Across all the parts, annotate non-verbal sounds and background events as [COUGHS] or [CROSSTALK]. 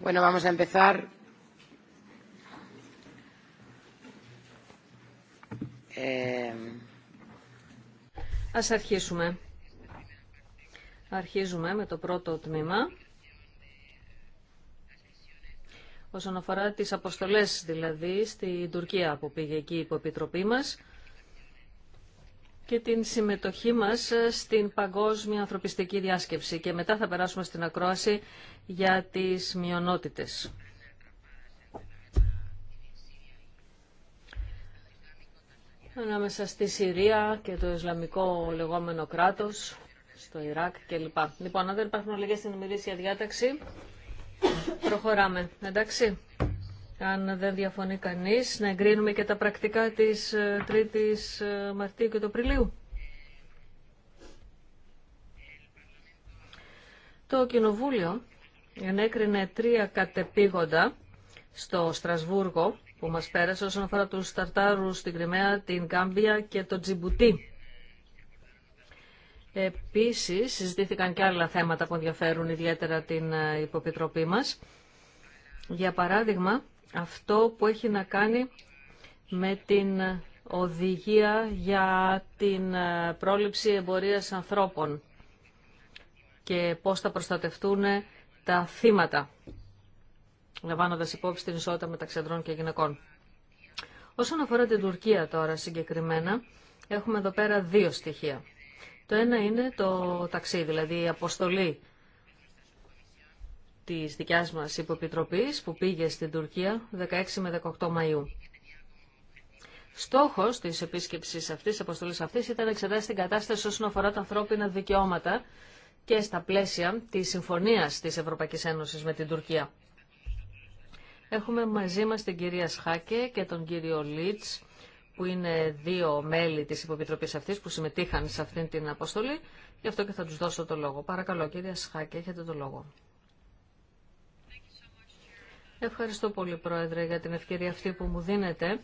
Bueno, vamos eh, Ας αρχίσουμε. Αρχίζουμε με το πρώτο τμήμα. Όσον αφορά τις αποστολές δηλαδή στην Τουρκία που πήγε εκεί η επιτροπή μας και την συμμετοχή μας στην παγκόσμια ανθρωπιστική διάσκεψη και μετά θα περάσουμε στην ακρόαση για τις μειονότητες. Ανάμεσα στη Συρία και το Ισλαμικό λεγόμενο κράτος, στο Ιράκ κλπ. Λοιπόν, αν δεν υπάρχουν λίγες στην ημερήσια διάταξη, προχωράμε. Εντάξει αν δεν διαφωνεί κανείς, να εγκρίνουμε και τα πρακτικά της 3ης ε, ε, Μαρτίου και του Απριλίου. Το Κοινοβούλιο ενέκρινε τρία κατεπήγοντα στο Στρασβούργο που μας πέρασε όσον αφορά τους Σταρτάρους στην Κρυμαία, την Κάμπια και το Τζιμπουτί. Επίσης, συζητήθηκαν και άλλα θέματα που ενδιαφέρουν ιδιαίτερα την ε, υποπιτροπή μας. Για παράδειγμα, αυτό που έχει να κάνει με την οδηγία για την ε, πρόληψη εμπορίας ανθρώπων και πώς θα προστατευτούν τα θύματα, λαμβάνοντα υπόψη την ισότητα μεταξύ ανδρών και γυναικών. Όσον αφορά την Τουρκία τώρα συγκεκριμένα, έχουμε εδώ πέρα δύο στοιχεία. Το ένα είναι το ταξίδι, δηλαδή η αποστολή της δικιάς μας υποπιτροπής που πήγε στην Τουρκία 16 με 18 Μαΐου. Στόχος της επίσκεψης αυτής, τη αποστολή αυτή ήταν να εξετάσει την κατάσταση όσον αφορά τα ανθρώπινα δικαιώματα και στα πλαίσια τη συμφωνία τη Ευρωπαϊκή Ένωση με την Τουρκία. Έχουμε μαζί μας την κυρία Σχάκε και τον κύριο Λίτς, που είναι δύο μέλη της υποπιτροπής αυτής που συμμετείχαν σε αυτήν την αποστολή. Γι' αυτό και θα του δώσω το λόγο. Παρακαλώ, κυρία Σχάκη, έχετε το λόγο. Ευχαριστώ πολύ, Πρόεδρε, για την ευκαιρία αυτή που μου δίνετε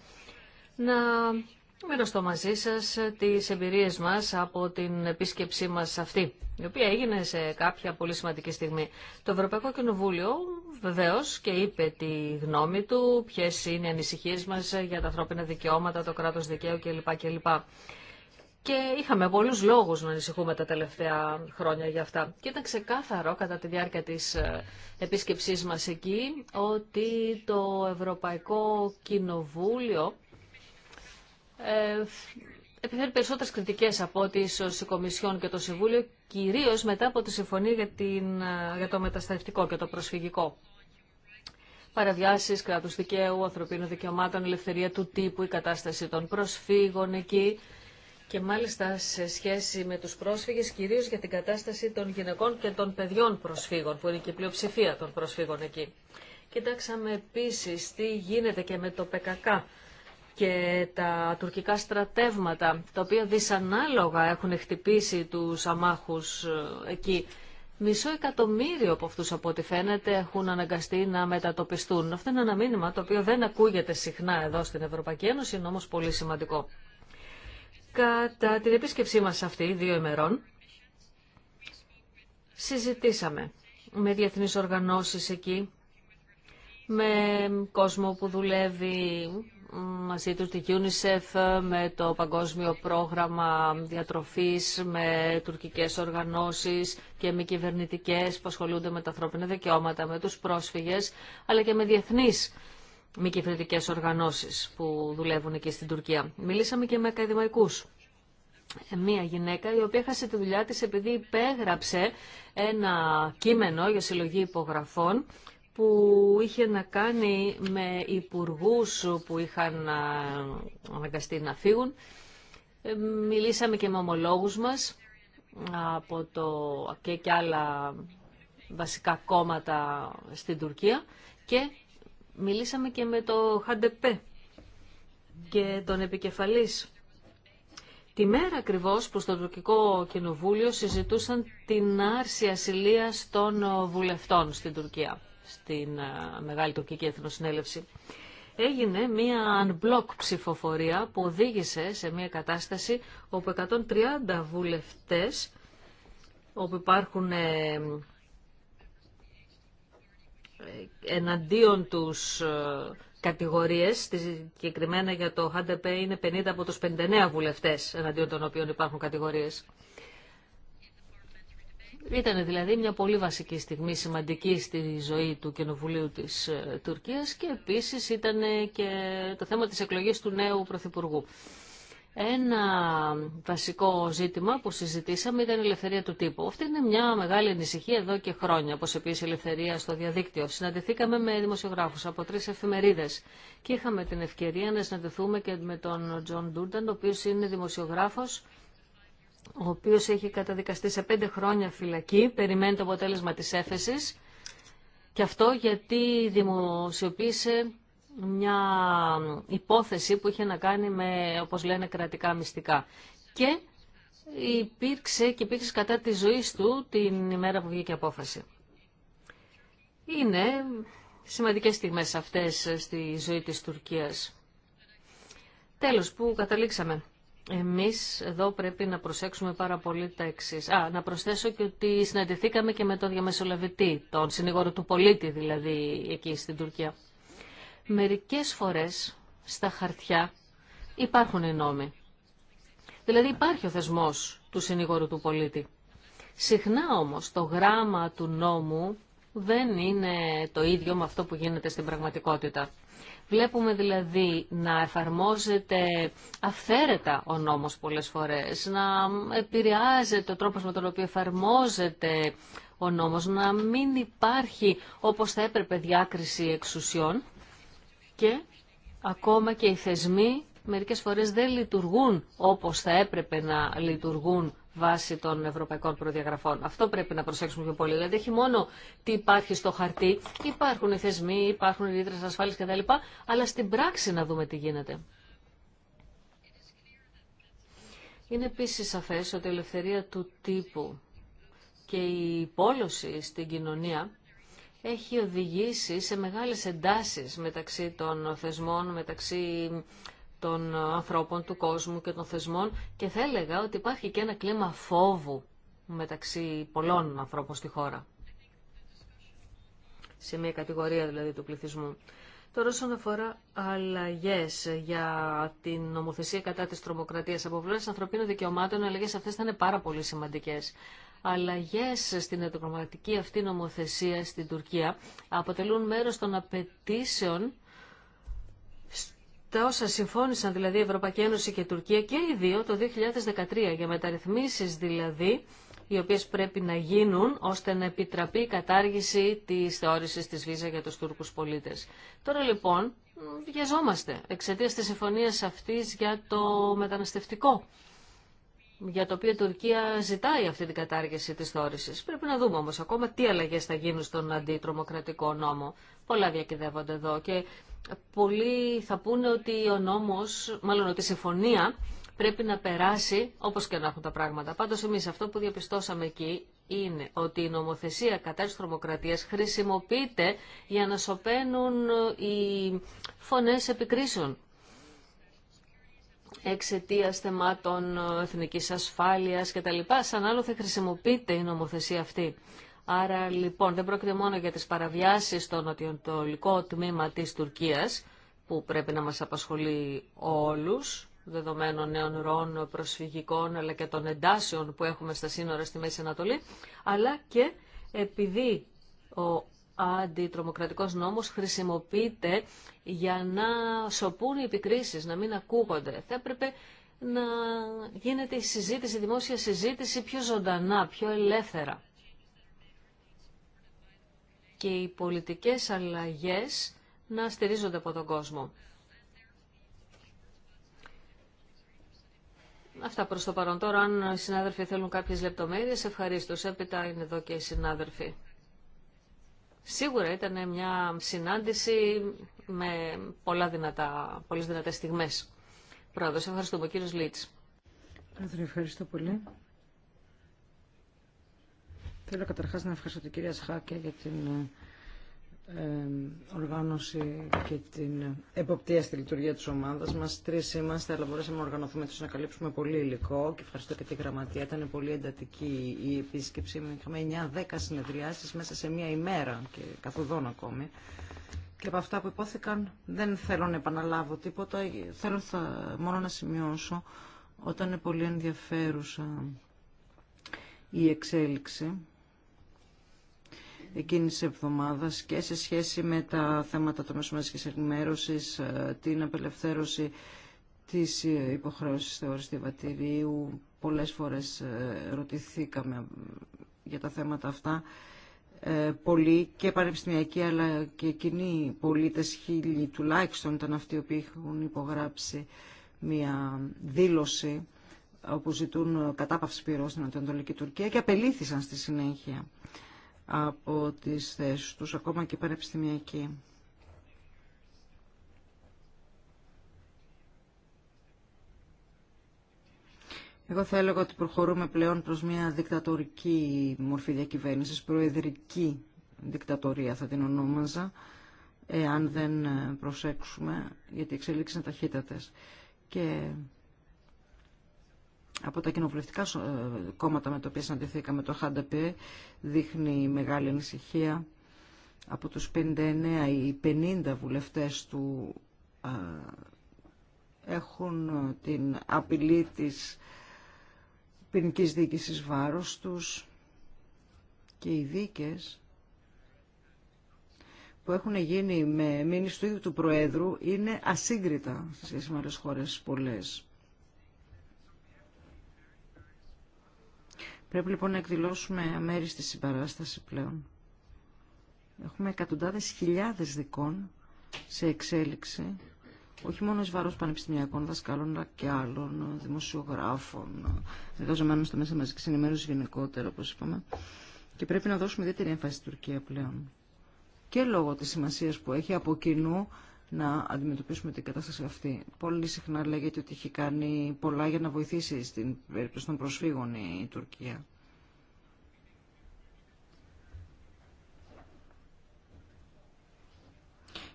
να μοιραστώ μαζί σας τις εμπειρίες μας από την επίσκεψή μας αυτή, η οποία έγινε σε κάποια πολύ σημαντική στιγμή. Το Ευρωπαϊκό Κοινοβούλιο βεβαίως και είπε τη γνώμη του, ποιες είναι οι ανησυχίες μας για τα ανθρώπινα δικαιώματα, το κράτος δικαίου κλπ. κλπ. Και είχαμε πολλούς λόγους να ανησυχούμε τα τελευταία χρόνια για αυτά. Και ήταν ξεκάθαρο κατά τη διάρκεια της ε, επίσκεψής μας εκεί ότι το Ευρωπαϊκό Κοινοβούλιο ε, επιφέρει περισσότερες κριτικές από ό,τι ίσως Κομισιόν και το Συμβούλιο, κυρίως μετά από τη συμφωνία για, την, ε, το μετασταυτικό και το προσφυγικό. Παραβιάσεις κράτους δικαίου, ανθρωπίνων δικαιωμάτων, ελευθερία του τύπου, η κατάσταση των προσφύγων εκεί, και μάλιστα σε σχέση με τους πρόσφυγες, κυρίως για την κατάσταση των γυναικών και των παιδιών προσφύγων, που είναι και η πλειοψηφία των προσφύγων εκεί. Κοιτάξαμε επίσης τι γίνεται και με το ΠΚΚ και τα τουρκικά στρατεύματα, τα οποία δυσανάλογα έχουν χτυπήσει τους αμάχους ε, εκεί. Μισό εκατομμύριο από αυτούς από ό,τι φαίνεται έχουν αναγκαστεί να μετατοπιστούν. Αυτό είναι ένα μήνυμα το οποίο δεν ακούγεται συχνά εδώ στην Ευρωπαϊκή Ένωση, είναι όμως πολύ σημαντικό. Κατά την επίσκεψή μας αυτή, δύο ημερών, συζητήσαμε με διεθνείς οργανώσεις εκεί, με κόσμο που δουλεύει μαζί τους τη UNICEF, με το Παγκόσμιο Πρόγραμμα Διατροφής, με τουρκικές οργανώσεις και με κυβερνητικές που ασχολούνται με τα ανθρώπινα δικαιώματα, με τους πρόσφυγες, αλλά και με διεθνείς μη κυβερνητικέ οργανώσεις που δουλεύουν εκεί στην Τουρκία. Μιλήσαμε και με ακαδημαϊκούς. Μία γυναίκα η οποία χάσε τη δουλειά της επειδή υπέγραψε ένα κείμενο για συλλογή υπογραφών που είχε να κάνει με υπουργούς που είχαν ε, αναγκαστεί να φύγουν. Ε, μιλήσαμε και με ομολόγους μας από το και, και άλλα βασικά κόμματα στην Τουρκία και Μιλήσαμε και με το ΧΑΝΤΕΠΕ και τον επικεφαλής. Τη μέρα ακριβώς που στο τουρκικό κοινοβούλιο συζητούσαν την άρση ασυλίας των βουλευτών στην Τουρκία, στην ε, Μεγάλη Τουρκική Εθνοσυνέλευση. Έγινε μία unblock ψηφοφορία που οδήγησε σε μία κατάσταση όπου 130 βουλευτές, όπου υπάρχουν ε, εναντίον τους ε, κατηγορίες, συγκεκριμένα για το HDP είναι 50 από τους 59 βουλευτές εναντίον των οποίων υπάρχουν κατηγορίες. Ήταν δηλαδή μια πολύ βασική στιγμή, σημαντική στη ζωή του Κοινοβουλίου της ε, Τουρκίας και επίσης ήταν και το θέμα της εκλογής του νέου Πρωθυπουργού. Ένα βασικό ζήτημα που συζητήσαμε ήταν η ελευθερία του τύπου. Αυτή είναι μια μεγάλη ανησυχία εδώ και χρόνια, όπω επίση η ελευθερία στο διαδίκτυο. Συναντηθήκαμε με δημοσιογράφου από τρει εφημερίδε και είχαμε την ευκαιρία να συναντηθούμε και με τον Τζον Ντούνταν, ο οποίο είναι δημοσιογράφο, ο οποίο έχει καταδικαστεί σε πέντε χρόνια φυλακή, περιμένει το αποτέλεσμα τη Έφεση και αυτό γιατί δημοσιοποίησε μια υπόθεση που είχε να κάνει με, όπως λένε, κρατικά μυστικά. Και υπήρξε και υπήρξε κατά τη ζωή του την ημέρα που βγήκε η απόφαση. Είναι σημαντικές στιγμές αυτές στη ζωή της Τουρκίας. Τέλος, που καταλήξαμε. Εμείς εδώ πρέπει να προσέξουμε πάρα πολύ τα εξή. Α, να προσθέσω και ότι συναντηθήκαμε και με τον διαμεσολαβητή, τον συνήγορο του πολίτη δηλαδή εκεί στην Τουρκία μερικές φορές στα χαρτιά υπάρχουν οι νόμοι. Δηλαδή υπάρχει ο θεσμός του συνήγορου του πολίτη. Συχνά όμως το γράμμα του νόμου δεν είναι το ίδιο με αυτό που γίνεται στην πραγματικότητα. Βλέπουμε δηλαδή να εφαρμόζεται αυθαίρετα ο νόμος πολλές φορές, να επηρεάζεται ο τρόπος με τον οποίο εφαρμόζεται ο νόμος, να μην υπάρχει όπως θα έπρεπε διάκριση εξουσιών και ακόμα και οι θεσμοί μερικές φορές δεν λειτουργούν όπως θα έπρεπε να λειτουργούν βάσει των ευρωπαϊκών προδιαγραφών. Αυτό πρέπει να προσέξουμε πιο πολύ. Δηλαδή, έχει μόνο τι υπάρχει στο χαρτί, υπάρχουν οι θεσμοί, υπάρχουν οι ρήτρε ασφάλεια κτλ. Αλλά στην πράξη να δούμε τι γίνεται. Είναι επίση σαφέ ότι η ελευθερία του τύπου και η πόλωση στην κοινωνία έχει οδηγήσει σε μεγάλες εντάσεις μεταξύ των θεσμών, μεταξύ των ανθρώπων του κόσμου και των θεσμών και θα έλεγα ότι υπάρχει και ένα κλίμα φόβου μεταξύ πολλών ανθρώπων στη χώρα. Σε μια κατηγορία δηλαδή του πληθυσμού. Τώρα όσον αφορά αλλαγέ για την νομοθεσία κατά της τρομοκρατίας από βλέπεις ανθρωπίνων δικαιωμάτων, οι αλλαγές αυτές θα είναι πάρα πολύ σημαντικές αλλαγές στην ευρωπαϊκή αυτή νομοθεσία στην Τουρκία αποτελούν μέρος των απαιτήσεων τα όσα συμφώνησαν δηλαδή η Ευρωπαϊκή Ένωση και η Τουρκία και οι δύο το 2013 για μεταρρυθμίσεις δηλαδή οι οποίες πρέπει να γίνουν ώστε να επιτραπεί η κατάργηση της θεώρησης της βίζα για τους Τούρκους πολίτες. Τώρα λοιπόν βιαζόμαστε εξαιτία της συμφωνίας αυτής για το μεταναστευτικό για το οποίο η Τουρκία ζητάει αυτή την κατάργηση της θόρησης. Πρέπει να δούμε όμως ακόμα τι αλλαγές θα γίνουν στον αντιτρομοκρατικό νόμο. Πολλά διακυδεύονται εδώ και πολλοί θα πούνε ότι ο νόμος, μάλλον ότι η συμφωνία πρέπει να περάσει όπως και να έχουν τα πράγματα. Πάντως εμείς αυτό που διαπιστώσαμε εκεί είναι ότι η νομοθεσία κατά της τρομοκρατίας χρησιμοποιείται για να σωπαίνουν οι φωνές επικρίσεων εξαιτία θεμάτων ε, εθνική ασφάλειας και τα λοιπά. Σαν άλλο θα χρησιμοποιείται η νομοθεσία αυτή. Άρα λοιπόν δεν πρόκειται μόνο για τις παραβιάσεις στο νοτιοτολικό τμήμα της Τουρκίας που πρέπει να μας απασχολεί όλους δεδομένων νέων ροών προσφυγικών αλλά και των εντάσεων που έχουμε στα σύνορα στη Μέση Ανατολή αλλά και επειδή ο αντιτρομοκρατικός νόμος χρησιμοποιείται για να σωπούν οι επικρίσεις, να μην ακούγονται. Θα έπρεπε να γίνεται η συζήτηση, η δημόσια συζήτηση πιο ζωντανά, πιο ελεύθερα. Και οι πολιτικές αλλαγές να στηρίζονται από τον κόσμο. Αυτά προς το παρόν. Τώρα, αν οι συνάδελφοι θέλουν κάποιες λεπτομέρειες, ευχαρίστως. Έπειτα είναι εδώ και οι συνάδελφοι. Σίγουρα ήταν μια συνάντηση με πολλά δυνατά, πολλές δυνατές στιγμές. Πρόεδρος, ευχαριστούμε. Κύριος Λίτς. Πρόεδρε, ευχαριστώ πολύ. Θέλω καταρχάς να ευχαριστώ την κυρία Σχάκια για την ε, οργάνωση και την εποπτεία στη λειτουργία της ομάδας μας. Τρεις είμαστε, αλλά μπορέσαμε να οργανωθούμε τους να καλύψουμε πολύ υλικό και ευχαριστώ και τη γραμματεία. Ήταν πολύ εντατική η επίσκεψη. Είχαμε 9-10 συνεδριάσεις μέσα σε μία ημέρα και καθοδόν ακόμη. Και από αυτά που υπόθηκαν δεν θέλω να επαναλάβω τίποτα. Θέλω θα, μόνο να σημειώσω όταν είναι πολύ ενδιαφέρουσα η εξέλιξη Εκείνη τη εβδομάδα και σε σχέση με τα θέματα των μέσων ενημέρωση, ε, την απελευθέρωση τη ε, υποχρέωση θεώρηση διαβατηρίου. Πολλέ φορέ ε, ρωτηθήκαμε για τα θέματα αυτά. πολλοί και πανεπιστημιακοί αλλά και κοινοί πολίτες χίλιοι τουλάχιστον ήταν αυτοί οποίοι έχουν υπογράψει μια δήλωση όπου ζητούν κατάπαυση πυρός στην Ανατολική Τουρκία και απελήθησαν στη συνέχεια από τις θέσεις τους, ακόμα και πανεπιστημιακοί. Εγώ θα έλεγα ότι προχωρούμε πλέον προς μια δικτατορική μορφή διακυβέρνησης, προεδρική δικτατορία θα την ονόμαζα, εάν δεν προσέξουμε, γιατί οι εξελίξεις είναι ταχύτατες. Και από τα κοινοβουλευτικά ε, κόμματα με τα οποία συναντηθήκαμε το ΧΑΝΤΑΠΕ δείχνει μεγάλη ανησυχία από τους 59 ή 50 βουλευτές του ε, έχουν ε, την απειλή της ποινικής δίκησης βάρος τους και οι δίκες που έχουν γίνει με μήνυση του ίδιου του Προέδρου είναι ασύγκριτα σε σχέση με χώρες πολλές. Πρέπει λοιπόν να εκδηλώσουμε αμέριστη συμπαράσταση πλέον. Έχουμε εκατοντάδες χιλιάδες δικών σε εξέλιξη, όχι μόνο εις βάρος πανεπιστημιακών δασκάλων, αλλά και άλλων δημοσιογράφων, εργαζομένων στο μέσα μαζικής ενημέρωσης γενικότερα, όπως είπαμε. Και πρέπει να δώσουμε ιδιαίτερη έμφαση στην Τουρκία πλέον. Και λόγω της σημασίας που έχει από κοινού να αντιμετωπίσουμε την κατάσταση αυτή. Πολύ συχνά λέγεται ότι έχει κάνει πολλά για να βοηθήσει στην περίπτωση των προσφύγων η Τουρκία.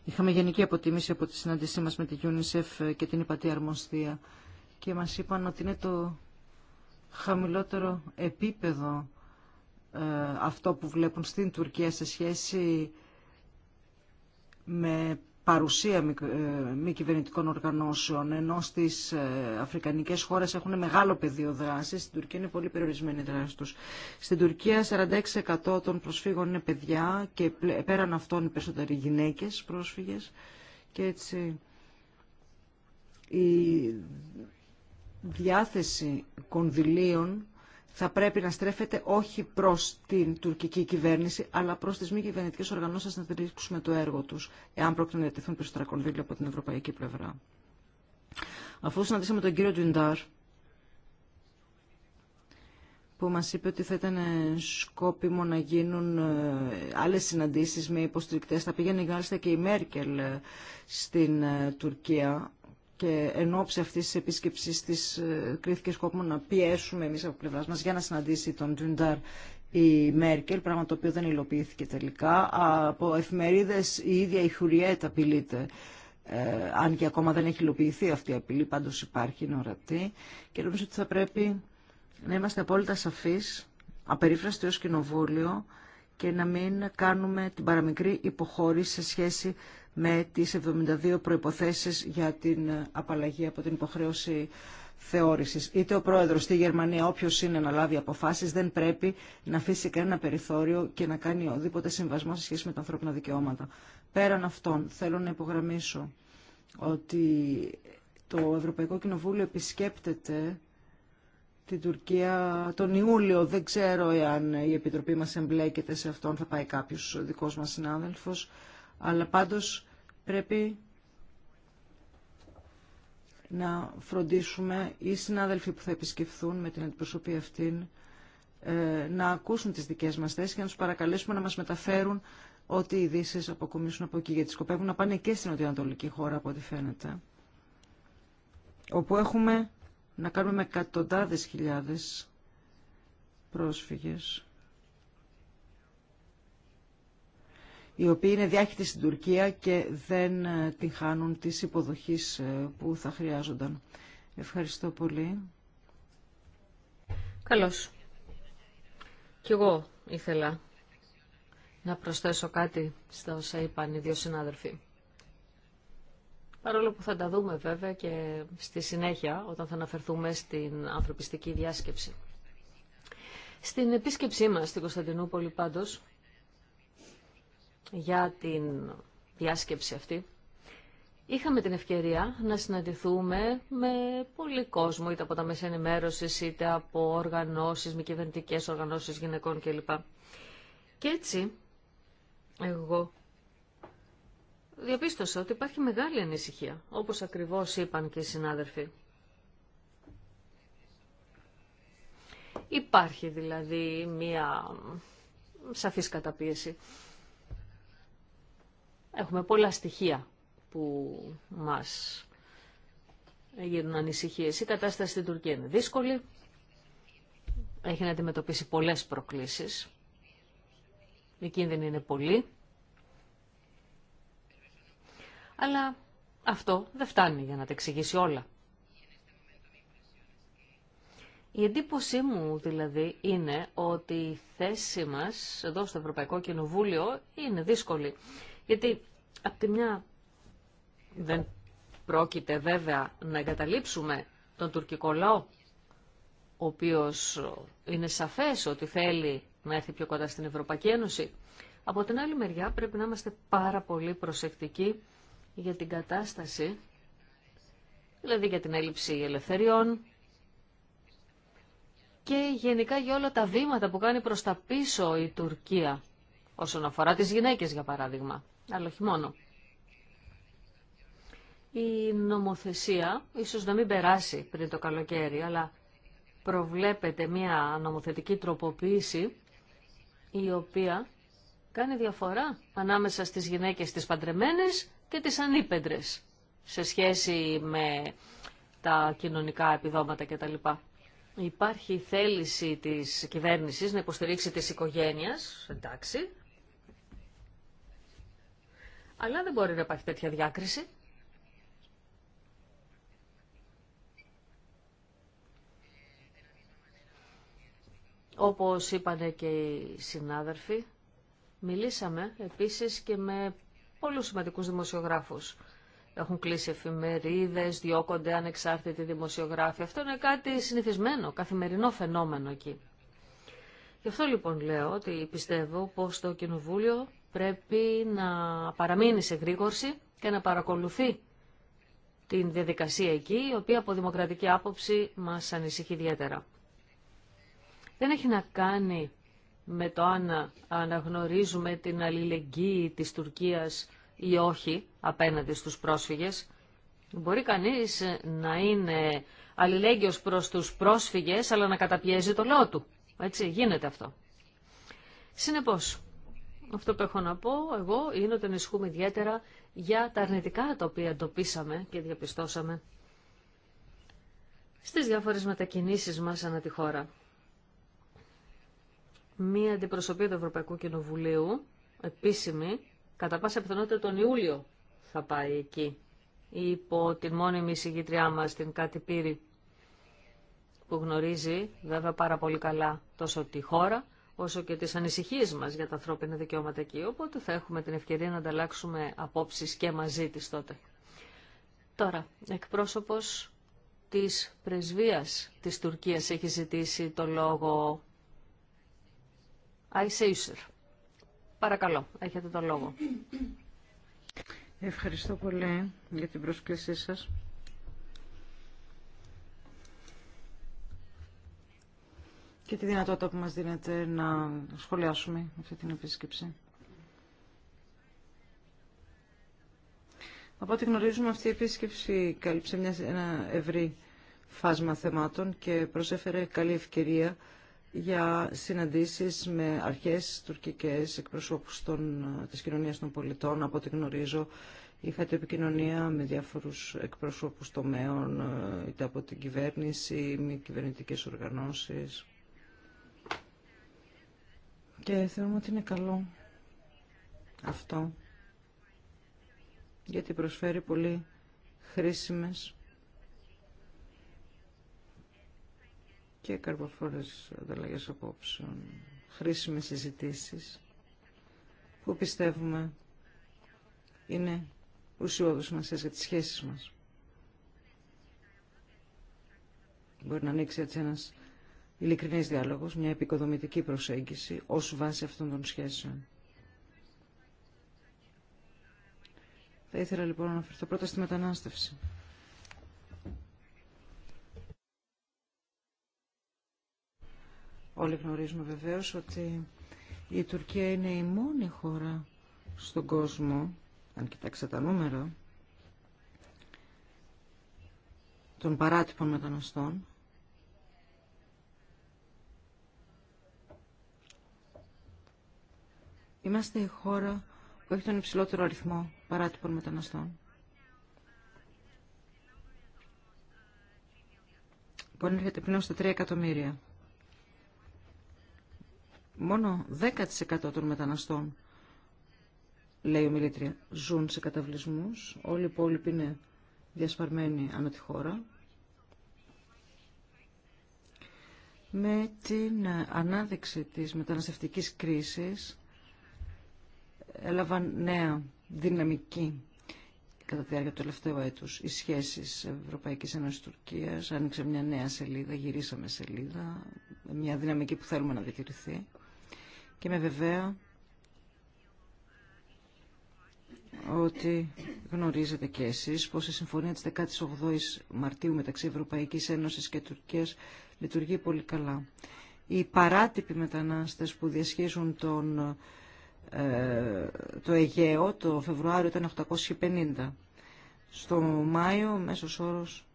Είχαμε γενική αποτίμηση από τη συνάντησή μας με τη UNICEF και την Υπατή Αρμοστία και μας είπαν ότι είναι το χαμηλότερο επίπεδο ε, αυτό που βλέπουν στην Τουρκία σε σχέση με παρουσία ε, μη, κυβερνητικών οργανώσεων, ενώ στις ε, αφρικανικές χώρες έχουν μεγάλο πεδίο δράσης. Στην Τουρκία είναι πολύ περιορισμένη η δράση τους. Στην Τουρκία 46% των προσφύγων είναι παιδιά και πέραν αυτών οι περισσότεροι γυναίκες πρόσφυγες. Και έτσι η διάθεση κονδυλίων θα πρέπει να στρέφεται όχι προς την τουρκική κυβέρνηση, αλλά προς τις μη κυβερνητικέ οργανώσεις να στηρίξουμε το έργο τους, εάν πρόκειται να διατεθούν περισσότερα κονδύλια από την ευρωπαϊκή πλευρά. Αφού συναντήσαμε τον κύριο Τζουντάρ, που μας είπε ότι θα ήταν σκόπιμο να γίνουν ε, άλλες συναντήσεις με υποστηρικτές. Θα πήγαινε μάλιστα και η Μέρκελ ε, στην ε, Τουρκία και εν ώψη αυτής της επίσκεψης της ε, κρίθηκε σκόπιμο να πιέσουμε εμεί από πλευρά μα για να συναντήσει τον Τζουντάρ η Μέρκελ, πράγμα το οποίο δεν υλοποιήθηκε τελικά. Από εφημεριδε η ίδια η Χουριέτ απειλείται. Ε, αν και ακόμα δεν έχει υλοποιηθεί αυτή η απειλή, πάντω υπάρχει, είναι ορατή. Και νομίζω ότι θα πρέπει να είμαστε απόλυτα σαφεί, απερίφραστοι ω κοινοβούλιο και να μην κάνουμε την παραμικρή υποχώρηση σε σχέση με τις 72 προϋποθέσεις για την απαλλαγή από την υποχρέωση θεώρησης. Είτε ο πρόεδρος στη Γερμανία, όποιος είναι να λάβει αποφάσεις, δεν πρέπει να αφήσει κανένα περιθώριο και να κάνει οδήποτε συμβασμό σε σχέση με τα ανθρώπινα δικαιώματα. Πέραν αυτών, θέλω να υπογραμμίσω ότι το Ευρωπαϊκό Κοινοβούλιο επισκέπτεται την Τουρκία τον Ιούλιο. Δεν ξέρω εάν η Επιτροπή μας εμπλέκεται σε αυτόν, θα πάει κάποιος δικός μας συνάδελφος αλλά πάντως πρέπει να φροντίσουμε οι συνάδελφοι που θα επισκεφθούν με την αντιπροσωπή αυτήν ε, να ακούσουν τις δικές μας θέσεις και να τους παρακαλέσουμε να μας μεταφέρουν ό,τι οι ειδήσει αποκομίσουν από εκεί, γιατί σκοπεύουν να πάνε και στην νοτιοανατολική χώρα, από ό,τι φαίνεται, όπου έχουμε να κάνουμε με εκατοντάδες χιλιάδες πρόσφυγες οι οποίοι είναι διάχυτοι στην Τουρκία και δεν ε, την χάνουν της υποδοχής ε, που θα χρειάζονταν. Ευχαριστώ πολύ. Καλώς. Κι εγώ ήθελα να προσθέσω κάτι στα όσα είπαν οι δύο συνάδελφοι. Παρόλο που θα τα δούμε βέβαια και στη συνέχεια όταν θα αναφερθούμε στην ανθρωπιστική διάσκεψη. Στην επίσκεψή μας στην Κωνσταντινούπολη πάντως, για την διάσκεψη αυτή. Είχαμε την ευκαιρία να συναντηθούμε με πολύ κόσμο, είτε από τα μέσα ενημέρωση, είτε από οργανώσεις, μη κυβερνητικέ οργανώσεις γυναικών κλπ. Και έτσι, εγώ διαπίστωσα ότι υπάρχει μεγάλη ανησυχία, όπως ακριβώς είπαν και οι συνάδελφοι. Υπάρχει δηλαδή μία σαφής καταπίεση. Έχουμε πολλά στοιχεία που μας γίνουν ανησυχίες. Η κατάσταση στην Τουρκία είναι δύσκολη. Έχει να αντιμετωπίσει πολλές προκλήσεις. Οι κίνδυνοι είναι πολλοί. Αλλά αυτό δεν φτάνει για να τα εξηγήσει όλα. Η εντύπωσή μου δηλαδή είναι ότι η θέση μας εδώ στο Ευρωπαϊκό Κοινοβούλιο είναι δύσκολη. Γιατί από τη μια δεν πρόκειται βέβαια να εγκαταλείψουμε τον τουρκικό λαό, ο οποίος είναι σαφές ότι θέλει να έρθει πιο κοντά στην Ευρωπαϊκή Ένωση. Από την άλλη μεριά πρέπει να είμαστε πάρα πολύ προσεκτικοί για την κατάσταση, δηλαδή για την έλλειψη ελευθεριών και γενικά για όλα τα βήματα που κάνει προς τα πίσω η Τουρκία, όσον αφορά τις γυναίκες για παράδειγμα αλλά όχι μόνο. Η νομοθεσία ίσως να μην περάσει πριν το καλοκαίρι, αλλά προβλέπεται μια νομοθετική τροποποίηση η οποία κάνει διαφορά ανάμεσα στις γυναίκες τις παντρεμένες και τις ανήπεντρες σε σχέση με τα κοινωνικά επιδόματα κτλ. Υπάρχει θέληση της κυβέρνησης να υποστηρίξει τις οικογένειες, εντάξει, αλλά δεν μπορεί να υπάρχει τέτοια διάκριση. Όπως είπανε και οι συνάδελφοι, μιλήσαμε επίσης και με πολλούς σημαντικούς δημοσιογράφους. Έχουν κλείσει εφημερίδες, διώκονται ανεξάρτητοι δημοσιογράφοι. Αυτό είναι κάτι συνηθισμένο, καθημερινό φαινόμενο εκεί. Γι' αυτό λοιπόν λέω ότι πιστεύω πως το Κοινοβούλιο πρέπει να παραμείνει σε γρήγορση και να παρακολουθεί την διαδικασία εκεί, η οποία από δημοκρατική άποψη μας ανησυχεί ιδιαίτερα. Δεν έχει να κάνει με το αν αναγνωρίζουμε την αλληλεγγύη της Τουρκίας ή όχι απέναντι στους πρόσφυγες. Μπορεί κανείς να είναι αλληλέγγυος προς τους πρόσφυγες, αλλά να καταπιέζει το λαό του. Έτσι, γίνεται αυτό. Συνεπώς, αυτό που έχω να πω εγώ είναι ότι ενισχύουμε ιδιαίτερα για τα αρνητικά τα οποία εντοπίσαμε και διαπιστώσαμε στις διάφορες μετακινήσεις μας ανά τη χώρα. Μία αντιπροσωπή του Ευρωπαϊκού Κοινοβουλίου, επίσημη, κατά πάσα πιθανότητα τον Ιούλιο θα πάει εκεί, υπό την μόνιμη συγγητριά μας, την Κάτι Πύρη, που γνωρίζει βέβαια πάρα πολύ καλά τόσο τη χώρα, όσο και τις ανησυχίες μας για τα ανθρώπινα δικαιώματα εκεί, οπότε θα έχουμε την ευκαιρία να ανταλλάξουμε απόψεις και μαζί της τότε. Τώρα, εκπρόσωπος της πρεσβείας της Τουρκίας έχει ζητήσει το λόγο Αϊσέισερ. Παρακαλώ, έχετε το λόγο. Ευχαριστώ πολύ για την πρόσκλησή σας. και τη δυνατότητα που μας δίνεται να σχολιάσουμε αυτή την επίσκεψη. Από ό,τι γνωρίζουμε αυτή η επίσκεψη κάλυψε μια, ένα ευρύ φάσμα θεμάτων και προσέφερε καλή ευκαιρία για συναντήσεις με αρχές τουρκικές εκπροσώπους των, της κοινωνίας των πολιτών. Από ό,τι γνωρίζω είχατε επικοινωνία με διάφορους εκπροσώπους τομέων, ε, είτε από την κυβέρνηση, με κυβερνητικές οργανώσεις. Και θεωρούμε ότι είναι καλό αυτό, γιατί προσφέρει πολύ χρήσιμες και καρποφόρες ανταλλαγές απόψεων, χρήσιμες συζητήσει που πιστεύουμε είναι ουσιώδους σημασία για τις σχέσεις μας. Μπορεί να ανοίξει έτσι ένας ειλικρινής διάλογος, μια επικοδομητική προσέγγιση ως βάση αυτών των σχέσεων. Θα ήθελα λοιπόν να αναφερθώ πρώτα στη μετανάστευση. Όλοι γνωρίζουμε βεβαίως ότι η Τουρκία είναι η μόνη χώρα στον κόσμο, αν κοιτάξετε τα νούμερα, των παράτυπων μεταναστών, Είμαστε η χώρα που έχει τον υψηλότερο αριθμό παράτυπων μεταναστών. να πριν πλέον στα 3 εκατομμύρια. Μόνο 10% των μεταναστών, λέει ο Μιλήτρια, ζουν σε καταβλισμούς. Όλοι οι υπόλοιποι είναι διασπαρμένοι ανά τη χώρα. Με την ανάδειξη της μεταναστευτικής κρίσης, έλαβαν νέα δυναμική κατά τη διάρκεια του τελευταίου έτους οι σχέσεις Ευρωπαϊκής Ένωσης Τουρκίας. Άνοιξε μια νέα σελίδα, γυρίσαμε σελίδα, μια δυναμική που θέλουμε να διατηρηθεί. Και με βεβαία ότι γνωρίζετε και εσείς πως η συμφωνία της 18ης Μαρτίου μεταξύ Ευρωπαϊκής Ένωσης και Τουρκίας λειτουργεί πολύ καλά. Οι παράτυποι μετανάστες που διασχίζουν τον ε, το Αιγαίο, το Φεβρουάριο ήταν 850. Στο Μάιο ο μέσος όρος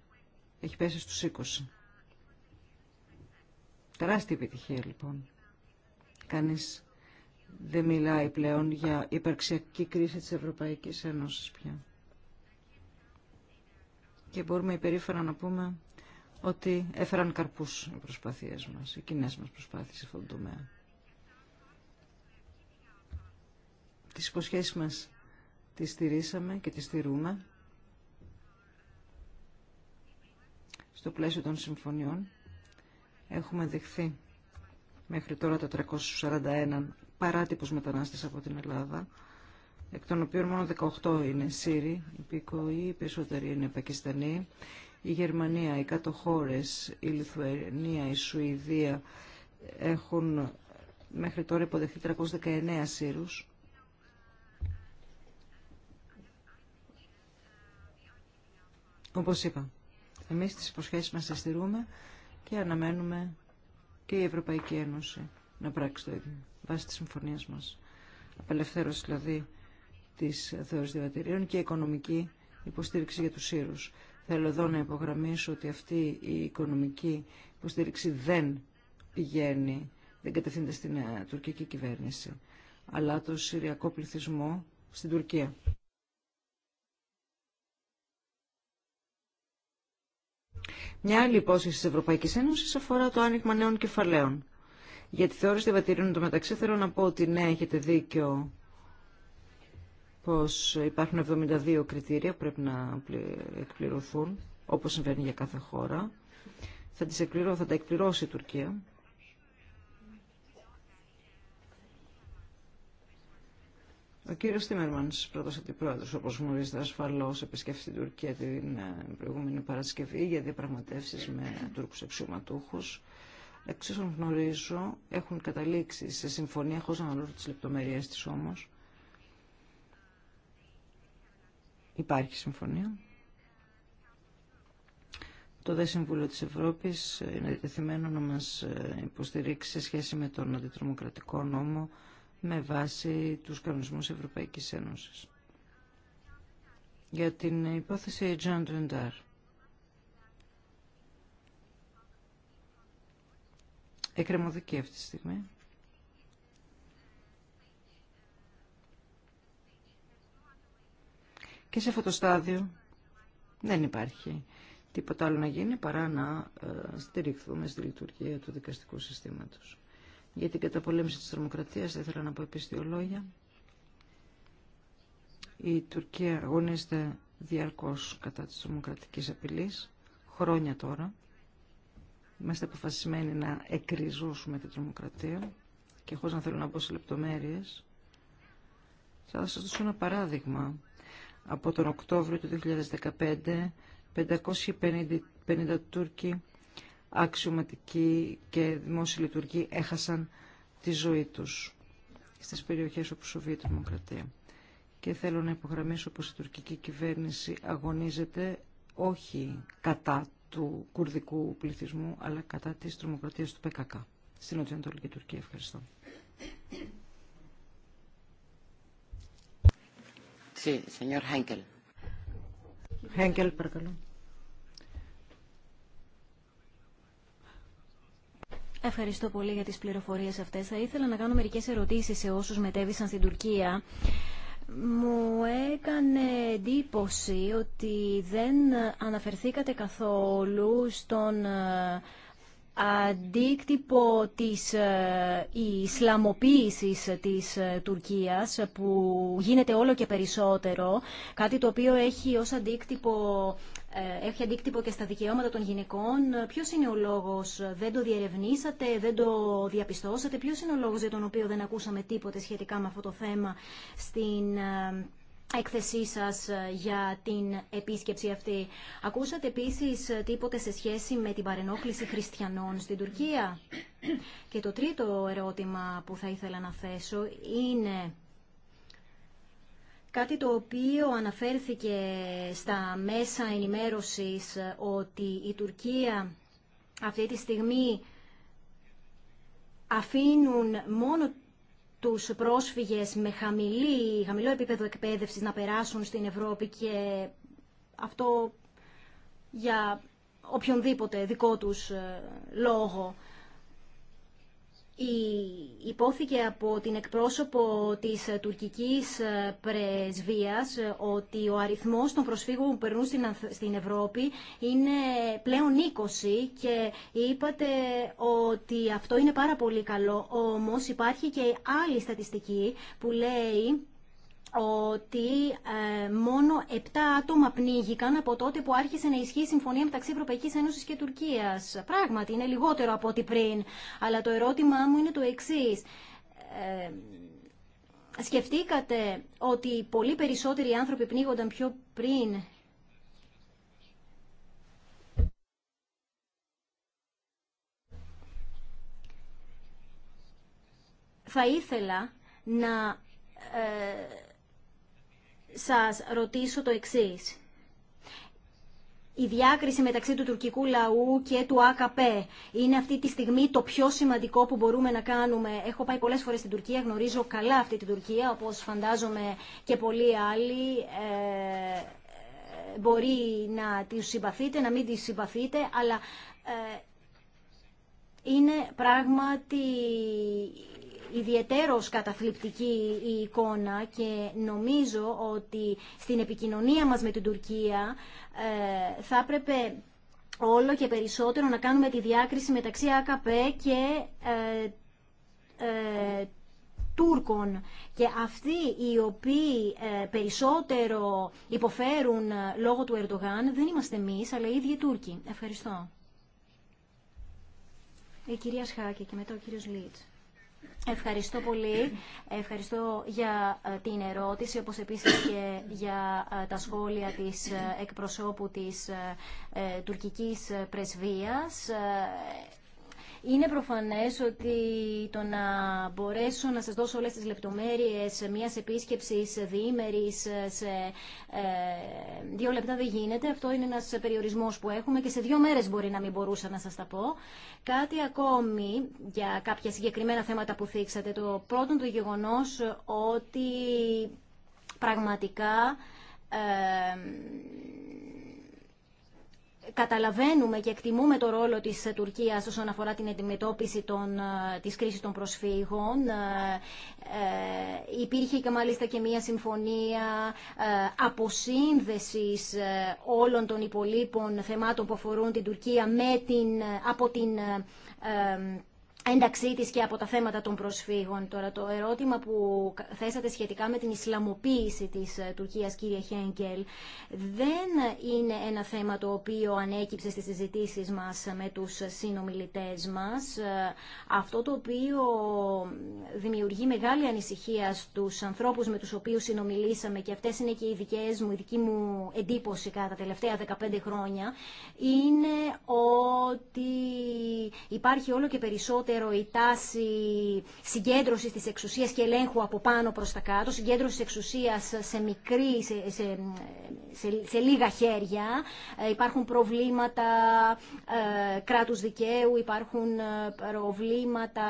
έχει πέσει στους 20. Τεράστια επιτυχία λοιπόν. Κανείς δεν μιλάει πλέον για υπαρξιακή κρίση της Ευρωπαϊκής Ένωσης πια. Και μπορούμε υπερήφανα να πούμε ότι έφεραν καρπούς οι προσπάθειές μας, οι κοινέ μας προσπάθειες σε αυτόν τον τομέα. Τις υποσχέσεις μας τις στηρίσαμε και τις στηρούμε στο πλαίσιο των συμφωνιών. Έχουμε δεχθεί μέχρι τώρα τα 341 παράτυπους μετανάστες από την Ελλάδα, εκ των οποίων μόνο 18 είναι Σύριοι, υπήκοοι, οι περισσότεροι είναι Πακιστανοί, η Γερμανία, οι κάτω χώρες, η Λιθουανία, η Σουηδία έχουν μέχρι τώρα υποδεχθεί 319 Σύρους Όπως είπα, εμείς τις υποσχέσεις μας τις στηρούμε και αναμένουμε και η Ευρωπαϊκή Ένωση να πράξει το ίδιο βάσει της συμφωνίας μας. Απελευθέρωση δηλαδή της θεωρής διαβατηρίων και οικονομική υποστήριξη για τους Σύρους. Θέλω εδώ να υπογραμμίσω ότι αυτή η οικονομική υποστήριξη δεν πηγαίνει, δεν κατευθύνεται στην ε, τουρκική κυβέρνηση, αλλά το συριακό πληθυσμό στην Τουρκία. Μια άλλη υπόσχεση της Ευρωπαϊκής Ένωσης αφορά το άνοιγμα νέων κεφαλαίων. Για τη θεώρηση διαβατηρίων το μεταξύ θέλω να πω ότι ναι, έχετε δίκιο πως υπάρχουν 72 κριτήρια που πρέπει να εκπληρωθούν, όπως συμβαίνει για κάθε χώρα. Θα, τις θα τα εκπληρώσει η Τουρκία. Ο κύριο Τίμερμαν, πρώτο αντιπρόεδρο, όπω γνωρίζετε, ασφαλώ επισκέφθηκε την Τουρκία την ε, προηγούμενη Παρασκευή για διαπραγματεύσει με Τούρκου αξιωματούχου. Εξ όσων γνωρίζω, έχουν καταλήξει σε συμφωνία, χωρί να γνωρίζω τι λεπτομέρειε τη όμω. Υπάρχει συμφωνία. Το ΔΕ Συμβούλιο της Ευρώπης ε, είναι διατεθειμένο να μας ε, υποστηρίξει σε σχέση με τον αντιτρομοκρατικό νόμο με βάση τους κανονισμούς Ευρωπαϊκής Ένωσης. Για την υπόθεση Jean Dundar. Εκκρεμωδική αυτή τη στιγμή. Και σε αυτό το στάδιο δεν υπάρχει τίποτα άλλο να γίνει παρά να ε, στηριχθούμε στη λειτουργία του δικαστικού συστήματος για την καταπολέμηση της τρομοκρατίας, δεν θέλω να πω επίσης δύο λόγια. Η Τουρκία αγωνίζεται διαρκώς κατά της τρομοκρατικής απειλής, χρόνια τώρα. Είμαστε αποφασισμένοι να εκριζώσουμε την τρομοκρατία και χωρίς να θέλω να πω σε λεπτομέρειες. Θα σας δώσω ένα παράδειγμα. Από τον Οκτώβριο του 2015, 550 Τούρκοι αξιωματικοί και δημόσιοι λειτουργοί έχασαν τη ζωή τους στις περιοχές όπου σοβεί η τρομοκρατία. Και θέλω να υπογραμμίσω πως η τουρκική κυβέρνηση αγωνίζεται όχι κατά του κουρδικού πληθυσμού, αλλά κατά της τρομοκρατίας του ΠΚΚ στην Νοτιοανατολική Τουρκία. Ευχαριστώ. Sí, señor Henkel. Henkel, Ευχαριστώ πολύ για τις πληροφορίες αυτές. Θα ήθελα να κάνω μερικές ερωτήσεις σε όσους μετέβησαν στην Τουρκία. Μου έκανε εντύπωση ότι δεν αναφερθήκατε καθόλου στον ε, αντίκτυπο της ε, Ισλαμοποίησης της ε, Τουρκίας που γίνεται όλο και περισσότερο, κάτι το οποίο έχει ως αντίκτυπο ε, έχει αντίκτυπο και στα δικαιώματα των γυναικών. ποιος είναι ο λόγος δεν το διερευνήσατε, δεν το διαπιστώσατε, ποιος είναι ο λόγος για τον οποίο δεν ακούσαμε τίποτε σχετικά με αυτό το θέμα στην έκθεσή σας ε, για την επίσκεψη αυτή. Ακούσατε επίσης ε, τίποτε σε σχέση με την παρενόχληση χριστιανών στην Τουρκία. Και το τρίτο ερώτημα που θα ήθελα να θέσω είναι κάτι το οποίο αναφέρθηκε στα μέσα ενημέρωσης ε, ότι η Τουρκία αυτή τη στιγμή αφήνουν μόνο τους πρόσφυγες με χαμηλή, χαμηλό επίπεδο εκπαίδευσης να περάσουν στην Ευρώπη και αυτό για οποιονδήποτε δικό τους ε, λόγο υπόθηκε από την εκπρόσωπο της τουρκικής ε, πρεσβείας ε, ότι ο αριθμός των προσφύγων που περνούν στην Ευρώπη είναι πλέον 20 και είπατε ότι αυτό είναι πάρα πολύ καλό. Όμως υπάρχει και άλλη στατιστική που λέει ότι ε, μόνο 7 άτομα πνίγηκαν από τότε που άρχισε να ισχύει η συμφωνία μεταξύ Ευρωπαϊκή Ένωση και Τουρκία. Πράγματι, είναι λιγότερο από ό,τι πριν. Αλλά το ερώτημά μου είναι το εξή. Ε, σκεφτήκατε ότι πολύ περισσότεροι άνθρωποι πνίγονταν πιο πριν Θα ήθελα να ε, σας ρωτήσω το εξής. Η διάκριση μεταξύ του τουρκικού λαού και του ΑΚΠ είναι αυτή τη στιγμή το πιο σημαντικό που μπορούμε να κάνουμε. Έχω πάει πολλές φορές στην Τουρκία, γνωρίζω καλά αυτή την Τουρκία, όπως φαντάζομαι και πολλοί άλλοι. Ε, μπορεί να τη συμπαθείτε, να μην τη συμπαθείτε, αλλά... Ε, είναι πράγματι Ιδιαιτέρως καταθλιπτική η εικόνα και νομίζω ότι στην επικοινωνία μας με την Τουρκία ε, θα έπρεπε όλο και περισσότερο να κάνουμε τη διάκριση μεταξύ ΑΚΠ και ε, ε, Τούρκων και αυτοί οι οποίοι περισσότερο υποφέρουν λόγω του Ερντογάν δεν είμαστε εμείς αλλά οι ίδιοι Τούρκοι. Ευχαριστώ. Η κυρία Σχάκη και μετά ο κύριος Λίτς. Ευχαριστώ πολύ. Ευχαριστώ για ε, την ερώτηση, όπως επίσης και για ε, τα σχόλια της ε, εκπροσώπου της τουρκικής πρεσβείας. Είναι προφανές ότι το να μπορέσω να σας δώσω όλε τις λεπτομέρειες μια επίσκεψη διήμερη, σε ε, δύο λεπτά δεν γίνεται. Αυτό είναι ένας περιορισμός που έχουμε και σε δύο μέρες μπορεί να μην μπορούσα να σας τα πω. Κάτι ακόμη για κάποια συγκεκριμένα θέματα που θίξατε. Το πρώτο το γεγονός ότι πραγματικά ε, καταλαβαίνουμε και εκτιμούμε το ρόλο της Τουρκίας όσον αφορά την αντιμετώπιση των, ε, της κρίσης των προσφύγων. Ε, ε, υπήρχε και μάλιστα και μια συμφωνία αποσύνδεσης όλων των υπολείπων θεμάτων που αφορούν την Τουρκία με την, από την ένταξή της και από τα θέματα των προσφύγων. Τώρα το ερώτημα που θέσατε σχετικά με την Ισλαμοποίηση της ε, Τουρκίας, κύριε Χένκελ, δεν είναι ένα θέμα το οποίο ανέκυψε στις συζητήσεις μας με τους συνομιλητές μας. Ε, αυτό το οποίο δημιουργεί μεγάλη ανησυχία στους ανθρώπους με τους οποίους συνομιλήσαμε και αυτές είναι και οι δικές μου, η δική μου εντύπωση κατά τα τελευταία 15 χρόνια, είναι ότι υπάρχει όλο και περισσότερο ιδιαίτερο η τάση συγκέντρωση τη εξουσία και ελέγχου από πάνω προς τα κάτω, συγκέντρωση τη εξουσίας σε μικρή, σε, σε, σε, σε λίγα χέρια. Ε, υπάρχουν προβλήματα ε, κράτους δικαίου, υπάρχουν ε, προβλήματα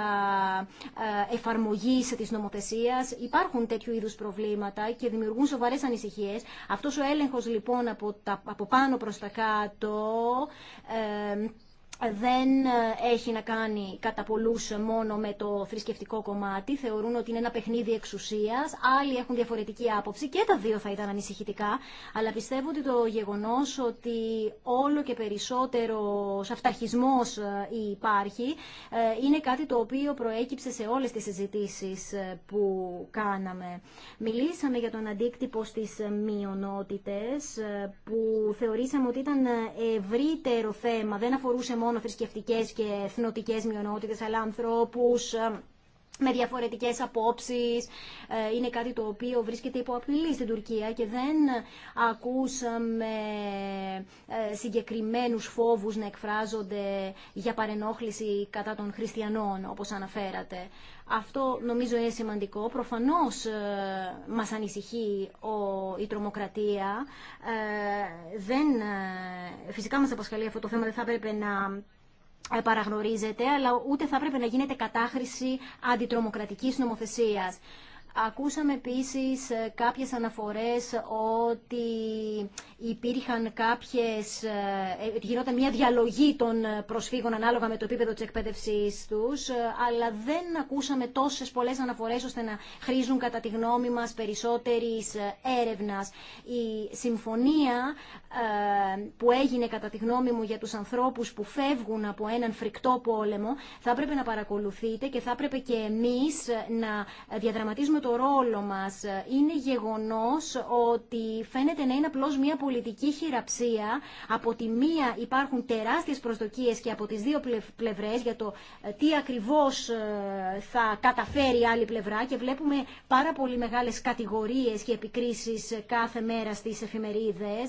ε, εφαρμογής τη νομοθεσίες Υπάρχουν τέτοιου είδους προβλήματα και δημιουργούν σοβαρές ανησυχίε. Αυτό ο έλεγχος λοιπόν από, τα, από πάνω προ τα κάτω... Ε, δεν ε, έχει να κάνει κατά πολλού μόνο με το θρησκευτικό κομμάτι. Θεωρούν ότι είναι ένα παιχνίδι εξουσία. Άλλοι έχουν διαφορετική άποψη και τα δύο θα ήταν ανησυχητικά. Αλλά πιστεύω ότι το γεγονό ότι όλο και περισσότερο αυταρχισμό ε, υπάρχει ε, είναι κάτι το οποίο προέκυψε σε όλε τι συζητήσει που κάναμε. Μιλήσαμε για τον αντίκτυπο στι μειονότητε που θεωρήσαμε ότι ήταν ευρύτερο θέμα. Δεν αφορούσε μόνο θρησκευτικέ και εθνοτικέ μειονότητε, αλλά ανθρώπου ε, με διαφορετικές απόψεις. Ε, είναι κάτι το οποίο βρίσκεται υπό απειλή στην Τουρκία και δεν ακούσαμε ε, συγκεκριμένους φόβους να εκφράζονται για παρενόχληση κατά των χριστιανών, όπως αναφέρατε. Αυτό νομίζω είναι σημαντικό. Προφανώς ε, μας ανησυχεί η τρομοκρατία. Δεν, φυσικά μας απασχολεί αυτό το θέμα, δεν θα έπρεπε να ε, παραγνωρίζεται, αλλά ούτε θα έπρεπε να γίνεται κατάχρηση αντιτρομοκρατικής νομοθεσίας. Ακούσαμε επίσης ε, κάποιες αναφορές ότι υπήρχαν κάποιες, ε, γινόταν μια διαλογή των ε, προσφύγων ανάλογα με το επίπεδο της εκπαίδευσής τους, αλλά δεν ακούσαμε τόσες πολλές αναφορές ώστε να χρήζουν κατά τη γνώμη μας περισσότερης έρευνας. Η συμφωνία που έγινε κατά τη γνώμη μου για τους ανθρώπους που φεύγουν από έναν φρικτό πόλεμο θα έπρεπε να παρακολουθείτε και θα έπρεπε και εμείς να διαδραματίζουμε το ρόλο μας. Είναι γεγονός ότι φαίνεται να είναι απλώς μια πολιτική χειραψία. Από τη μία υπάρχουν τεράστιες προσδοκίες και από τις δύο πλευρές για το ε, τι ακριβώς ε, θα καταφέρει η άλλη πλευρά και βλέπουμε πάρα πολύ μεγάλες κατηγορίες και επικρίσεις ε, κάθε μέρα στις εφημερίδες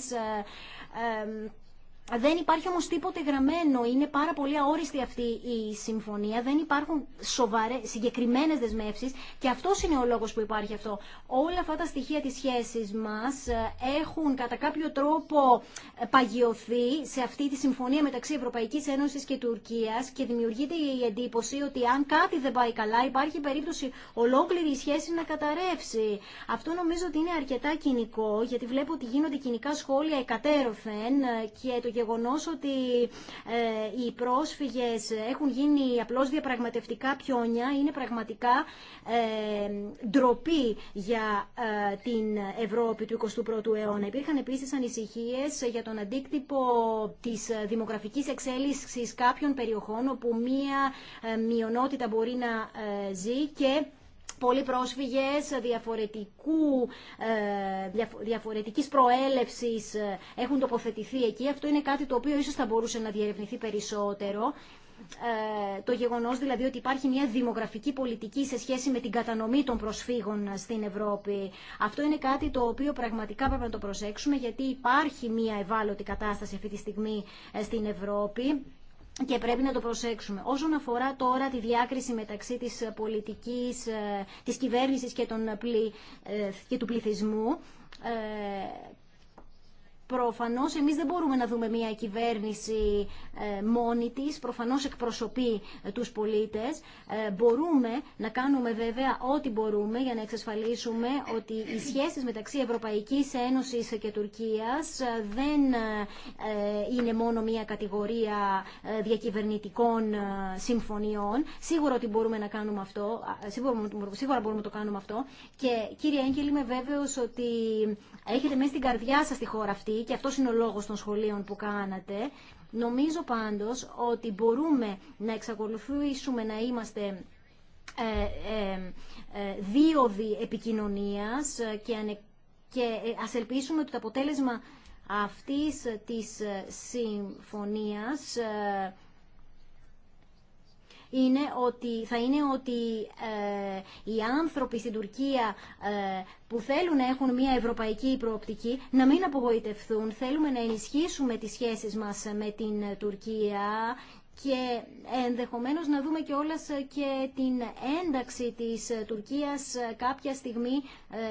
δεν υπάρχει όμως τίποτε γραμμένο, είναι πάρα πολύ αόριστη αυτή η συμφωνία, δεν υπάρχουν σοβαρέ, συγκεκριμένες δεσμεύσεις και αυτό είναι ο λόγος που υπάρχει αυτό. Όλα αυτά τα στοιχεία της σχέσης μας ε, έχουν κατά κάποιο τρόπο ε, παγιωθεί σε αυτή τη συμφωνία μεταξύ Ευρωπαϊκής Ένωσης και Τουρκίας και δημιουργείται η εντύπωση ότι αν κάτι δεν πάει καλά υπάρχει περίπτωση ολόκληρη η σχέση να καταρρεύσει. Αυτό νομίζω ότι είναι αρκετά κοινικό γιατί βλέπω ότι γίνονται κοινικά σχόλια εκατέρωθεν ε, και το γεγονός ότι ε, οι πρόσφυγες έχουν γίνει απλώς διαπραγματευτικά πιόνια είναι πραγματικά ε, ντροπή για ε, την Ευρώπη του 21ου αιώνα. Υπήρχαν επίσης ανησυχίες για τον αντίκτυπο της δημογραφικής εξέλιξης κάποιων περιοχών όπου μία μειονότητα μπορεί να ζει και πολύ πρόσφυγες διαφορετικού, ε, διαφορετικής προέλευσης ε, έχουν τοποθετηθεί εκεί. Αυτό είναι κάτι το οποίο ίσως θα μπορούσε να διερευνηθεί περισσότερο. Ε, το γεγονός δηλαδή ότι υπάρχει μια δημογραφική πολιτική σε σχέση με την κατανομή των προσφύγων στην Ευρώπη. Αυτό είναι κάτι το οποίο πραγματικά πρέπει να το προσέξουμε γιατί υπάρχει μια ευάλωτη κατάσταση αυτή τη στιγμή στην Ευρώπη και πρέπει να το προσέξουμε. Όσον αφορά τώρα τη διάκριση μεταξύ της πολιτικής, ε, της κυβέρνησης και, ε, και του πληθυσμού, ε, Προφανώς εμείς δεν μπορούμε να δούμε μια κυβέρνηση ε, μόνη της, προφανώς εκπροσωπεί ε, τους πολίτες. Ε, μπορούμε να κάνουμε βέβαια ό,τι μπορούμε για να εξασφαλίσουμε ότι οι σχέσεις μεταξύ Ευρωπαϊκής Ένωσης και Τουρκίας δεν είναι μόνο μια κατηγορία διακυβερνητικών συμφωνιών. Σίγουρα ότι μπορούμε να κάνουμε αυτό, σίγουρα μπορούμε το κάνουμε αυτό. Και κύριε Έγκελ, είμαι βέβαιο ότι έχετε μέσα στην καρδιά σας τη χώρα αυτή και αυτό είναι ο λόγο των σχολείων που κάνατε. Νομίζω πάντως ότι μπορούμε να εξακολουθήσουμε να είμαστε ε, ε, ε, δίωδοι επικοινωνίας και ας ελπίσουμε ότι το αποτέλεσμα αυτής της συμφωνίας είναι ότι, θα είναι ότι ε, οι άνθρωποι στην Τουρκία ε, που θέλουν να έχουν μια ευρωπαϊκή προοπτική να μην απογοητευθούν. Θέλουμε να ενισχύσουμε τις σχέσεις μας με την Τουρκία και ενδεχομένως να δούμε και όλας και την ένταξη της Τουρκίας κάποια στιγμή ε,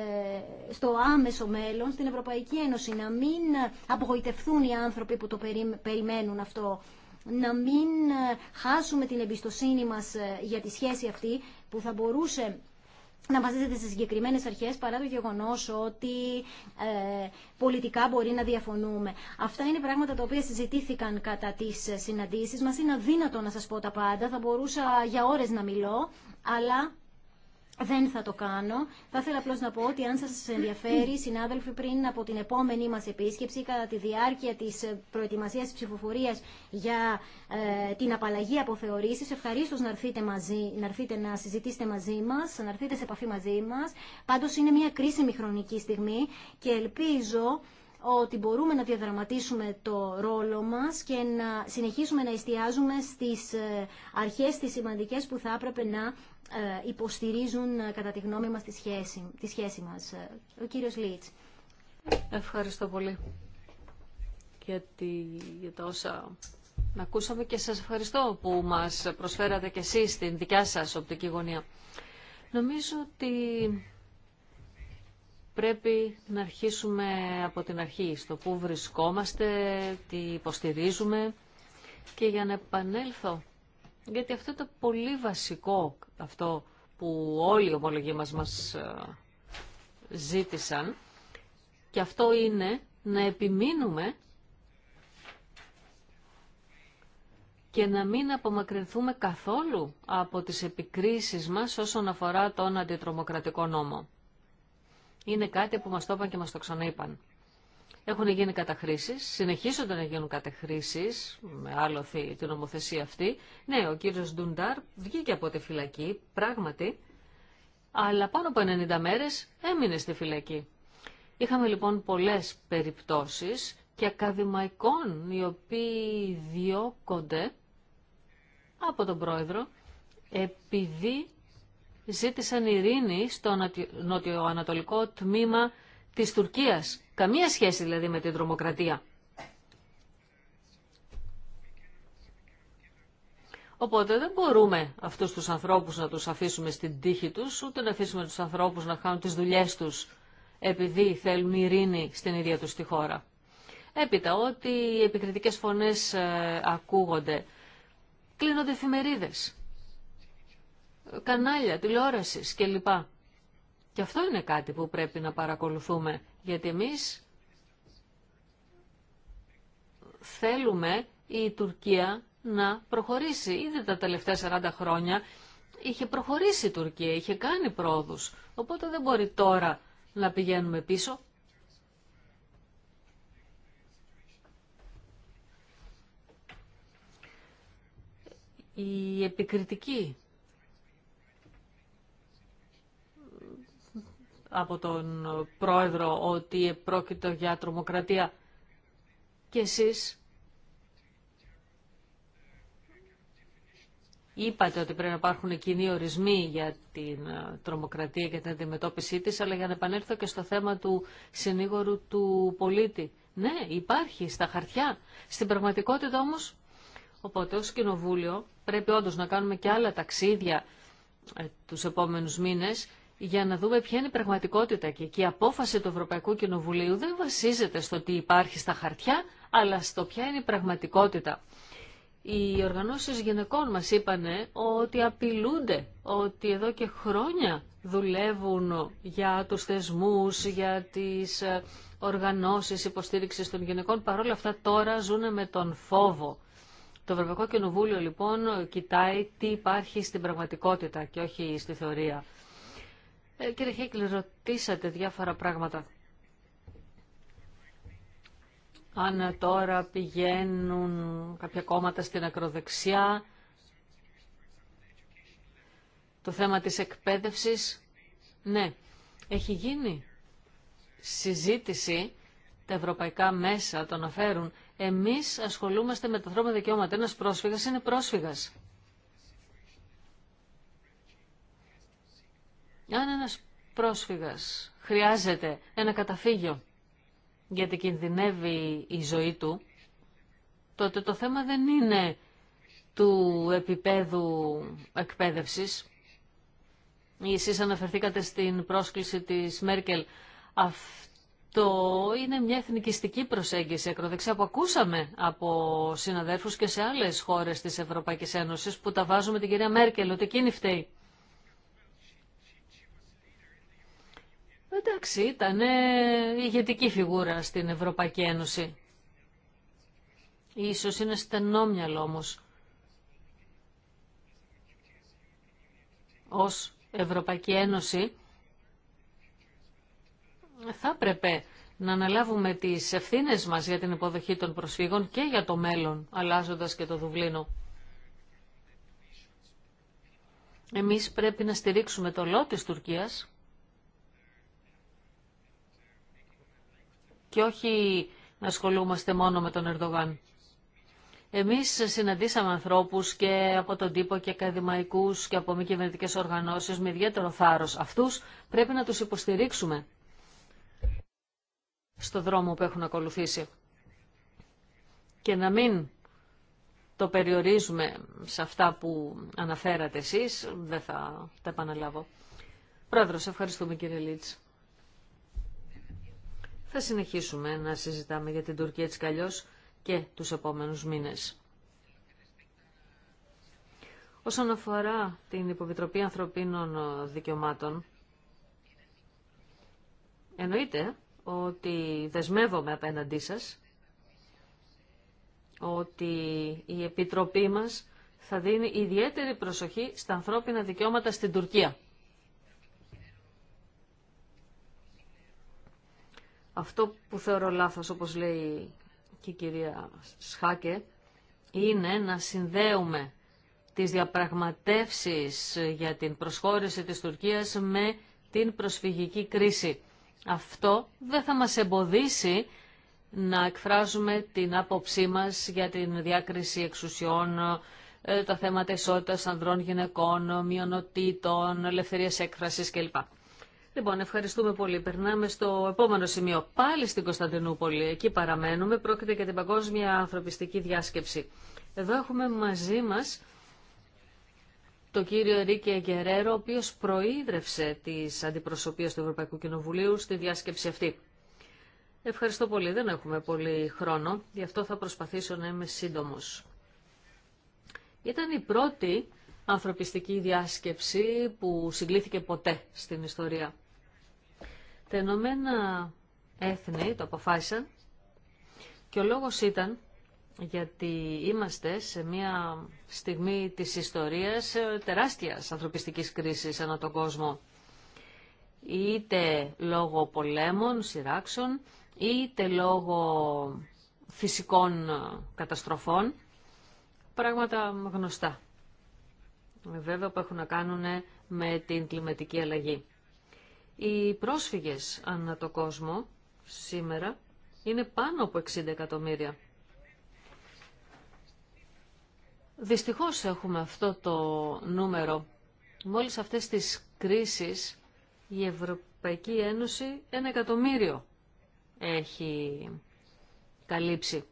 στο άμεσο μέλλον στην Ευρωπαϊκή Ένωση. Να μην απογοητευθούν οι άνθρωποι που το περιμένουν αυτό να μην ε, χάσουμε την εμπιστοσύνη μας ε, για τη σχέση αυτή που θα μπορούσε να βασίζεται σε συγκεκριμένε αρχέ παρά το γεγονό ότι ε, πολιτικά μπορεί να διαφωνούμε. Αυτά είναι πράγματα τα οποία συζητήθηκαν κατά τι συναντήσει μα. Είναι αδύνατο να σα πω τα πάντα. Θα μπορούσα για ώρε να μιλώ, αλλά δεν θα το κάνω. Θα ήθελα απλώ να πω ότι αν σα ενδιαφέρει, συνάδελφοι, πριν από την επόμενή μα επίσκεψη, κατά τη διάρκεια τη ε, προετοιμασία τη ψηφοφορία για ε, την απαλλαγή από θεωρήσει, ευχαρίστω να έρθετε μαζί, να, έρθετε να συζητήσετε μαζί μα, να έρθετε σε επαφή μαζί μα. Πάντω είναι μια κρίσιμη χρονική στιγμή και ελπίζω ότι μπορούμε να διαδραματίσουμε το ρόλο μας και να συνεχίσουμε να εστιάζουμε στις ε, αρχές, τις σημαντικές που θα έπρεπε να ε, υποστηρίζουν ε, κατά τη γνώμη μας τη σχέση, τη σχέση μας. Ο κύριος Λίτς. Ευχαριστώ πολύ γιατί, για τα όσα να ακούσαμε και σας ευχαριστώ που μας προσφέρατε και εσείς την δικιά σας οπτική γωνία. Νομίζω ότι πρέπει να αρχίσουμε από την αρχή, στο πού βρισκόμαστε, τι υποστηρίζουμε και για να επανέλθω, γιατί αυτό το πολύ βασικό αυτό που όλοι οι ομολογοί μας μας ε, ζήτησαν και αυτό είναι να επιμείνουμε και να μην απομακρυνθούμε καθόλου από τις επικρίσεις μας όσον αφορά τον αντιτρομοκρατικό νόμο είναι κάτι που μας το είπαν και μας το ξαναείπαν. Έχουν γίνει καταχρήσεις, συνεχίζονται να γίνουν καταχρήσεις με άλλο την νομοθεσία αυτή. Ναι, ο κύριος Ντουντάρ βγήκε από τη φυλακή, πράγματι, αλλά πάνω από 90 μέρες έμεινε στη φυλακή. Είχαμε λοιπόν πολλές περιπτώσεις και ακαδημαϊκών οι οποίοι διώκονται από τον πρόεδρο επειδή ζήτησαν ειρήνη στο νοτιοανατολικό τμήμα της Τουρκίας. Καμία σχέση δηλαδή με την τρομοκρατία. Οπότε δεν μπορούμε αυτούς τους ανθρώπους να τους αφήσουμε στην τύχη τους, ούτε να αφήσουμε τους ανθρώπους να χάνουν τις δουλειές τους επειδή θέλουν ειρήνη στην ίδια τους τη χώρα. Έπειτα, ότι οι επικριτικές φωνές ε, ακούγονται, κλείνονται εφημερίδες κανάλια τηλεόρασης κλπ. Και αυτό είναι κάτι που πρέπει να παρακολουθούμε, γιατί εμείς θέλουμε η Τουρκία να προχωρήσει. Ήδη τα τελευταία 40 χρόνια είχε προχωρήσει η Τουρκία, είχε κάνει πρόοδους, οπότε δεν μπορεί τώρα να πηγαίνουμε πίσω. Η επικριτική από τον πρόεδρο ότι πρόκειται για τρομοκρατία. Και εσείς είπατε ότι πρέπει να υπάρχουν κοινοί ορισμοί για την ε, τρομοκρατία και την αντιμετώπιση της, αλλά για να επανέλθω και στο θέμα του συνήγορου του πολίτη. Ναι, υπάρχει στα χαρτιά. Στην πραγματικότητα όμως, οπότε ως κοινοβούλιο πρέπει όντως να κάνουμε και άλλα ταξίδια ε, τους επόμενους μήνες για να δούμε ποια είναι η πραγματικότητα και, η απόφαση του Ευρωπαϊκού Κοινοβουλίου δεν βασίζεται στο τι υπάρχει στα χαρτιά, αλλά στο ποια είναι η πραγματικότητα. Οι οργανώσεις γυναικών μας είπανε ότι απειλούνται, ότι εδώ και χρόνια δουλεύουν για τους θεσμούς, για τις ε, οργανώσεις υποστήριξης των γυναικών. Παρόλα αυτά τώρα ζουν με τον φόβο. Το Ευρωπαϊκό Κοινοβούλιο λοιπόν κοιτάει τι υπάρχει στην πραγματικότητα και όχι στη θεωρία. Ε, κύριε Χίκλ, ρωτήσατε διάφορα πράγματα. Αν τώρα πηγαίνουν κάποια κόμματα στην ακροδεξιά, το θέμα της εκπαίδευσης, ναι, έχει γίνει συζήτηση, τα ευρωπαϊκά μέσα το αναφέρουν, εμείς ασχολούμαστε με τα ανθρώπινα δικαιώματα. Ένας πρόσφυγας είναι πρόσφυγας. Αν ένας πρόσφυγας χρειάζεται ένα καταφύγιο γιατί κινδυνεύει η ζωή του, τότε το θέμα δεν είναι του επίπεδου εκπαίδευσης. Εσείς αναφερθήκατε στην πρόσκληση της Μέρκελ. Αυτό είναι μια εθνικιστική προσέγγιση ακροδεξιά που ακούσαμε από συναδέρφους και σε άλλες χώρες της Ευρωπαϊκής Ένωσης που τα βάζουμε την κυρία Μέρκελ, ότι εκείνη φταίει. Εντάξει, ήταν ηγετική φιγούρα στην Ευρωπαϊκή Ένωση. Ίσως είναι στενόμυαλο όμως. Ως Ευρωπαϊκή Ένωση θα έπρεπε να αναλάβουμε τις ευθύνες μας για την υποδοχή των προσφύγων και για το μέλλον, αλλάζοντας και το Δουβλίνο. Εμείς πρέπει να στηρίξουμε το λό της Τουρκίας και όχι να ασχολούμαστε μόνο με τον Ερδογάν. Εμείς συναντήσαμε ανθρώπους και από τον τύπο και ακαδημαϊκούς και από μη κυβερνητικέ οργανώσεις με ιδιαίτερο θάρρος. Αυτούς πρέπει να τους υποστηρίξουμε στο δρόμο που έχουν ακολουθήσει. Και να μην το περιορίζουμε σε αυτά που αναφέρατε εσείς, δεν θα τα επαναλάβω. Πρόεδρος, ευχαριστούμε κύριε Λίτς. Θα συνεχίσουμε να συζητάμε για την Τουρκία της καλλιώς και τους επόμενους μήνες. Όσον αφορά την Υποβιτροπή Ανθρωπίνων Δικαιωμάτων, εννοείται ότι δεσμεύομαι απέναντί σας, ότι η Επιτροπή μας θα δίνει ιδιαίτερη προσοχή στα ανθρώπινα δικαιώματα στην Τουρκία. Αυτό που θεωρώ λάθος, όπως λέει και η κυρία Σχάκε, είναι να συνδέουμε τις διαπραγματεύσεις για την προσχώρηση της Τουρκίας με την προσφυγική κρίση. Αυτό δεν θα μας εμποδίσει να εκφράζουμε την άποψή μας για την διάκριση εξουσιών, ε, τα θέματα ισότητας ανδρών, γυναικών, μειονοτήτων, ελευθερίας έκφρασης κλπ. Λοιπόν, ευχαριστούμε πολύ. Περνάμε στο επόμενο σημείο. Πάλι στην Κωνσταντινούπολη. Εκεί παραμένουμε. Πρόκειται για την Παγκόσμια Ανθρωπιστική Διάσκεψη. Εδώ έχουμε μαζί μα τον κύριο Ρίκε Γκερέρο, ο οποίο προείδρευσε τι αντιπροσωπείε του Ευρωπαϊκού Κοινοβουλίου στη διάσκεψη αυτή. Ευχαριστώ πολύ. Δεν έχουμε πολύ χρόνο, γι' αυτό θα προσπαθήσω να είμαι σύντομο. Ήταν η πρώτη ανθρωπιστική διάσκεψη που συγκλήθηκε ποτέ στην ιστορία. Τα Ηνωμένα Έθνη το αποφάσισαν και ο λόγος ήταν γιατί είμαστε σε μια στιγμή της ιστορίας ε, τεράστιας ανθρωπιστικής κρίσης ανά τον κόσμο. Είτε λόγω πολέμων, σειράξεων, είτε λόγω φυσικών ε, καταστροφών, πράγματα γνωστά. Ε, βέβαια που έχουν να κάνουν με την κλιματική αλλαγή. Οι πρόσφυγες ανά το κόσμο σήμερα είναι πάνω από 60 εκατομμύρια. Δυστυχώς έχουμε αυτό το νούμερο. Μόλις αυτές τις κρίσεις η Ευρωπαϊκή Ένωση ένα εκατομμύριο έχει καλύψει.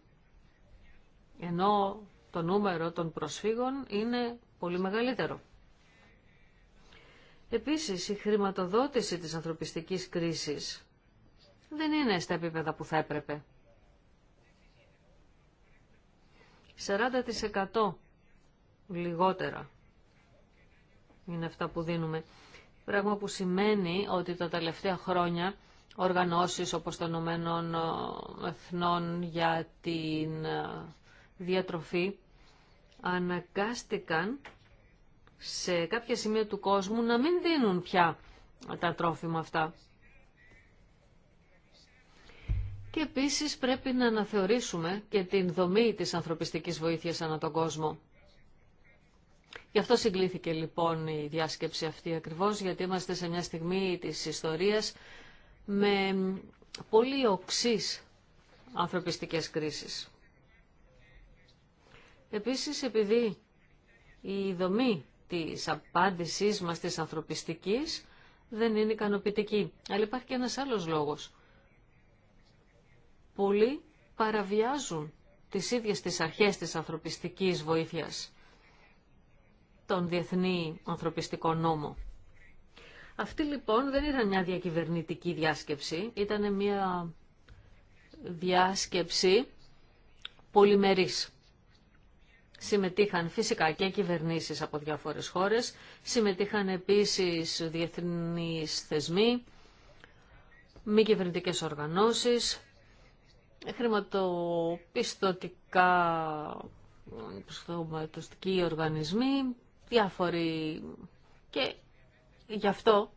Ενώ το νούμερο των προσφύγων είναι πολύ μεγαλύτερο. Επίσης, η χρηματοδότηση της ανθρωπιστικής κρίσης δεν είναι στα επίπεδα που θα έπρεπε. 40% λιγότερα είναι αυτά που δίνουμε. Πράγμα που σημαίνει ότι τα τελευταία χρόνια οργανώσεις όπως των Ηνωμένων Εθνών για την ε, διατροφή αναγκάστηκαν σε κάποια σημεία του κόσμου να μην δίνουν πια τα τρόφιμα αυτά. Και επίσης πρέπει να αναθεωρήσουμε και την δομή της ανθρωπιστικής βοήθειας ανά τον κόσμο. Γι' αυτό συγκλήθηκε λοιπόν η διάσκεψη αυτή ακριβώς, γιατί είμαστε σε μια στιγμή της ιστορίας με πολύ οξύς ανθρωπιστικές κρίσεις. Επίσης, επειδή η δομή της απάντησής μας της ανθρωπιστικής δεν είναι ικανοποιητική. Αλλά υπάρχει και ένας άλλος λόγος. Πολλοί παραβιάζουν τις ίδιες τις αρχές της ανθρωπιστικής βοήθειας, τον Διεθνή Ανθρωπιστικό Νόμο. Αυτή λοιπόν δεν ήταν μια διακυβερνητική διάσκεψη, ήταν μια διάσκεψη πολυμερής συμμετείχαν φυσικά και κυβερνήσεις από διάφορες χώρες, συμμετείχαν επίσης διεθνείς θεσμοί, μη κυβερνητικές οργανώσεις, χρηματοπιστωτικά χρηματοπιστωτικοί οργανισμοί, διάφοροι και γι' αυτό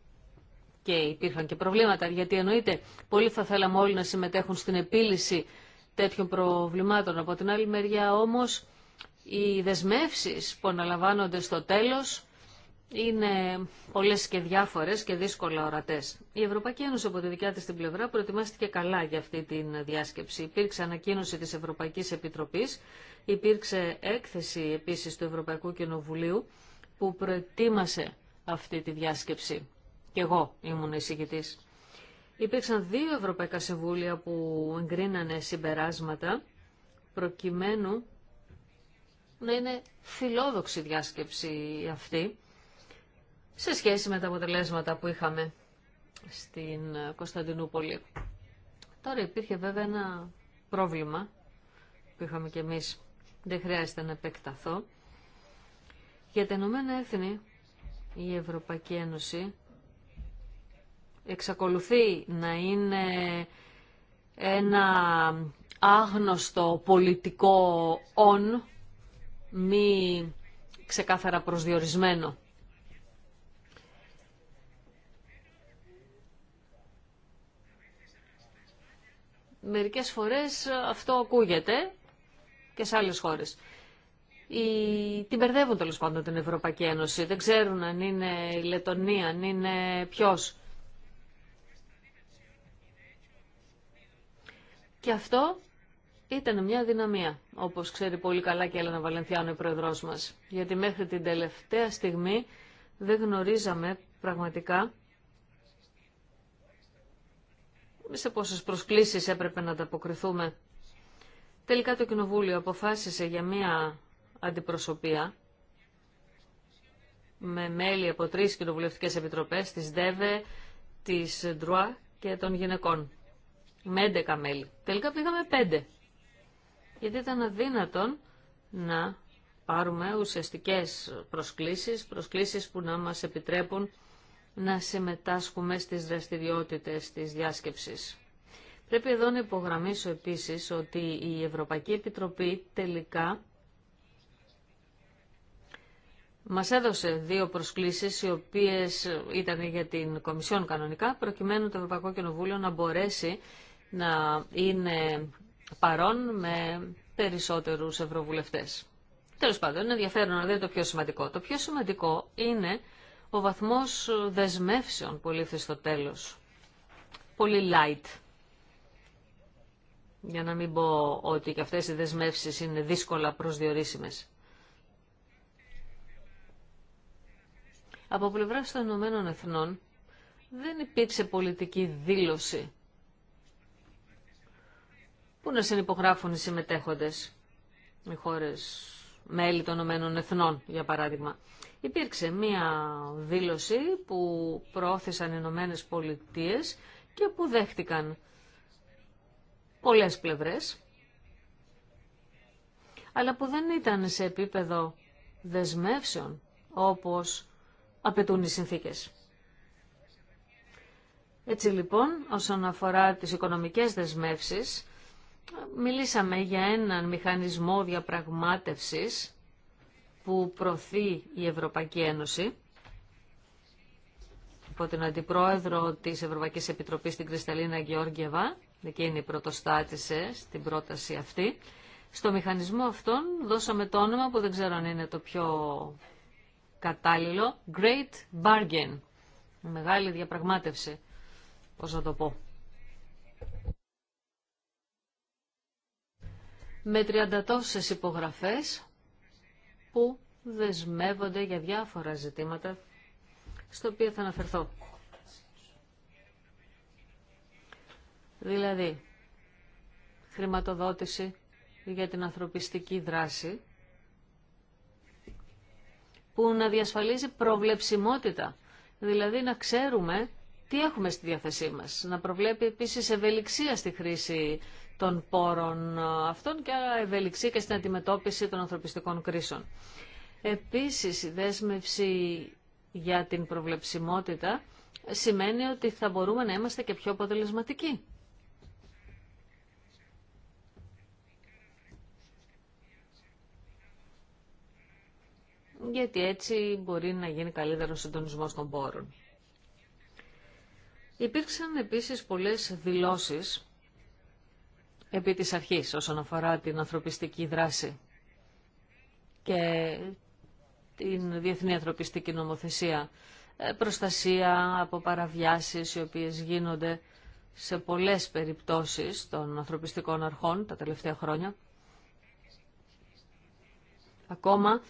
και υπήρχαν και προβλήματα, γιατί εννοείται πολύ θα θέλαμε όλοι να συμμετέχουν στην επίλυση τέτοιων προβλημάτων. Από την άλλη μεριά όμως οι δεσμεύσεις που αναλαμβάνονται στο τέλος είναι πολλές και διάφορες και δύσκολα ορατές. Η Ευρωπαϊκή Ένωση από τη δικιά της την πλευρά προετοιμάστηκε καλά για αυτή τη διάσκεψη. Υπήρξε ανακοίνωση της Ευρωπαϊκής Επιτροπής, υπήρξε έκθεση επίσης του Ευρωπαϊκού Κοινοβουλίου που προετοίμασε αυτή τη διάσκεψη. Και εγώ ήμουν εισηγητή. Υπήρξαν δύο Ευρωπαϊκά Συμβούλια που εγκρίνανε συμπεράσματα προκειμένου να είναι φιλόδοξη διάσκεψη αυτή σε σχέση με τα αποτελέσματα που είχαμε στην Κωνσταντινούπολη. Τώρα υπήρχε βέβαια ένα πρόβλημα που είχαμε και εμείς, δεν χρειάζεται να επεκταθώ. Για τα Ηνωμένα Έθνη η Ευρωπαϊκή Ένωση εξακολουθεί να είναι ένα άγνωστο πολιτικό όν μη ξεκάθαρα προσδιορισμένο. Μερικές φορές αυτό ακούγεται και σε άλλες χώρες. Οι... Την μπερδεύουν τέλο πάντων την Ευρωπαϊκή Ένωση. Δεν ξέρουν αν είναι η Λετωνία, αν είναι ποιος. Και αυτό ήταν μια δυναμία, όπως ξέρει πολύ καλά και η Έλενα Βαλενθιάνο, η πρόεδρός μας. Γιατί μέχρι την τελευταία στιγμή δεν γνωρίζαμε πραγματικά σε πόσες προσκλήσεις έπρεπε να ανταποκριθούμε. Τελικά το Κοινοβούλιο αποφάσισε για μια αντιπροσωπεία με μέλη από τρεις κοινοβουλευτικές επιτροπές, της ΔΕΒΕ, της ΔΡΟΑ και των γυναικών. Με 11 μέλη. Τελικά πήγαμε 5 γιατί ήταν αδύνατον να πάρουμε ουσιαστικές προσκλήσεις, προσκλήσεις που να μας επιτρέπουν να συμμετάσχουμε στις δραστηριότητες της διάσκεψης. Πρέπει εδώ να υπογραμμίσω επίσης ότι η Ευρωπαϊκή Επιτροπή τελικά μας έδωσε δύο προσκλήσεις οι οποίες ήταν για την Κομισιόν κανονικά προκειμένου το Ευρωπαϊκό Κοινοβούλιο να μπορέσει να είναι Παρόν με περισσότερους ευρωβουλευτές. Τέλος πάντων, είναι ενδιαφέρον να δείτε το πιο σημαντικό. Το πιο σημαντικό είναι ο βαθμός δεσμεύσεων που λήφθη στο τέλος. Πολύ light. Για να μην πω ότι και αυτές οι δεσμεύσεις είναι δύσκολα προσδιορίσιμες. Από πλευρά των Ηνωμένων Εθνών δεν υπήρξε πολιτική δήλωση που να συνυπογράφουν οι συμμετέχοντες, οι χώρε μέλη των Ηνωμένων Εθνών, για παράδειγμα. Υπήρξε μία δήλωση που προώθησαν οι Ηνωμένε Πολιτείε και που δέχτηκαν πολλές πλευρές, αλλά που δεν ήταν σε επίπεδο δεσμεύσεων, όπως απαιτούν οι συνθήκες. Έτσι λοιπόν, όσον αφορά τις οικονομικές δεσμεύσεις, Μιλήσαμε για έναν μηχανισμό διαπραγμάτευσης που προωθεί η Ευρωπαϊκή Ένωση από την Αντιπρόεδρο της Ευρωπαϊκής Επιτροπής την Κρυσταλίνα Γεώργιεβα, εκείνη πρωτοστάτησε στην πρόταση αυτή. Στο μηχανισμό αυτόν δώσαμε το όνομα που δεν ξέρω αν είναι το πιο κατάλληλο, Great Bargain, μεγάλη διαπραγμάτευση, πώς να το πω. με τριαντατόσες υπογραφές που δεσμεύονται για διάφορα ζητήματα στο οποίο θα αναφερθώ. Δηλαδή, χρηματοδότηση για την ανθρωπιστική δράση που να διασφαλίζει προβλεψιμότητα. Δηλαδή να ξέρουμε τι έχουμε στη διάθεσή μας. Να προβλέπει επίσης ευελιξία στη χρήση των πόρων ε, αυτών και ευελιξία και στην αντιμετώπιση των ανθρωπιστικών κρίσεων. Επίσης η δέσμευση για την προβλεψιμότητα σημαίνει ότι θα μπορούμε να είμαστε και πιο αποτελεσματικοί. γιατί έτσι μπορεί να γίνει καλύτερο συντονισμός των πόρων. Υπήρξαν επίσης πολλές δηλώσεις επί της αρχής όσον αφορά την ανθρωπιστική δράση και την διεθνή ανθρωπιστική νομοθεσία, ε, προστασία από παραβιάσεις οι οποίες γίνονται σε πολλές περιπτώσεις των ανθρωπιστικών αρχών τα τελευταία χρόνια. Ακόμα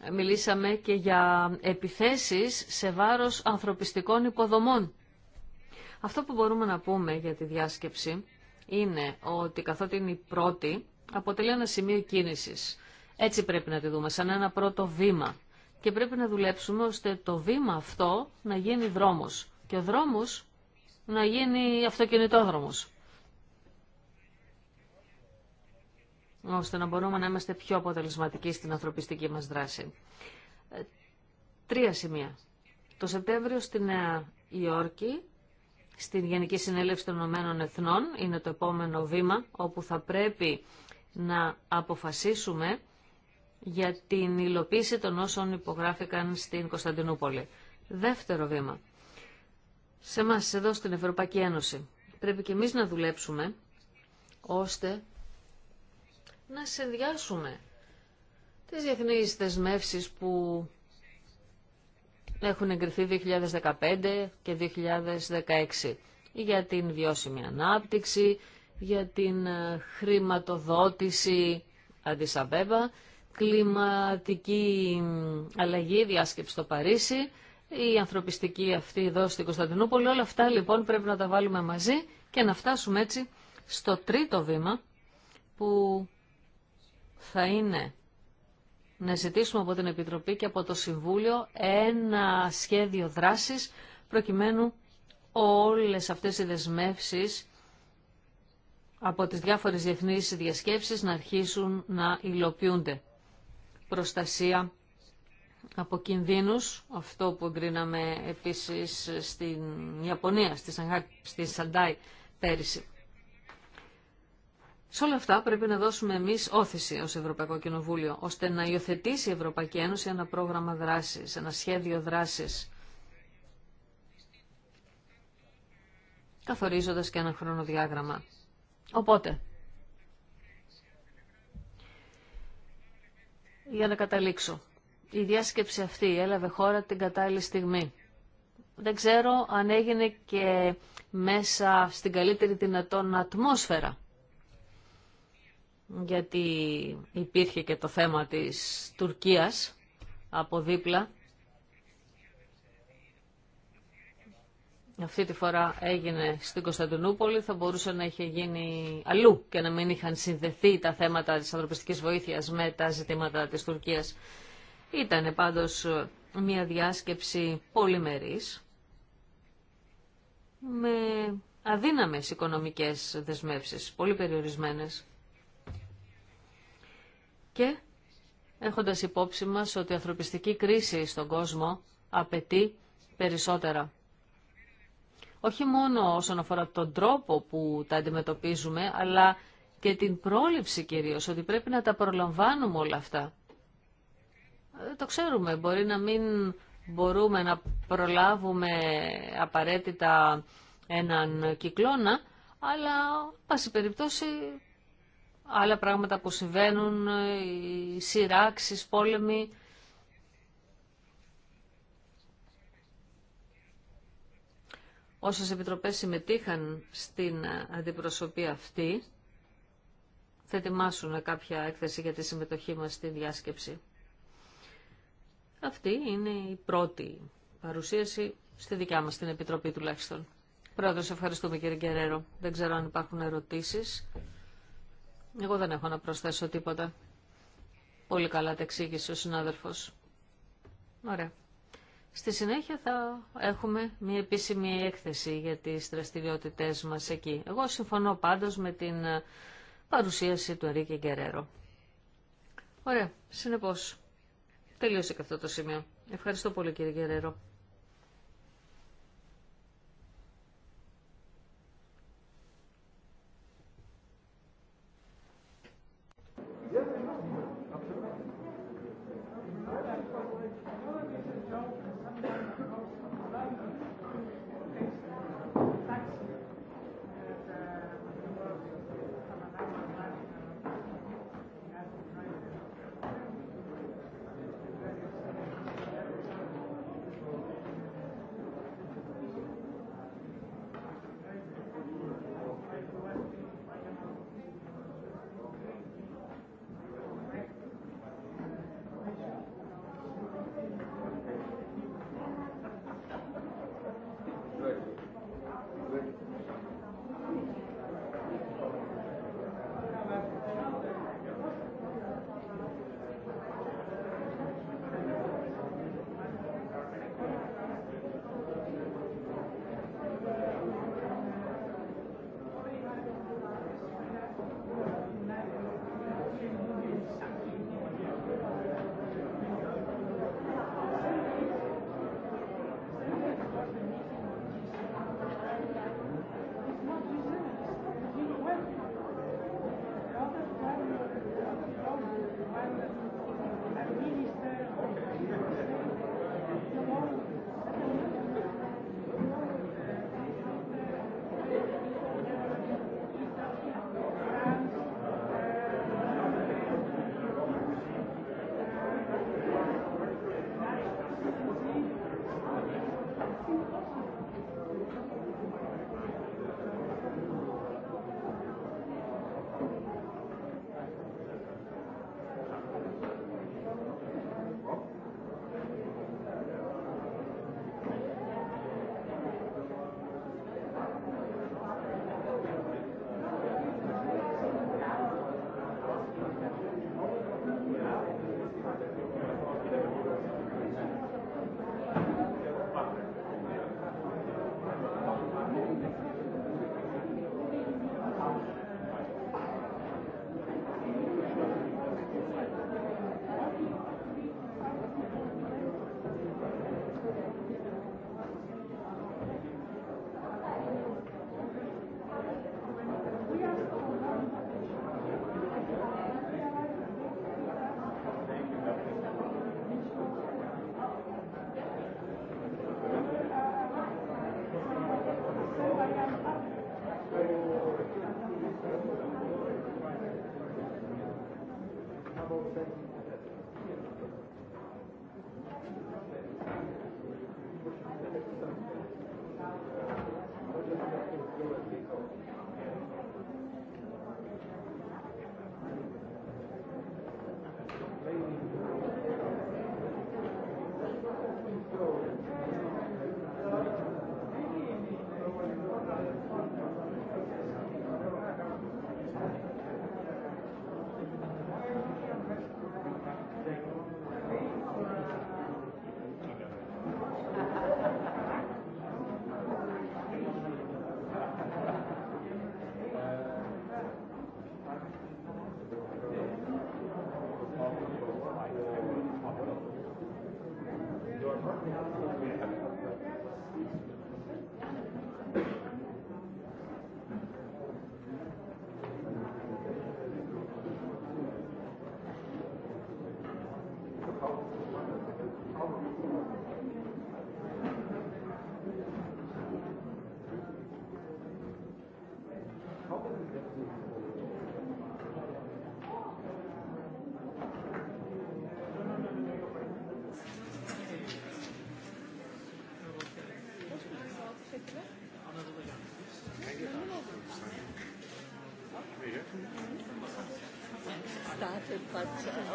ε, μιλήσαμε και για επιθέσεις σε βάρος ανθρωπιστικών υποδομών αυτό που μπορούμε να πούμε για τη διάσκεψη είναι ότι καθότι είναι η πρώτη, αποτελεί ένα σημείο κίνησης. Έτσι πρέπει να τη δούμε, σαν ένα πρώτο βήμα. Και πρέπει να δουλέψουμε ώστε το βήμα αυτό να γίνει δρόμος. Και ο δρόμος να γίνει αυτοκινητόδρομος. ώστε να μπορούμε να είμαστε πιο αποτελεσματικοί στην ανθρωπιστική μας δράση. Ε, τρία σημεία. Το Σεπτέμβριο στη Νέα Υόρκη στην Γενική Συνέλευση των Ηνωμένων Εθνών. Είναι το επόμενο βήμα όπου θα πρέπει να αποφασίσουμε για την υλοποίηση των όσων υπογράφηκαν στην Κωνσταντινούπολη. Δεύτερο βήμα. Σε εμά εδώ στην Ευρωπαϊκή Ένωση πρέπει και εμείς να δουλέψουμε ώστε να συνδυάσουμε τις διεθνείς θεσμεύσεις που έχουν εγκριθεί 2015 και 2016 για την βιώσιμη ανάπτυξη, για την ε, χρηματοδότηση αντισαβέβα, κλιματική αλλαγή, διάσκεψη στο Παρίσι, η ανθρωπιστική αυτή εδώ στην Κωνσταντινούπολη. Όλα αυτά λοιπόν πρέπει να τα βάλουμε μαζί και να φτάσουμε έτσι στο τρίτο βήμα που θα είναι να ζητήσουμε από την Επιτροπή και από το Συμβούλιο ένα σχέδιο δράσης προκειμένου όλες αυτές οι δεσμεύσεις από τις διάφορες διεθνείς διασκέψεις να αρχίσουν να υλοποιούνται. Προστασία από κινδύνους, αυτό που εγκρίναμε επίσης στην Ιαπωνία, στη Σαντάι πέρυσι. Σε όλα αυτά πρέπει να δώσουμε εμεί όθηση ω Ευρωπαϊκό Κοινοβούλιο, ώστε να υιοθετήσει η Ευρωπαϊκή Ένωση ένα πρόγραμμα δράση, ένα σχέδιο δράση καθορίζοντα και ένα χρονοδιάγραμμα. Οπότε, για να καταλήξω, η διάσκεψη αυτή έλαβε χώρα την κατάλληλη στιγμή. Δεν ξέρω αν έγινε και μέσα στην καλύτερη δυνατόν ατμόσφαιρα γιατί υπήρχε και το θέμα της Τουρκίας από δίπλα. Αυτή τη φορά έγινε στην Κωνσταντινούπολη, θα μπορούσε να είχε γίνει αλλού και να μην είχαν συνδεθεί τα θέματα της ανθρωπιστικής βοήθειας με τα ζητήματα της Τουρκίας. Ήταν πάντως μια διάσκεψη πολυμερής με αδύναμες οικονομικές δεσμεύσεις, πολύ περιορισμένες και έχοντας υπόψη μας ότι η ανθρωπιστική κρίση στον κόσμο απαιτεί περισσότερα. Όχι μόνο όσον αφορά τον τρόπο που τα αντιμετωπίζουμε, αλλά και την πρόληψη κυρίως, ότι πρέπει να τα προλαμβάνουμε όλα αυτά. Ε, το ξέρουμε, μπορεί να μην μπορούμε να προλάβουμε απαραίτητα έναν κυκλώνα, αλλά πάση περιπτώσει άλλα πράγματα που συμβαίνουν, οι σειράξεις, πόλεμοι. Όσες επιτροπές συμμετείχαν στην αντιπροσωπή αυτή, θα ετοιμάσουν κάποια έκθεση για τη συμμετοχή μας στη διάσκεψη. Αυτή είναι η πρώτη παρουσίαση στη δικιά μας την Επιτροπή τουλάχιστον. Πρόεδρος, ευχαριστούμε κύριε Γκερέρο. Δεν ξέρω αν υπάρχουν ερωτήσεις. Εγώ δεν έχω να προσθέσω τίποτα. Πολύ καλά τα εξήγησε ο συνάδελφος. Ωραία. Στη συνέχεια θα έχουμε μια επίσημη έκθεση για τις δραστηριότητές μας εκεί. Εγώ συμφωνώ πάντως με την ε, παρουσίαση του Ερίκη Γκερέρο. Ωραία, συνεπώς. Τελείωσε και αυτό το σημείο. Ευχαριστώ πολύ κύριε Γκερέρο.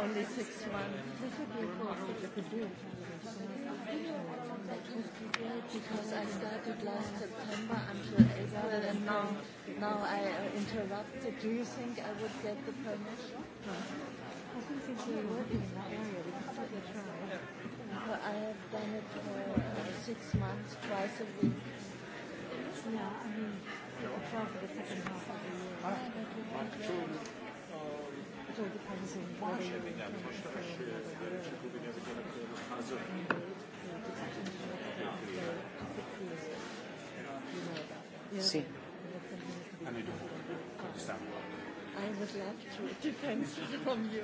only six months. Because I started last September until April, and now, now I interrupted. Do you think I would get the permission? I think you would in that area. I have done it for six months, twice a week. Yeah, I mean, for the second half all depends on whether Sì. I would to. defend from you.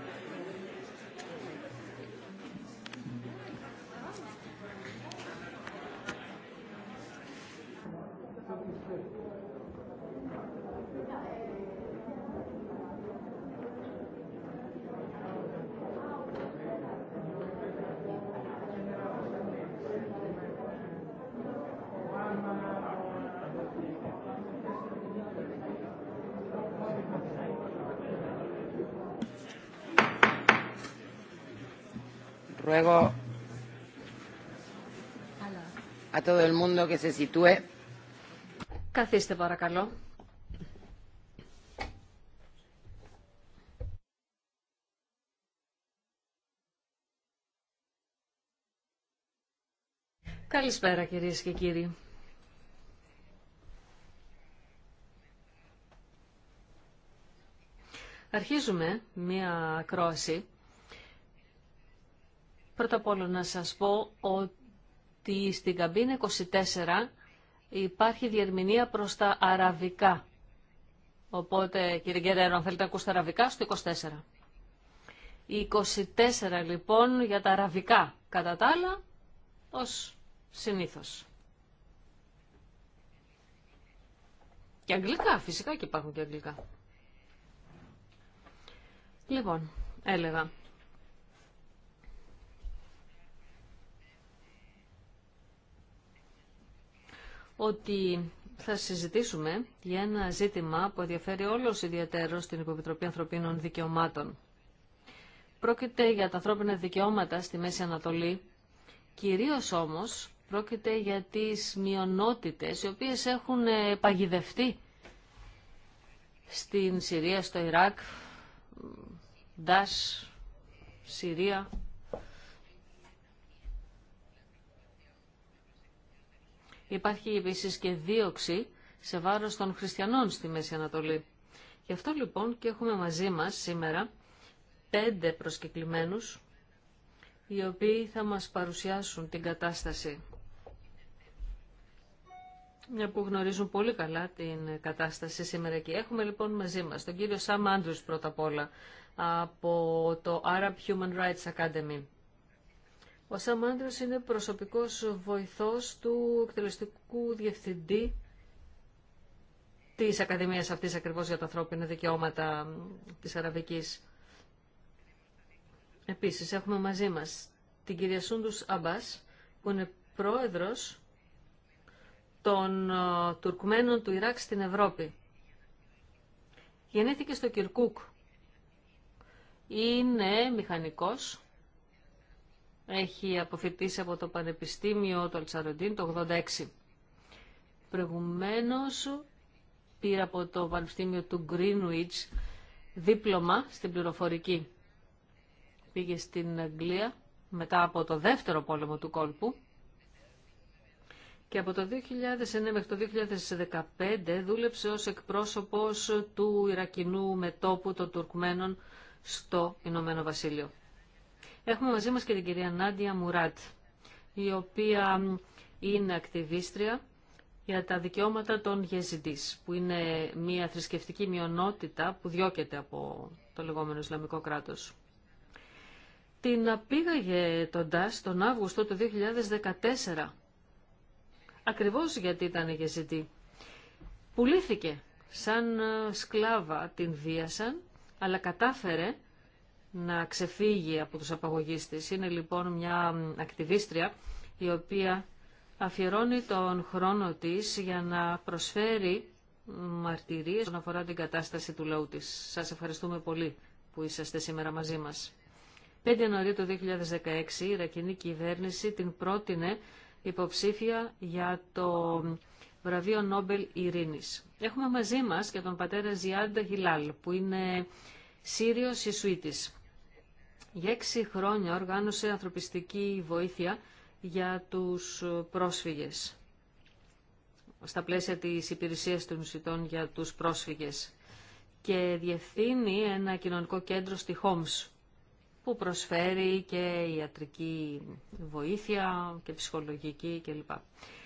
ruego a todo el mundo que se sitúe. Καθίστε παρακαλώ. Καλησπέρα κυρίες και κύριοι. Αρχίζουμε μία κρόση Πρώτα απ' όλα να σας πω ότι στην καμπίνα 24 υπάρχει διερμηνία προς τα αραβικά. Οπότε, κύριε Γκερέρο, αν θέλετε να ακούσετε αραβικά, στο 24. Η 24 λοιπόν για τα αραβικά, κατά τα άλλα, ως συνήθως. Και αγγλικά, φυσικά και υπάρχουν και αγγλικά. Λοιπόν, έλεγα, ότι θα συζητήσουμε για ένα ζήτημα που ενδιαφέρει όλους ιδιαίτερο στην Υποπιτροπή Ανθρωπίνων Δικαιωμάτων. Πρόκειται για τα ανθρώπινα δικαιώματα στη Μέση Ανατολή, κυρίως όμως πρόκειται για τις μειονότητες οι οποίες έχουν ε, παγιδευτεί στην Συρία, στο Ιράκ, Ντάς, Συρία, Υπάρχει επίση και δίωξη σε βάρος των χριστιανών στη Μέση Ανατολή. Γι' αυτό λοιπόν και έχουμε μαζί μας σήμερα πέντε προσκεκλημένους οι οποίοι θα μας παρουσιάσουν την κατάσταση. Μια που γνωρίζουν πολύ καλά την κατάσταση σήμερα και έχουμε λοιπόν μαζί μας τον κύριο Σαμ Άντρους πρώτα απ' όλα από το Arab Human Rights Academy. Ο Σαμ είναι προσωπικός βοηθός του εκτελεστικού διευθυντή της Ακαδημίας αυτής ακριβώς για τα ανθρώπινα δικαιώματα της Αραβικής. Επίσης έχουμε μαζί μας την κυρία Σούντους Αμπάς που είναι πρόεδρος των ε, Τουρκμένων του Ιράκ στην Ευρώπη. Γεννήθηκε στο Κυρκούκ. Είναι μηχανικός έχει αποφοιτήσει από το Πανεπιστήμιο του Αλτσαροντίν το 86. Προηγουμένως πήρε από το Πανεπιστήμιο του Greenwich δίπλωμα στην πληροφορική. Πήγε στην Αγγλία μετά από το δεύτερο πόλεμο του κόλπου και από το 2009 μέχρι το 2015 δούλεψε ως εκπρόσωπος του Ιρακινού μετόπου των Τουρκμένων στο Ηνωμένο Βασίλειο. Έχουμε μαζί μας και την κυρία Νάντια Μουράτ, η οποία είναι ακτιβίστρια για τα δικαιώματα των Γεζιντής, που είναι μια θρησκευτική μειονότητα που διώκεται από το λεγόμενο Ισλαμικό κράτος. Την απήγαγε τον Τας τον Αύγουστο του 2014, ακριβώς γιατί ήταν Γεζιντή. Πουλήθηκε σαν ε, σκλάβα, την βίασαν, αλλά κατάφερε να ξεφύγει από τους απαγωγείς της. Είναι λοιπόν μια ακτιβίστρια η οποία αφιερώνει τον χρόνο της για να προσφέρει μαρτυρίες όσον αφορά την κατάσταση του λαού της. Σας ευχαριστούμε πολύ που είσαστε σήμερα μαζί μας. 5 Ιανουαρίου του 2016 η Ρακινή κυβέρνηση την πρότεινε υποψήφια για το βραβείο Νόμπελ Ειρήνης. Έχουμε μαζί μας και τον πατέρα Ζιάντα Χιλάλ που είναι Σύριος Ισουίτης. Για έξι χρόνια οργάνωσε ανθρωπιστική βοήθεια για τους πρόσφυγες στα πλαίσια της υπηρεσίας των νησιτών για τους πρόσφυγες και διευθύνει ένα κοινωνικό κέντρο στη Χόμς που προσφέρει και ιατρική βοήθεια και ψυχολογική κλπ.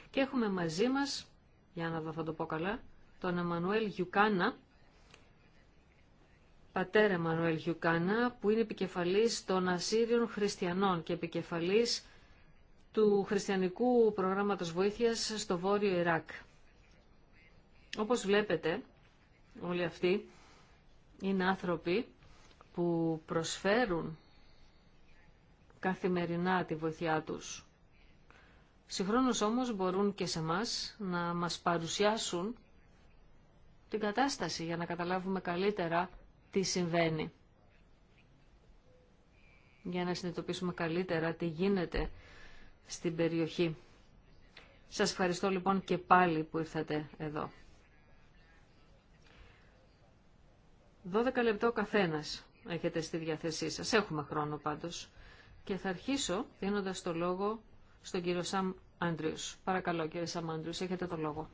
Και έχουμε μαζί μας, για να δω θα το πω καλά, τον Εμμανουέλ Γιουκάνα πατέρα Μανουέλ Γιουκάνα, που είναι επικεφαλής των Ασσύριων Χριστιανών και επικεφαλής του Χριστιανικού Προγράμματος Βοήθειας στο Βόρειο Ιράκ. Όπως βλέπετε, όλοι αυτοί είναι άνθρωποι που προσφέρουν καθημερινά τη βοήθειά τους. Συγχρόνως όμως μπορούν και σε μας να μας παρουσιάσουν την κατάσταση για να καταλάβουμε καλύτερα τι συμβαίνει. Για να συνειδητοποιήσουμε καλύτερα τι γίνεται στην περιοχή. Σας ευχαριστώ λοιπόν και πάλι που ήρθατε εδώ. 12 λεπτό καθένας έχετε στη διάθεσή σας. Έχουμε χρόνο πάντως. Και θα αρχίσω δίνοντας το λόγο στον κύριο Σαμ Άντριους. Παρακαλώ κύριε Σαμ Άντριους, έχετε το λόγο.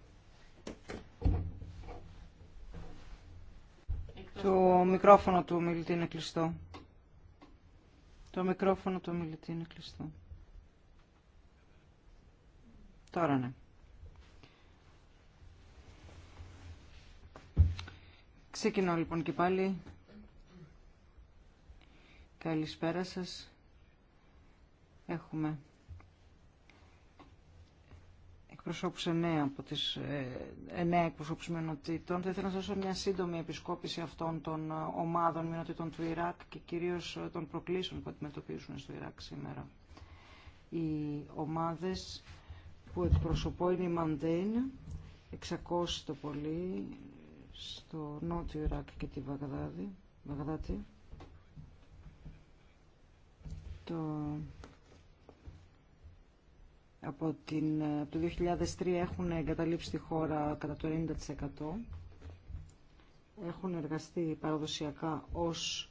Το μικρόφωνο του ομιλητή είναι κλειστό. Το μικρόφωνο του ομιλητή είναι κλειστό. Τώρα ναι. Ξεκινώ λοιπόν και πάλι. Καλησπέρα σας. Έχουμε εκπροσώπους εννέα από τις εννέα ε, εκπροσώπους μενοτήτων. Θα ήθελα να σας δώσω μια σύντομη επισκόπηση αυτών των ε, ομάδων μενοτήτων του Ιράκ και κυρίως ε, των προκλήσεων που αντιμετωπίζουν στο Ιράκ σήμερα. Οι ομάδες που εκπροσωπώ είναι η Μαντέιν, 600 το πολύ, στο νότιο Ιράκ και τη Βαγδάτη. Το από, την, ε, από το 2003 έχουν εγκαταλείψει τη χώρα κατά το 90%. Έχουν εργαστεί παραδοσιακά ως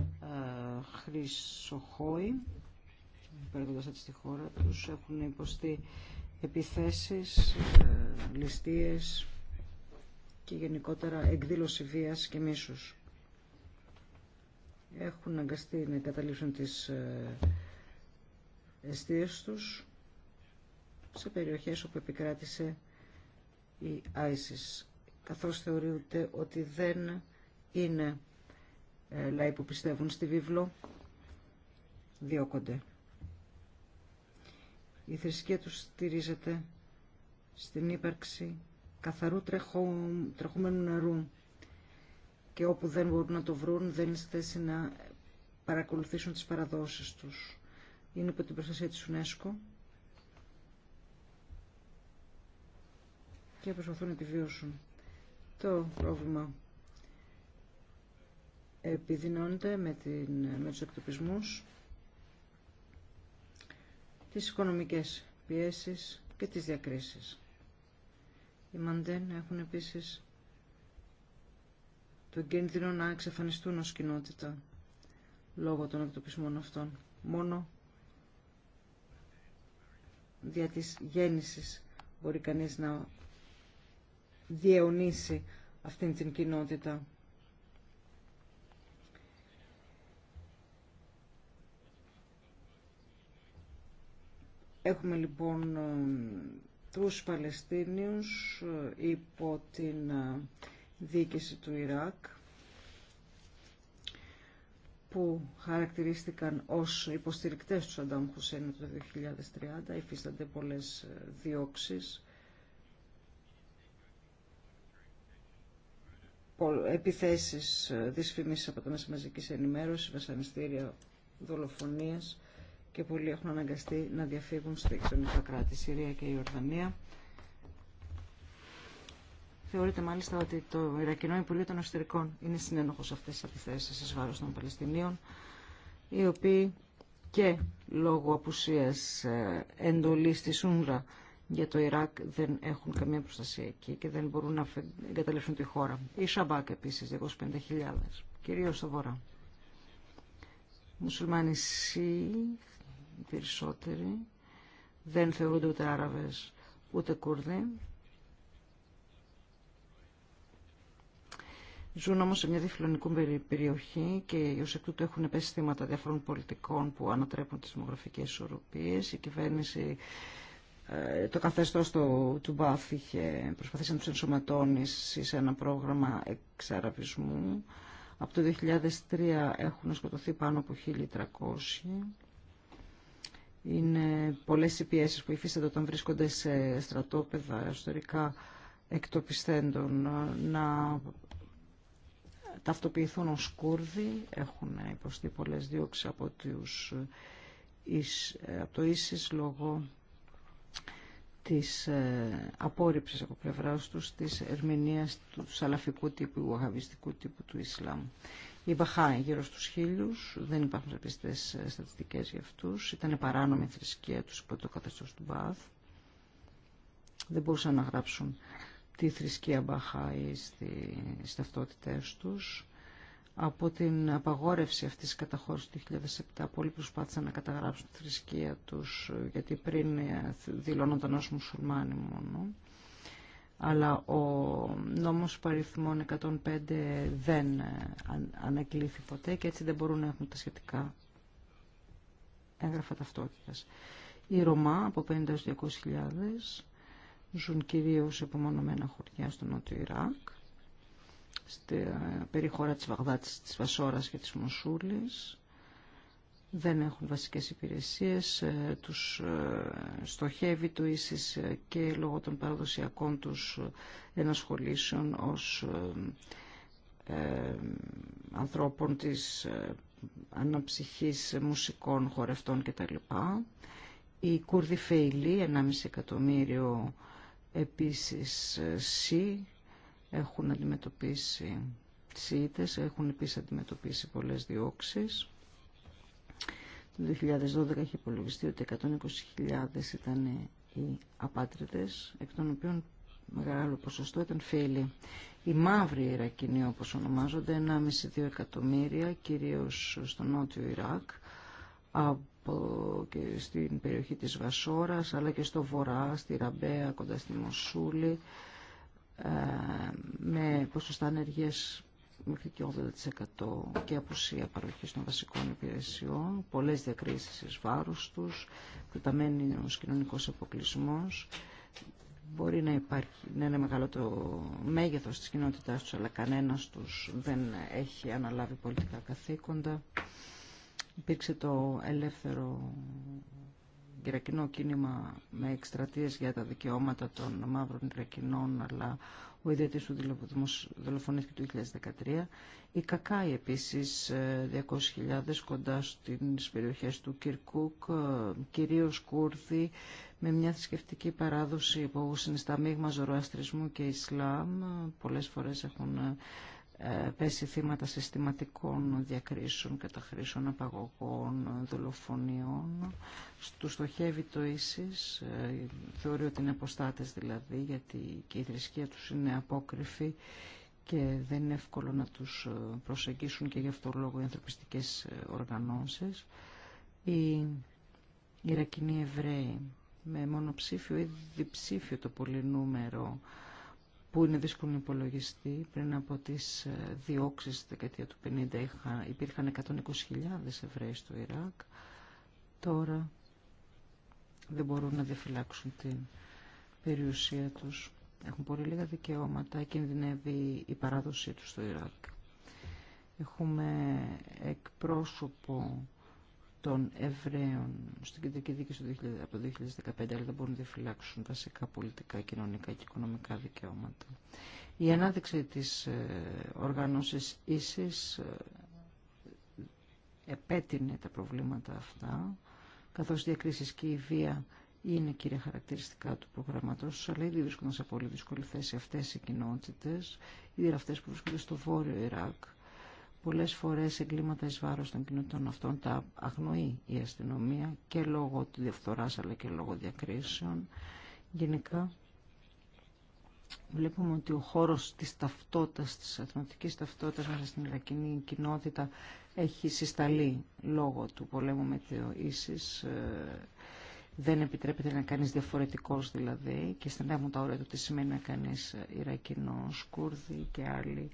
ε, χρυσοχόοι, παίρνοντας χώρα τους. Έχουν υποστεί επιθέσεις, ε, και γενικότερα εκδήλωση βίας και μίσους. Έχουν αγκαστεί να εγκαταλείψουν τις ε, τους σε περιοχές όπου επικράτησε η ISIS, καθώς θεωρείται ότι δεν είναι ε, λαοί που πιστεύουν στη βίβλο, διώκονται. Η θρησκεία τους στηρίζεται στην ύπαρξη καθαρού τρεχό, τρεχούμενου νερού και όπου δεν μπορούν να το βρουν δεν είναι στη θέση να παρακολουθήσουν τις παραδόσεις τους. Είναι υπό την προστασία της UNESCO και προσπαθούν να επιβιώσουν. Το πρόβλημα επιδεινώνεται με, την, με τους εκτοπισμούς, τις οικονομικές πιέσεις και τις διακρίσεις. Οι Μαντέν έχουν επίσης τον κίνδυνο να εξαφανιστούν ως κοινότητα λόγω των εκτοπισμών αυτών. Μόνο δια της γέννησης μπορεί κανείς να διαιωνίσει αυτήν την κοινότητα. Έχουμε λοιπόν τους Παλαιστίνιους υπό την ε, διοίκηση του Ιράκ που χαρακτηρίστηκαν ως υποστηρικτές του Σαντάμ Χουσένου το 2030, υφίστανται πολλές ε, διώξεις επιθέσεις, ε, δυσφημίσεις από τα μέσα μαζικής ενημέρωσης, βασανιστήρια, δολοφονίες και πολλοί έχουν αναγκαστεί να διαφύγουν στα εξωτερικά κράτη, Συρία και η Ορδανία. Θεωρείται μάλιστα ότι το Ιρακινό Υπουργείο των Εσωτερικών είναι συνένοχος σε αυτές τις επιθέσεις εις των Παλαιστινίων, οι οποίοι και λόγω απουσίας ε, εντολής της Ούγγρα για το Ιράκ δεν έχουν καμία προστασία εκεί και δεν μπορούν να εγκαταλείψουν τη χώρα. Η Σαμπάκ επίσης, 250.000, κυρίως στο βορρά. Μουσουλμάνοι Σι, περισσότεροι, δεν θεωρούνται ούτε Άραβες ούτε Κούρδοι. Ζουν όμως σε μια διφυλονικού περιοχή και ω εκ τούτου έχουν πέσει θύματα διαφορών πολιτικών που ανατρέπουν τις δημογραφικές ισορροπίες. Η κυβέρνηση ε, το καθεστώς του, του Μπαφ είχε προσπαθήσει να τους ενσωματώνει σε ένα πρόγραμμα εξαραπισμού. Από το 2003 έχουν σκοτωθεί πάνω από 1.300. Είναι πολλές οι πιέσεις που υφίστανται όταν βρίσκονται σε στρατόπεδα εσωτερικά εκτοπιστέντων να ταυτοποιηθούν ως Κούρδοι. Έχουν υποστεί πολλές δίωξεις από, το Ίσις λόγω της ε, απόρριψης από πλευράς τους της ερμηνείας του σαλαφικού τύπου, αγαβιστικου τύπου του Ισλάμ. Η Μπαχάοι γύρω στους χίλιους, δεν υπάρχουν πιστές ε, στατιστικές για αυτούς, ήταν παράνομη θρησκεία τους υπό το καθεστώς του Μπαθ. Δεν μπορούσαν να γράψουν τη θρησκεία Μπαχάη στις ταυτότητές τους από την απαγόρευση αυτής της καταχώρησης του 2007. Πολλοί προσπάθησαν να καταγράψουν τη θρησκεία τους, γιατί πριν ε, δηλώνονταν ως μουσουλμάνοι μόνο. Αλλά ο νόμος παριθμών 105 δεν ε, ανακλήθη ποτέ και έτσι δεν μπορούν να έχουν τα σχετικά έγγραφα ταυτότητας. Οι Ρωμά από 50 200.000 ζουν κυρίως σε απομονωμένα χωριά στο Νότιο Ιράκ στη ε, περιχώρα της Βαγδάτης, της Βασόρας και της Μοσούλης. Δεν έχουν βασικές υπηρεσίες, ε, τους ε, στοχεύει το ίσως και λόγω των παραδοσιακών τους ενασχολήσεων ως ανθρώπων της αναψυχής μουσικών, χορευτών κτλ. Η Κούρδοι Φεϊλοί, 1,5 εκατομμύριο επίσης ΣΥ, έχουν αντιμετωπίσει σιήτες, έχουν επίσης αντιμετωπίσει πολλές διώξεις. Το 2012 είχε υπολογιστεί ότι 120.000 ήταν οι απάτριδες, εκ των οποίων μεγάλο ποσοστό ήταν φίλοι. Οι μαύροι Ιρακινοί όπως ονομάζονται, 1,5-2 εκατομμύρια, κυρίως στο νότιο Ιράκ, από και στην περιοχή της Βασόρας, αλλά και στο βορρά, στη Ραμπέα, κοντά στη Μοσούλη, ε, με ποσοστά ανεργίας μέχρι και 80% και απουσία παροχής των βασικών υπηρεσιών, πολλές διακρίσεις εις βάρους τους, εκτεταμένος κοινωνικός αποκλεισμός. Μπορεί να, υπάρχει, να είναι μεγάλο το μέγεθος της κοινότητάς τους, αλλά κανένας τους δεν έχει αναλάβει πολιτικά καθήκοντα. Υπήρξε το ελεύθερο Ιρακινό κίνημα με εκστρατείε για τα δικαιώματα των μαύρων Ιρακινών, αλλά ο ιδιαίτερη του δολοφονήθηκε το 2013. Η Κακάη επίσης 200.000 ε, κοντά στις περιοχές του Κυρκούκ, ε, κυρίως Κούρδοι, με μια θρησκευτική παράδοση που συνιστά μείγμα ζωροαστρισμού και Ισλάμ. Πολλές φορές έχουν ε, πέσει θύματα συστηματικών διακρίσεων, καταχρήσεων, απαγωγών, δολοφονιών. Του στοχεύει το ίσως, θεωρεί ότι είναι αποστάτες δηλαδή, γιατί και η θρησκεία τους είναι απόκριφη και δεν είναι εύκολο να τους προσεγγίσουν και γι' αυτό λόγο οι ανθρωπιστικές οργανώσεις. Οι Ιρακινοί Εβραίοι με μονοψήφιο ή διψήφιο το πολυνούμερο που είναι δύσκολο να υπολογιστεί. Πριν από τις ε, διώξεις τη δεκαετία του 50 υπήρχαν 120.000 Εβραίοι στο Ιράκ. Τώρα δεν μπορούν να διαφυλάξουν την περιουσία τους. Έχουν πολύ λίγα δικαιώματα, κινδυνεύει η παράδοσή τους στο Ιράκ. Έχουμε εκπρόσωπο των Εβραίων στην κεντρική δίκη από το 2015, αλλά δεν μπορούν να διαφυλάξουν βασικά πολιτικά, κοινωνικά και οικονομικά δικαιώματα. Η ανάδειξη της ε, οργανώσης ίσης ε, επέτεινε τα προβλήματα αυτά, καθώς διακρίσεις και η βία είναι κύρια χαρακτηριστικά του προγραμματός, αλλά ήδη βρίσκονται σε πολύ δύσκολη θέση αυτές οι κοινότητες, ήδη αυτές που βρίσκονται στο Βόρειο Ιράκ, Πολλές φορές εγκλήματα εις βάρος των κοινωτών αυτών τα αγνοεί η αστυνομία και λόγω του διαφθοράς αλλά και λόγω διακρίσεων. Γενικά βλέπουμε ότι ο χώρος της ταυτότητας, της αθηματικής ταυτότητας μέσα στην Ιρακινή κοινότητα έχει συσταλεί λόγω του πολέμου με το ίσης. Ε, δεν επιτρέπεται να κάνεις διαφορετικός δηλαδή και στενεύουν τα όρια του τι σημαίνει να κάνεις Ιρακινός, Κούρδη και άλλοι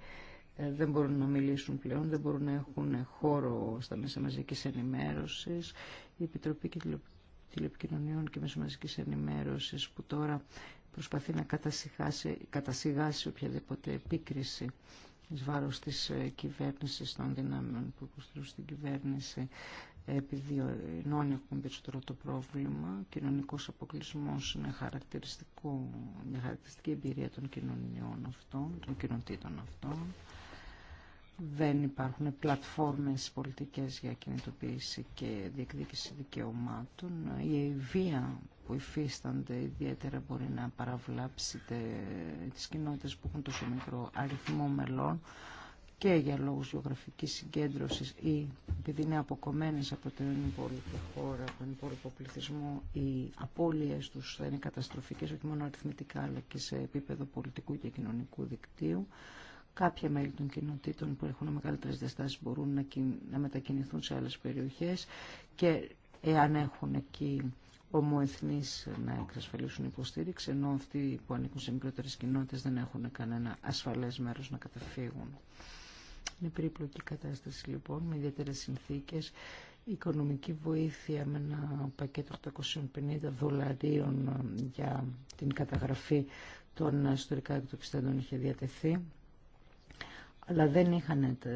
ε, δεν μπορούν να μιλήσουν πλέον, δεν μπορούν να έχουν χώρο στα μέσα μαζικής ενημέρωσης. Η Επιτροπή και Τηλεπικοινωνιών και μέσα Μαζικής Ενημέρωσης που τώρα προσπαθεί να κατασυγάσει οποιαδήποτε επίκριση εις βάρος της ε, κυβέρνησης, των δυνάμεων που υποστηρίζουν την κυβέρνηση, ε, ενώνει έχουν περισσότερο το πρόβλημα. Ο κοινωνικός αποκλεισμός είναι χαρακτηριστικό, μια χαρακτηριστική εμπειρία των κοινωνιών αυτών, των κοινωτήτων αυτών δεν υπάρχουν πλατφόρμες πολιτικές για κινητοποίηση και διεκδίκηση δικαιωμάτων. Η βία που υφίστανται ιδιαίτερα μπορεί να παραβλάψει τις κοινότητες που έχουν τόσο μικρό αριθμό μελών και για λόγους γεωγραφικής συγκέντρωσης ή επειδή είναι αποκομμένες από την υπόλοιπη χώρα, από τον υπόλοιπο πληθυσμό, οι απώλειες τους θα είναι καταστροφικές όχι μόνο αριθμητικά αλλά και σε επίπεδο πολιτικού και κοινωνικού δικτύου. Κάποια μέλη των κοινοτήτων που έχουν μεγαλύτερε διαστάσει μπορούν να μετακινηθούν σε άλλε περιοχέ και εάν έχουν εκεί ομοεθνεί να εξασφαλίσουν υποστήριξη, ενώ αυτοί που ανήκουν σε μικρότερε κοινότητε δεν έχουν κανένα ασφαλέ μέρο να καταφύγουν. Είναι περίπλοκη κατάσταση λοιπόν, με ιδιαίτερε συνθήκε, Η οικονομική βοήθεια με ένα πακέτο 850 δολαρίων για την καταγραφή των ιστορικά εκτοπιστέντων είχε διατεθεί αλλά δεν είχαν τα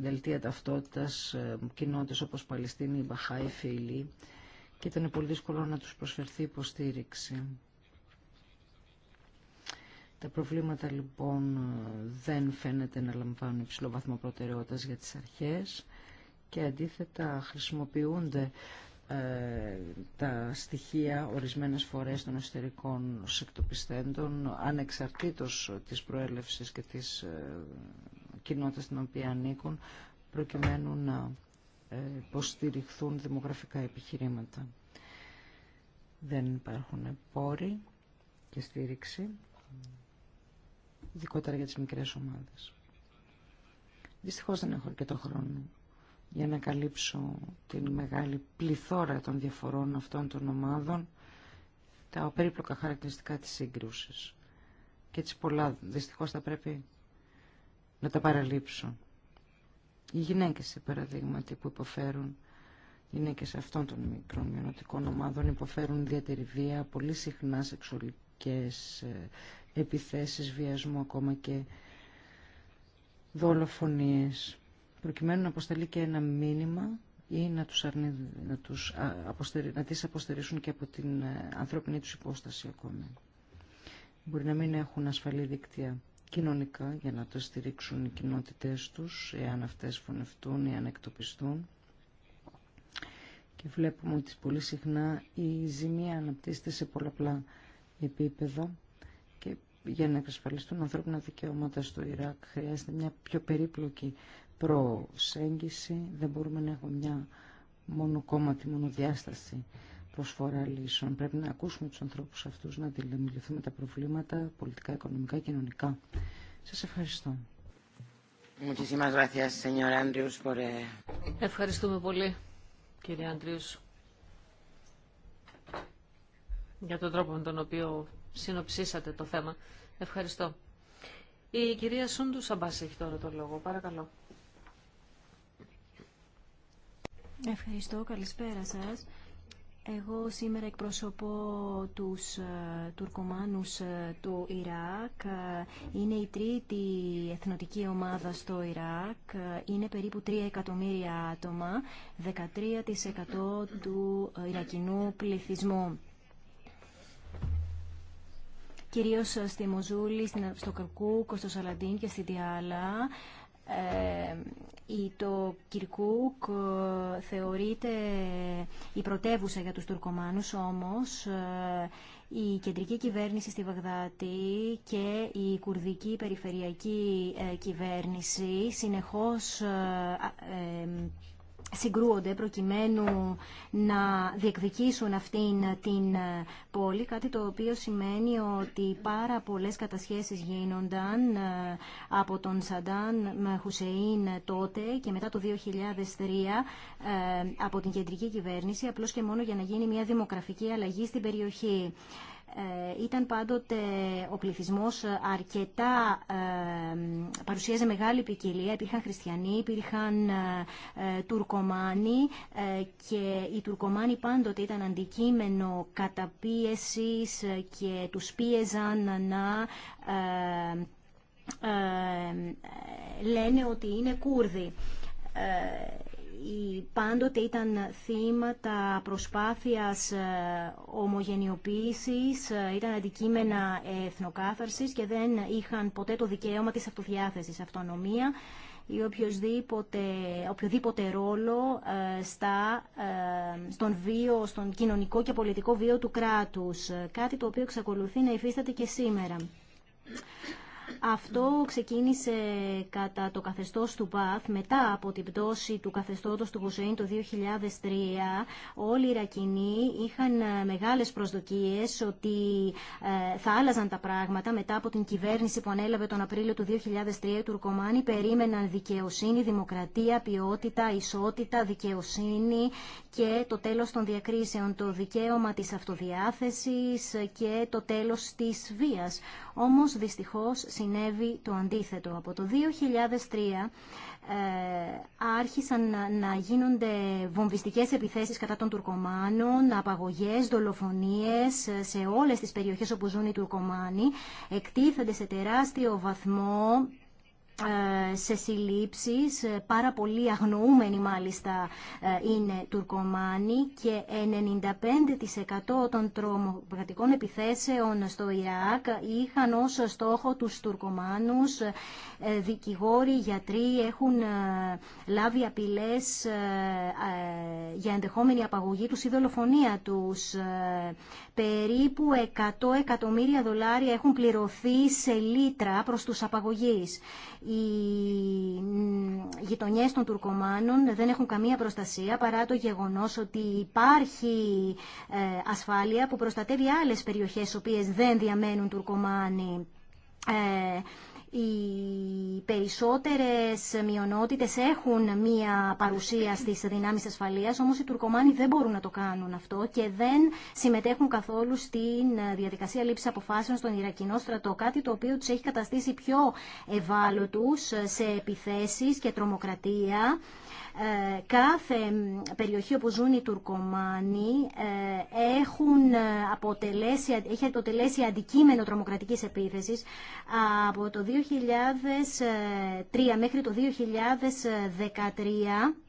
δελτία ταυτότητας ε, κοινότητες όπως Παλαιστίνη, Μπαχάη, Φίλοι και ήταν πολύ δύσκολο να τους προσφερθεί υποστήριξη. Τα προβλήματα λοιπόν δεν φαίνεται να λαμβάνουν υψηλό βαθμό προτεραιότητας για τις αρχές και αντίθετα χρησιμοποιούνται ε, τα στοιχεία ορισμένες φορές των εσωτερικών σεκτοπιστέντων ανεξαρτήτως της προέλευσης και της ε, κοινότητας στην οποία ανήκουν προκειμένου να ε, υποστηριχθούν δημογραφικά επιχειρήματα. Δεν υπάρχουν πόροι και στήριξη, ειδικότερα για τις μικρές ομάδες. Δυστυχώς δεν έχω και το χρόνο για να καλύψω την μεγάλη πληθώρα των διαφορών αυτών των ομάδων, τα περίπλοκα χαρακτηριστικά της σύγκρουσης. Και έτσι πολλά δυστυχώς θα πρέπει να τα παραλείψω. Οι γυναίκες, παραδείγματι, που υποφέρουν, γυναίκες αυτών των μικρών μειονοτικών ομάδων υποφέρουν ιδιαίτερη βία, πολύ συχνά σεξουαλικές ε, επιθέσεις, βιασμού ακόμα και δολοφονίες προκειμένου να αποστελεί και ένα μήνυμα ή να, τους τους να τις αποστερήσουν και από την ε, ανθρώπινη τους υπόσταση ακόμη. Μπορεί να μην έχουν ασφαλή δίκτυα κοινωνικά για να το στηρίξουν οι κοινότητές τους, εάν αυτές φωνευτούν ή αν εκτοπιστούν. Και βλέπουμε ότι πολύ συχνά η ζημία αναπτύσσεται σε πολλαπλά επίπεδα και για να εξασφαλιστούν ανθρώπινα δικαιώματα στο Ιράκ χρειάζεται μια πιο περίπλοκη προσέγγιση, δεν μπορούμε να έχουμε μια μόνο κόμματη, μόνο διάσταση προσφορά λύσεων. Πρέπει να ακούσουμε τους ανθρώπους αυτούς, να αντιλημιληθούμε τα προβλήματα πολιτικά, οικονομικά, κοινωνικά. Σας ευχαριστώ. Eh, Ευχαριστούμε πολύ, κύριε Άντριους, για τον τρόπο με τον οποίο συνοψίσατε το θέμα. Ευχαριστώ. Η κυρία Σούντου Σαμπάς έχει τώρα το λόγο. Παρακαλώ. Ευχαριστώ, καλησπέρα σας. Εγώ σήμερα εκπροσωπώ τους ε, τουρκομάνους ε, του Ιράκ. Ε, είναι η τρίτη εθνοτική ομάδα στο Ιράκ. Είναι περίπου 3 εκατομμύρια άτομα, 13% του Ιρακινού πληθυσμού. Κυρίως στη Μοζούλη, στο Καρκούκο, στο Σαλαντίν και στη Διάλα ε, η, το Κυρκούκ ε, θεωρείται η πρωτεύουσα για τους Τουρκομάνους, όμως ε, η κεντρική κυβέρνηση στη Βαγδάτη και η κουρδική περιφερειακή κυβέρνηση συνεχώς συγκρούονται προκειμένου να διεκδικήσουν αυτήν την ε, πόλη, κάτι το οποίο σημαίνει ότι πάρα πολλές κατασχέσεις γίνονταν ε, από τον Σαντάν Χουσεΐν τότε και μετά το 2003 ε, από την κεντρική κυβέρνηση, απλώς και μόνο για να γίνει μια δημοκρατική αλλαγή στην περιοχή. Ε, ήταν πάντοτε ο πληθυσμός αρκετά, ε, παρουσίαζε μεγάλη ποικιλία, υπήρχαν χριστιανοί, υπήρχαν ε, τουρκομάνοι και οι τουρκομάνοι πάντοτε ήταν αντικείμενο καταπίεσης και τους πίεζαν να λένε ότι είναι Κούρδοι πάντοτε ήταν θύματα προσπάθειας ε, ομογενειοποίησης, ε, ήταν αντικείμενα εθνοκάθαρσης και δεν είχαν ποτέ το δικαίωμα της αυτοδιάθεσης, αυτονομία ή οποιοδήποτε, οποιοδήποτε ρόλο ε, στα, στον, βίο, στον κοινωνικό και πολιτικό βίο του κράτους. Κάτι το οποίο εξακολουθεί να υφίσταται και σήμερα. Αυτό ξεκίνησε κατά το καθεστώς του ΠΑΘ μετά από την πτώση του καθεστώτος του Χουσέιν το 2003. Όλοι οι Ιρακινοί είχαν ε, μεγάλες προσδοκίες ότι ε, θα άλλαζαν τα πράγματα μετά από την κυβέρνηση που ανέλαβε τον Απρίλιο του 2003 οι Τουρκομάνοι περίμεναν δικαιοσύνη, δημοκρατία, ποιότητα, ισότητα, δικαιοσύνη και το τέλος των διακρίσεων, το δικαίωμα της αυτοδιάθεσης και το τέλος της βίας. Όμως δυστυχώς συνέβη το αντίθετο. Από το 2003 ε, άρχισαν να γίνονται βομβιστικές επιθέσεις κατά των Τουρκομάνων, απαγωγές, δολοφονίες ε, σε όλες τις περιοχές όπου ζουν οι Τουρκομάνοι. Εκτίθενται σε τεράστιο βαθμό ε, σε συλλήψεις, ε, πάρα πολλοί αγνοούμενοι μάλιστα ε, είναι τουρκομάνοι και 95% των τρομοκρατικών επιθέσεων στο Ιράκ είχαν ως στόχο τους τουρκομάνους, δικηγόροι, γιατροί έχουν λάβει απειλές για ενδεχόμενη απαγωγή τους ή δολοφονία τους. Περίπου 100 εκατομμύρια δολάρια έχουν πληρωθεί σε λίτρα προς τους απαγωγείς. Οι γειτονιές των Τουρκομάνων δεν έχουν καμία προστασία παρά το γεγονός ότι υπάρχει ε, ασφάλεια που προστατεύει άλλες περιοχές οποίες δεν διαμένουν Τουρκομάνοι. Ε, οι περισσότερες μειονότητες έχουν μία παρουσία στις δυνάμεις ασφαλείας, όμως οι Τουρκομάνοι δεν μπορούν να το κάνουν αυτό και δεν συμμετέχουν καθόλου στην διαδικασία λήψης αποφάσεων στον Ιρακινό στρατό, κάτι το οποίο τους έχει καταστήσει πιο ευάλωτους σε επιθέσεις και τρομοκρατία. Ε, κάθε περιοχή όπου ζουν οι Τουρκομάνοι ε, έχουν ε, αποτελέσει, έχει αποτελέσει αντικείμενο τρομοκρατικής επίθεσης από το 2003 μέχρι το 2013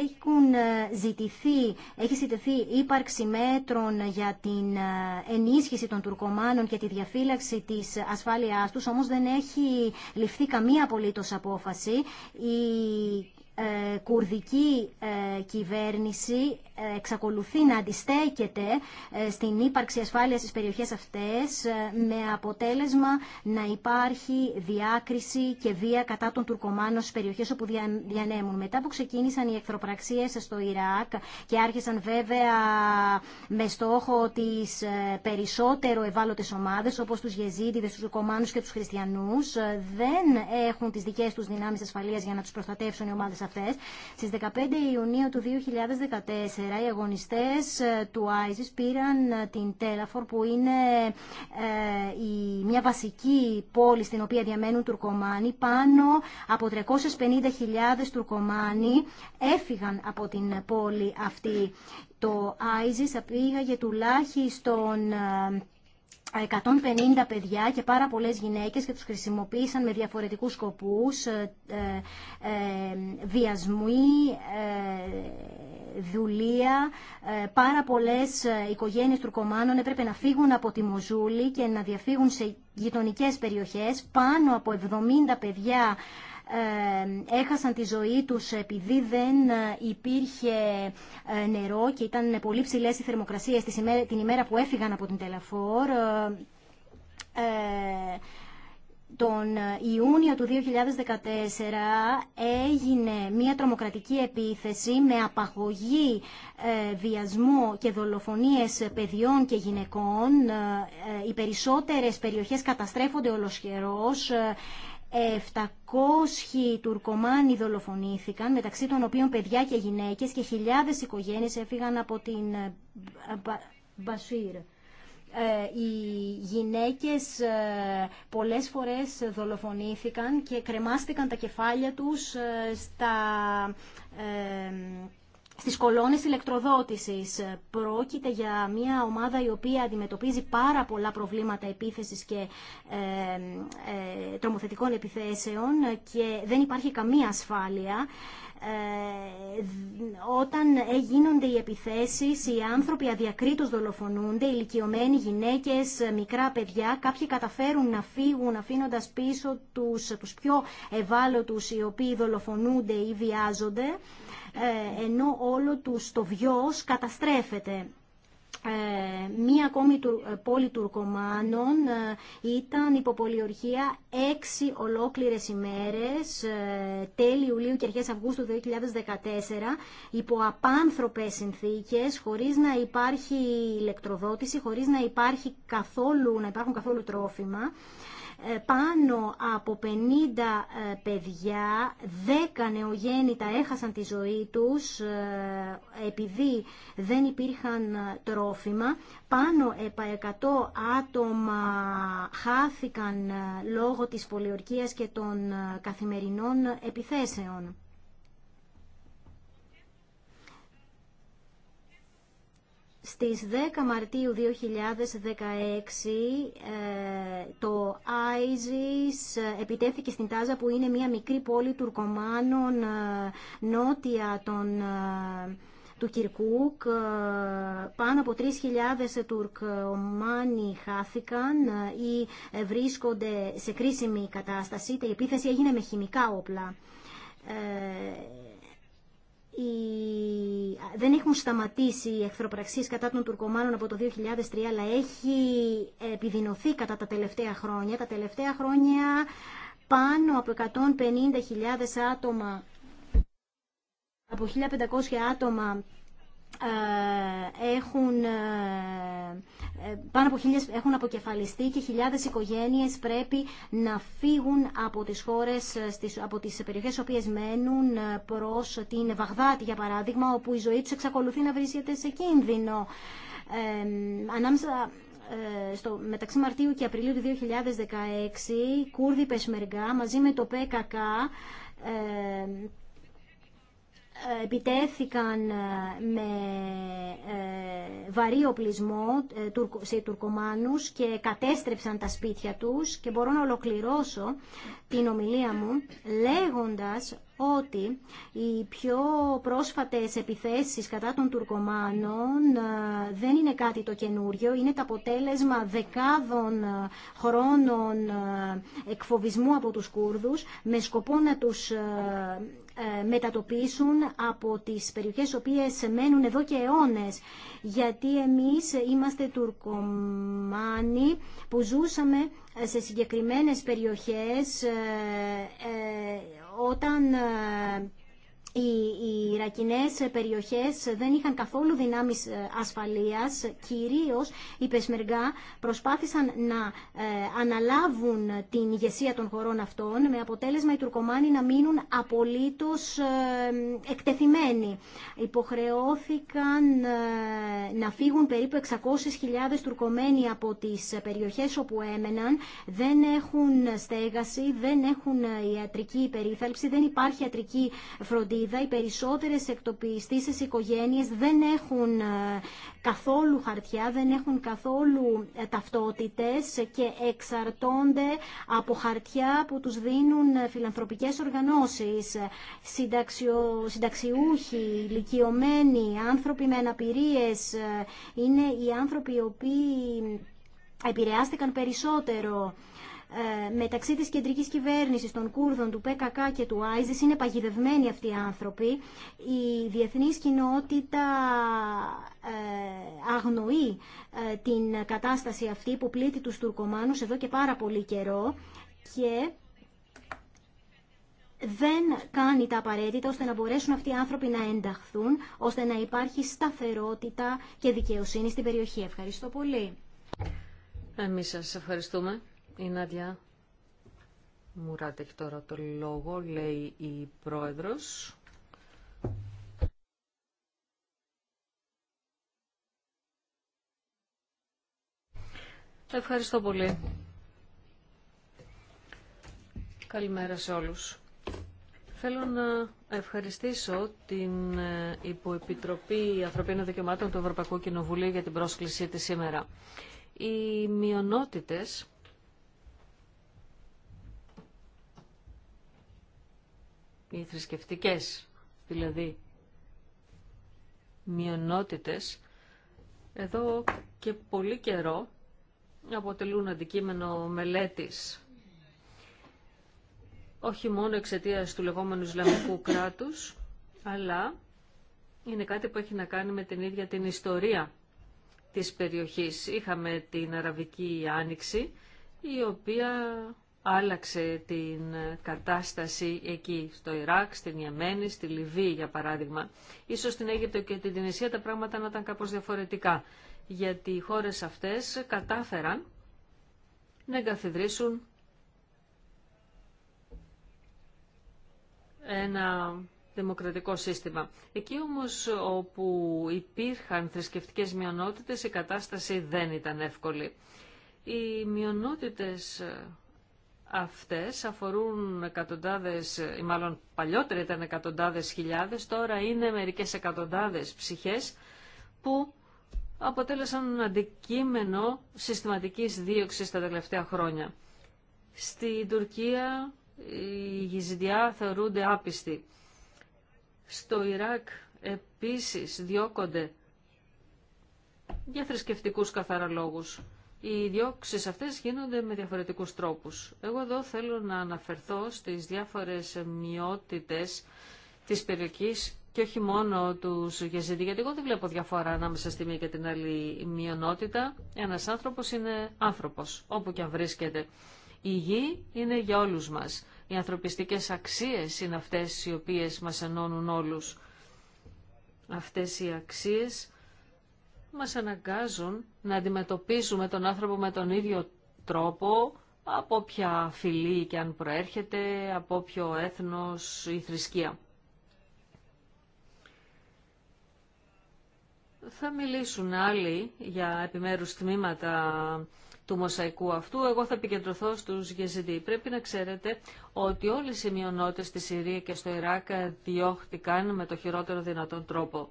έχουν ε, ζητηθεί, έχει ζητηθεί ύπαρξη μέτρων για την ε, ενίσχυση των τουρκομάνων και τη διαφύλαξη της ασφάλειάς τους, όμως δεν έχει ληφθεί καμία απολύτως απόφαση. Η ε, κουρδική κυβέρνηση εξακολουθεί να αντιστέκεται ε, στην ύπαρξη ασφάλειας στις περιοχές αυτές ε, με αποτέλεσμα να υπάρχει διάκριση και βία κατά των Τουρκομάνων στις περιοχές όπου διανέμουν. Μετά που ξεκίνησαν οι εχθροπραξίες στο Ιράκ και άρχισαν βέβαια με στόχο τις ε, περισσότερο ευάλωτες ομάδες όπως τους Γεζίδιδες, τους Τουρκομάνους και τους Χριστιανούς δεν έχουν τις δικές τους δυνάμεις ασφαλείας για να τους προστατεύσουν οι ομάδες αυτές. Στις 15 Ιουνίου του 2014 οι αγωνιστές ε, του ISIS πήραν ε, την Τέλαφορ που είναι ε, μια βασική πόλη στην οποία διαμένουν Τουρκομάνοι. Πάνω από 350.000 Τουρκομάνοι έφυγαν από την πόλη αυτή. Το ISIS απήγαγε τουλάχιστον 150 παιδιά και πάρα πολλές γυναίκες και τους χρησιμοποίησαν με διαφορετικούς σκοπούς, ε, βιασμοί, δουλεία. Ε, πάρα πολλές ε, οικογένειες Τουρκομάνων έπρεπε να φύγουν από τη Μοζούλη και να διαφύγουν σε γειτονικέ περιοχές. Πάνω από 70 παιδιά ε, έχασαν τη ζωή τους επειδή δεν υπήρχε νερό και ήταν πολύ ψηλές οι θερμοκρασίες την ημέρα που έφυγαν από την Τελαφόρ τον ε, Ιούνιο του 2014 έγινε μια τρομοκρατική επίθεση με απαγωγή, ε, βιασμό και δολοφονίες παιδιών και γυναικών. Ε, οι περισσότερες περιοχές καταστρέφονται ολοσχερός. 700 Τουρκομάνοι δολοφονήθηκαν, μεταξύ των οποίων παιδιά και γυναίκες και χιλιάδες οικογένειες έφυγαν από την Μπασίρ. Ε, οι γυναίκες ε, πολλές φορές δολοφονήθηκαν και κρεμάστηκαν τα κεφάλια τους ε, στα στις κολόνες ηλεκτροδότησης. Πρόκειται για μια ομάδα η οποία αντιμετωπίζει πάρα πολλά προβλήματα επίθεσης και τρομοθετικών επιθέσεων και δεν υπάρχει καμία ασφάλεια. Ε, όταν γίνονται οι επιθέσεις, οι άνθρωποι αδιακρίτως δολοφονούνται, ηλικιωμένοι γυναίκες, μικρά παιδιά, κάποιοι καταφέρουν να φύγουν αφήνοντας πίσω τους, τους πιο ευάλωτους οι οποίοι δολοφονούνται ή βιάζονται, ε, ενώ όλο τους το βιός καταστρέφεται. Ε, μία ακόμη ε, πόλη Τουρκομάνων ε, ήταν υποπολιορχία έξι ολόκληρες ημέρες τέλη Ιουλίου και αρχές Αυγούστου 2014 υπό απάνθρωπες συνθήκες χωρίς να υπάρχει ηλεκτροδότηση, χωρίς να, υπάρχει καθόλου, να υπάρχουν καθόλου τρόφιμα ε, πάνω από 50 ε, παιδιά, 10 νεογέννητα έχασαν τη ζωή τους ε, επειδή δεν υπήρχαν τρόφιμα. Πάνω από 100 άτομα χάθηκαν λόγω της πολιορκίας και των καθημερινών επιθέσεων. Στις 10 Μαρτίου 2016 ε, το ISIS ε, επιτέθηκε στην Τάζα που είναι μια μικρή πόλη τουρκομάνων ε, νότια των του Κυρκούκ. Πάνω από 3.000 Τουρκομάνοι χάθηκαν ή βρίσκονται σε κρίσιμη κατάσταση. Η επίθεση έγινε με χημικά όπλα δεν έχουν σταματήσει οι εχθροπραξίες κατά των Τουρκομάνων από το 2003, αλλά έχει επιδεινωθεί κατά τα τελευταία χρόνια. Τα τελευταία χρόνια πάνω από 150.000 άτομα, από 1.500 άτομα ε, έχουν, ε, ε, πάνω από έχουν αποκεφαλιστεί και χιλιάδες οικογένειες πρέπει να φύγουν από τις χώρες, από τις περιοχές στις οποίες μένουν προς την Βαγδάτη για παράδειγμα όπου η ζωή τους εξακολουθεί να βρίσκεται σε κίνδυνο. ανάμεσα στο, μεταξύ Μαρτίου και Απριλίου του 2016 Κούρδοι Πεσμεργά μαζί με το ΠΚΚ επιτέθηκαν ε, με ε, βαρύ οπλισμό ε, σε τουρκομάνους και κατέστρεψαν τα σπίτια τους και μπορώ να ολοκληρώσω την ομιλία μου λέγοντας ότι οι πιο πρόσφατες επιθέσεις κατά των τουρκομάνων δεν είναι κάτι το καινούριο, είναι το αποτέλεσμα δεκάδων χρόνων εκφοβισμού από τους Κούρδους με σκοπό να τους ε, μετατοπίσουν από τις περιοχές οι οποίες μένουν εδώ και αιώνες. Γιατί εμείς είμαστε Τουρκομάνοι που ζούσαμε σε συγκεκριμένες περιοχές ε, ε, όταν οι Ιρακινές περιοχές δεν είχαν καθόλου δυνάμεις ε, ασφαλείας, κυρίως οι Πεσμεργά προσπάθησαν να ε, αναλάβουν την ηγεσία των χωρών αυτών, με αποτέλεσμα οι Τουρκομάνοι να μείνουν απολύτως ε, εκτεθειμένοι. Υποχρεώθηκαν να φύγουν περίπου 600.000 Τουρκομένοι από τις περιοχές όπου έμεναν, δεν έχουν στέγαση, δεν έχουν ιατρική περίθαλψη, δεν υπάρχει ιατρική φροντίδα είδα οι περισσότερες εκτοπιστήσεις οικογένειες δεν έχουν ε, καθόλου χαρτιά, δεν έχουν καθόλου ε, ταυτότητες και εξαρτώνται από χαρτιά που τους δίνουν ε, φιλανθρωπικές οργανώσεις, συνταξιο, συνταξιούχοι, ηλικιωμένοι, άνθρωποι με αναπηρίε, είναι οι άνθρωποι οι οποίοι επηρεάστηκαν περισσότερο. Ε, μεταξύ της κεντρικής κυβέρνησης, των Κούρδων, του ΠΚΚ και του ΆΙΖΙΣ είναι παγιδευμένοι αυτοί οι άνθρωποι. Η διεθνής κοινότητα ε, αγνοεί ε, την κατάσταση αυτή που πλήττει τους Τουρκομάνους εδώ και πάρα πολύ καιρό και δεν κάνει τα απαραίτητα ώστε να μπορέσουν αυτοί οι άνθρωποι να ενταχθούν, ώστε να υπάρχει σταθερότητα και δικαιοσύνη στην περιοχή. Ευχαριστώ πολύ. Εμείς σας ευχαριστούμε. Η Νάντια Μου έχει τώρα το λόγο, λέει η πρόεδρος. Ευχαριστώ πολύ. Καλημέρα σε όλους. Θέλω να ευχαριστήσω την ε, Υποεπιτροπή Ανθρωπίνων Δικαιωμάτων του Ευρωπαϊκού Κοινοβουλίου για την πρόσκλησή της σήμερα. Οι μειονότητες οι θρησκευτικές δηλαδή μειονότητες, εδώ και πολύ καιρό αποτελούν αντικείμενο μελέτης όχι μόνο εξαιτία του λεγόμενου Ισλαμικού [COUGHS] κράτους, αλλά είναι κάτι που έχει να κάνει με την ίδια την ιστορία της περιοχής. Είχαμε την Αραβική Άνοιξη, η οποία άλλαξε την κατάσταση εκεί, στο Ιράκ, στην Ιεμένη, στη Λιβύη για παράδειγμα. Ίσως στην Αίγυπτο και την Τινησία τα πράγματα να ήταν κάπως διαφορετικά, γιατί οι χώρες αυτές κατάφεραν να εγκαθιδρύσουν ένα δημοκρατικό σύστημα. Εκεί όμως όπου υπήρχαν θρησκευτικές μειονότητες η κατάσταση δεν ήταν εύκολη. Οι μειονότητες αυτές αφορούν εκατοντάδες, ή μάλλον παλιότερα ήταν εκατοντάδες χιλιάδες, τώρα είναι μερικές εκατοντάδες ψυχές που αποτέλεσαν αντικείμενο συστηματικής δίωξης τα τελευταία χρόνια. Στην Τουρκία οι γυζιδιά θεωρούνται άπιστοι. Στο Ιράκ επίσης διώκονται για θρησκευτικούς καθαρολόγους. Οι διώξει αυτές γίνονται με διαφορετικούς τρόπους. Εγώ εδώ θέλω να αναφερθώ στις διάφορες μειότητε της περιοχή και όχι μόνο του Γεζίδη, γιατί εγώ δεν βλέπω διαφορά ανάμεσα στη μία και την άλλη μειονότητα. Ένας άνθρωπος είναι άνθρωπος, όπου και αν βρίσκεται. Η γη είναι για όλους μας. Οι ανθρωπιστικέ αξίε είναι αυτέ οι οποίε μα ενώνουν όλου. Αυτές οι αξίες μας αναγκάζουν να αντιμετωπίζουμε τον άνθρωπο με τον ίδιο τρόπο από ποια φυλή και αν προέρχεται, από ποιο έθνος ή θρησκεία. Θα μιλήσουν άλλοι για επιμέρους τμήματα του μοσαϊκού αυτού. Εγώ θα επικεντρωθώ στους Γεζιντή. Πρέπει να ξέρετε ότι όλες οι μειονότητες στη Συρία και στο Ιράκ διώχτηκαν με το χειρότερο δυνατόν τρόπο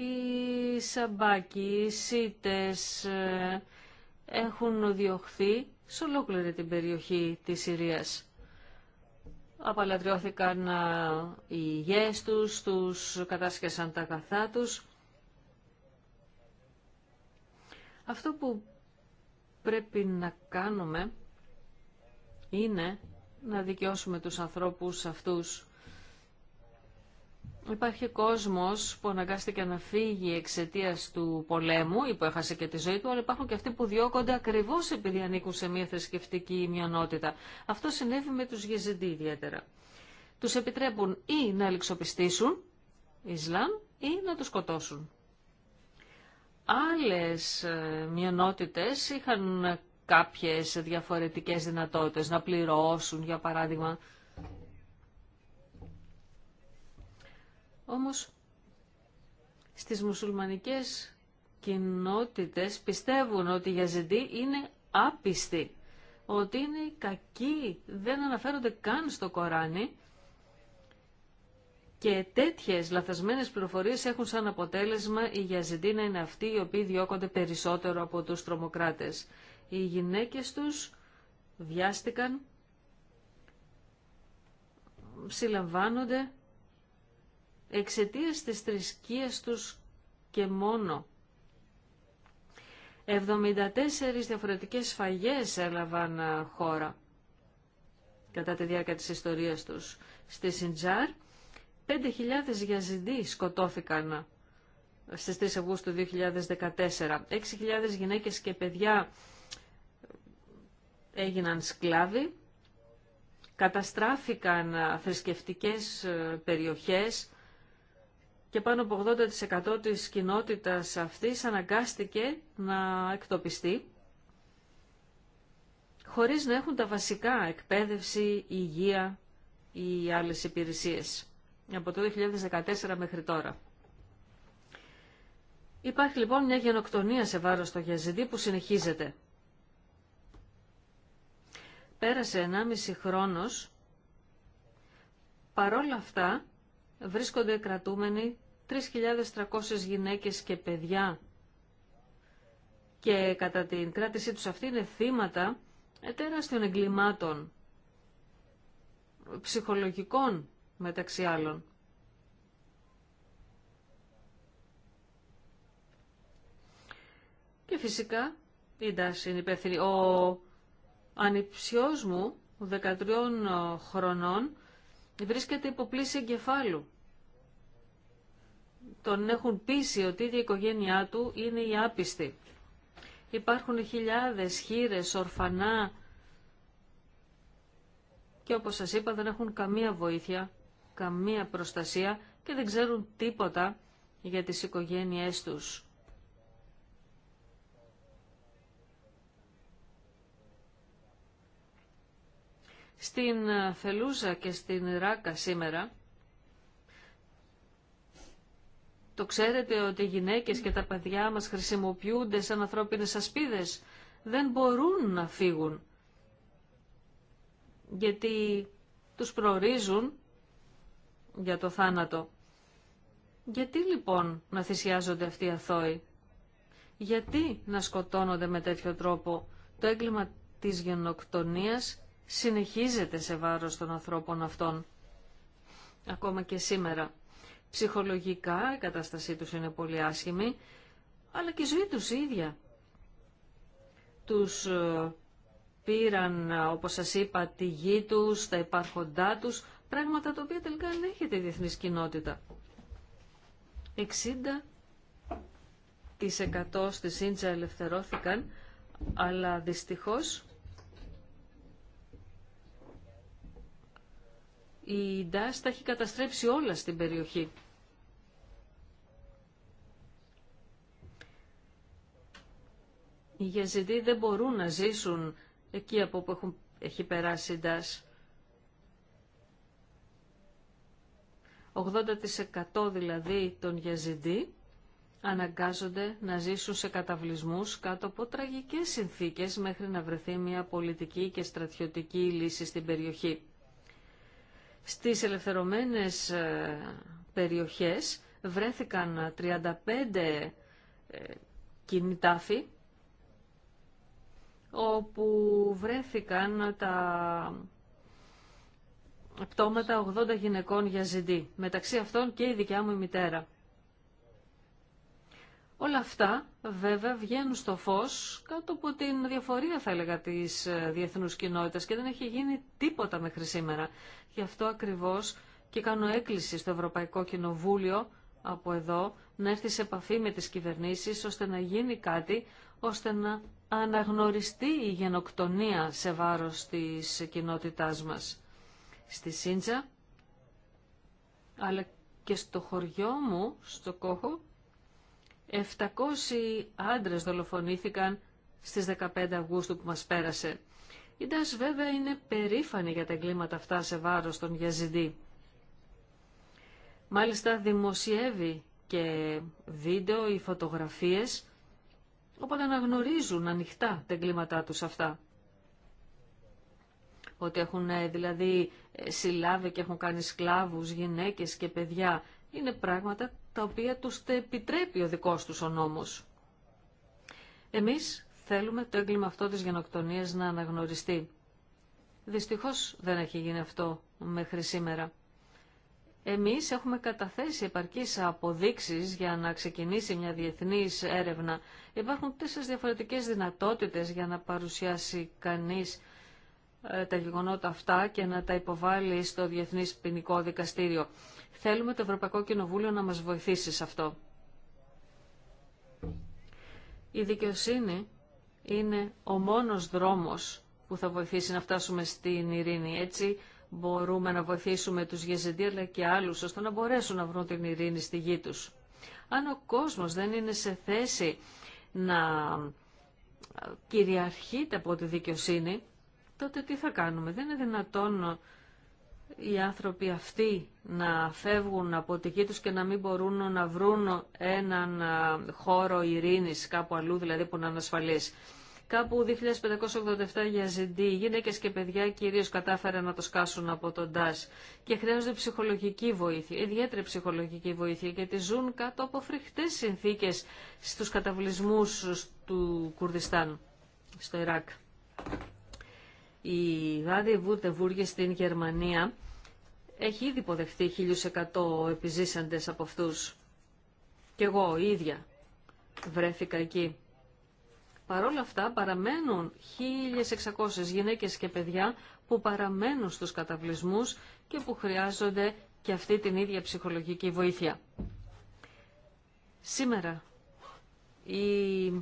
οι σαμπάκι, οι σίτες ε, έχουν διωχθεί σε ολόκληρη την περιοχή της Συρίας. Απαλατριώθηκαν ε, οι υγιές τους, τους κατάσκεσαν τα καθά τους. Αυτό που πρέπει να κάνουμε είναι να δικαιώσουμε τους ανθρώπους αυτούς Υπάρχει κόσμος που αναγκάστηκε να φύγει εξαιτία του πολέμου ή που έχασε και τη ζωή του, αλλά υπάρχουν και αυτοί που διώκονται ακριβώς επειδή ανήκουν σε μια θρησκευτική μειονότητα. Αυτό συνέβη με τους Γεζεντή ιδιαίτερα. Τους επιτρέπουν ή να ληξοπιστήσουν Ισλάμ ή να τους σκοτώσουν. Άλλες ε, μειονότητες είχαν κάποιες διαφορετικές δυνατότητες να πληρώσουν, για παράδειγμα, Όμως στις μουσουλμανικές κοινότητες πιστεύουν ότι οι Γιαζεντοί είναι άπιστοι, ότι είναι κακοί, δεν αναφέρονται καν στο Κοράνι και τέτοιες λαθασμένες πληροφορίες έχουν σαν αποτέλεσμα οι Γιαζεντοί να είναι αυτοί οι οποίοι διώκονται περισσότερο από τους τρομοκράτες. Οι γυναίκες τους βιάστηκαν, συλλαμβάνονται εξαιτίας της θρησκείας τους και μόνο. 74 διαφορετικές σφαγές έλαβαν ε, χώρα κατά τη διάρκεια της ιστορίας τους στη Σιντζάρ. 5.000 γιαζιντοί σκοτώθηκαν ε, στις 3 Αυγούστου 2014. 6.000 γυναίκες και παιδιά ε, έγιναν σκλάβοι. Καταστράφηκαν θρησκευτικές περιοχές, και πάνω από 80% της κοινότητας αυτής αναγκάστηκε να εκτοπιστεί χωρίς να έχουν τα βασικά εκπαίδευση, υγεία ή άλλες υπηρεσίες από το 2014 μέχρι τώρα. Υπάρχει λοιπόν μια γενοκτονία σε βάρος των Γιαζιντή που συνεχίζεται. Πέρασε 1,5 χρόνος. Παρόλα αυτά βρίσκονται κρατούμενοι 3.300 γυναίκες και παιδιά και κατά την κράτησή τους αυτοί είναι θύματα τεράστιων εγκλημάτων, ψυχολογικών μεταξύ άλλων. Και φυσικά η τάση είναι υπεύθυνη. Ο ανιψιός μου, 13 χρονών, βρίσκεται υπό πλήση εγκεφάλου. Τον έχουν πείσει ότι η οικογένειά του είναι η άπιστη. Υπάρχουν χιλιάδες χείρες, ορφανά και όπως σας είπα δεν έχουν καμία βοήθεια, καμία προστασία και δεν ξέρουν τίποτα για τις οικογένειές τους Στην ε, Φελούζα και στην Ράκα σήμερα το ξέρετε ότι οι γυναίκες και τα παιδιά μας χρησιμοποιούνται σαν ανθρώπινες ασπίδες. Δεν μπορούν να φύγουν γιατί τους προορίζουν για το θάνατο. Γιατί λοιπόν να θυσιάζονται αυτοί οι αθώοι. Γιατί να σκοτώνονται με τέτοιο τρόπο. Το έγκλημα της γενοκτονίας συνεχίζεται σε βάρος των ανθρώπων αυτών, ακόμα και σήμερα. Ψυχολογικά η κατάστασή τους είναι πολύ άσχημη, αλλά και η ζωή τους ίδια. Τους ε, πήραν, όπως σας είπα, τη γη τους, τα υπάρχοντά τους, πράγματα τα οποία τελικά δεν έχετε η διεθνής κοινότητα. 60% στη Σίντσα ελευθερώθηκαν, αλλά δυστυχώς η Ντάς τα έχει καταστρέψει όλα στην περιοχή. Οι γιαζιδοί δεν μπορούν να ζήσουν εκεί από όπου έχουν, έχει περάσει η 80% δηλαδή των γιαζιδοί αναγκάζονται να ζήσουν σε καταβλισμούς κάτω από τραγικές συνθήκες μέχρι να βρεθεί μια πολιτική και στρατιωτική λύση στην περιοχή. Στις ελευθερωμένες ε, περιοχές βρέθηκαν 35 ε, κινητάφοι όπου βρέθηκαν τα πτώματα 80 γυναικών για ζητή. Μεταξύ αυτών και η δικιά μου η μητέρα. Όλα αυτά βέβαια βγαίνουν στο φως κάτω από την διαφορία θα έλεγα της ε, διεθνούς κοινότητας και δεν έχει γίνει τίποτα μέχρι σήμερα. Γι' αυτό ακριβώς και κάνω έκκληση στο Ευρωπαϊκό Κοινοβούλιο από εδώ να έρθει σε επαφή με τις κυβερνήσεις ώστε να γίνει κάτι ώστε να αναγνωριστεί η γενοκτονία σε βάρος της κοινότητάς μας. Στη Σίντζα αλλά και στο χωριό μου, στο Κόχο, 700 άντρες δολοφονήθηκαν στις 15 Αυγούστου που μας πέρασε. Η ΝΤΑΣ βέβαια είναι περήφανη για τα εγκλήματα αυτά σε βάρος των Γιαζιντή. Μάλιστα δημοσιεύει και βίντεο ή φωτογραφίες όπου αναγνωρίζουν ανοιχτά τα εγκλήματά τους αυτά. Ότι έχουν ε, δηλαδή ε, συλλάβει και έχουν κάνει σκλάβους, γυναίκες και παιδιά. Είναι πράγματα τα οποία τους επιτρέπει ο δικός τους ο νόμος. Εμείς θέλουμε το έγκλημα αυτό της γενοκτονίας να αναγνωριστεί. Δυστυχώς δεν έχει γίνει αυτό μέχρι σήμερα. Εμείς έχουμε καταθέσει επαρκείς αποδείξεις για να ξεκινήσει μια διεθνής έρευνα. Υπάρχουν τέσσερις διαφορετικές δυνατότητες για να παρουσιάσει κανείς ε, τα γεγονότα αυτά και να τα υποβάλει στο Διεθνής Ποινικό Δικαστήριο. Θέλουμε το Ευρωπαϊκό Κοινοβούλιο να μας βοηθήσει σε αυτό. Η δικαιοσύνη είναι ο μόνος δρόμος που θα βοηθήσει να φτάσουμε στην ειρήνη. Έτσι μπορούμε να βοηθήσουμε τους Γεζεντή αλλά και άλλους ώστε να μπορέσουν να βρουν την ειρήνη στη γη τους. Αν ο κόσμος δεν είναι σε θέση να κυριαρχείται από τη δικαιοσύνη, τότε τι θα κάνουμε. Δεν είναι δυνατόν οι άνθρωποι αυτοί να φεύγουν από τη γη τους και να μην μπορούν να βρουν έναν χώρο ειρήνης κάπου αλλού, δηλαδή που να είναι ασφαλής. Κάπου 2587 για ζητή, γυναίκες και παιδιά κυρίως κατάφεραν να το σκάσουν από τον ΤΑΣ και χρειάζονται ψυχολογική βοήθεια, ιδιαίτερη ψυχολογική βοήθεια, γιατί ζουν κάτω από φρικτές συνθήκες στους καταβλισμούς του Κουρδιστάν, στο Ιράκ. Η Γάδη Βούρτεβούργη στην Γερμανία έχει ήδη υποδεχτεί 1.100 επιζήσαντες από αυτούς. Κι εγώ ίδια βρέθηκα εκεί. Παρ' αυτά παραμένουν 1.600 γυναίκες και παιδιά που παραμένουν στους καταβλισμούς και που χρειάζονται και αυτή την ίδια ψυχολογική βοήθεια. Σήμερα οι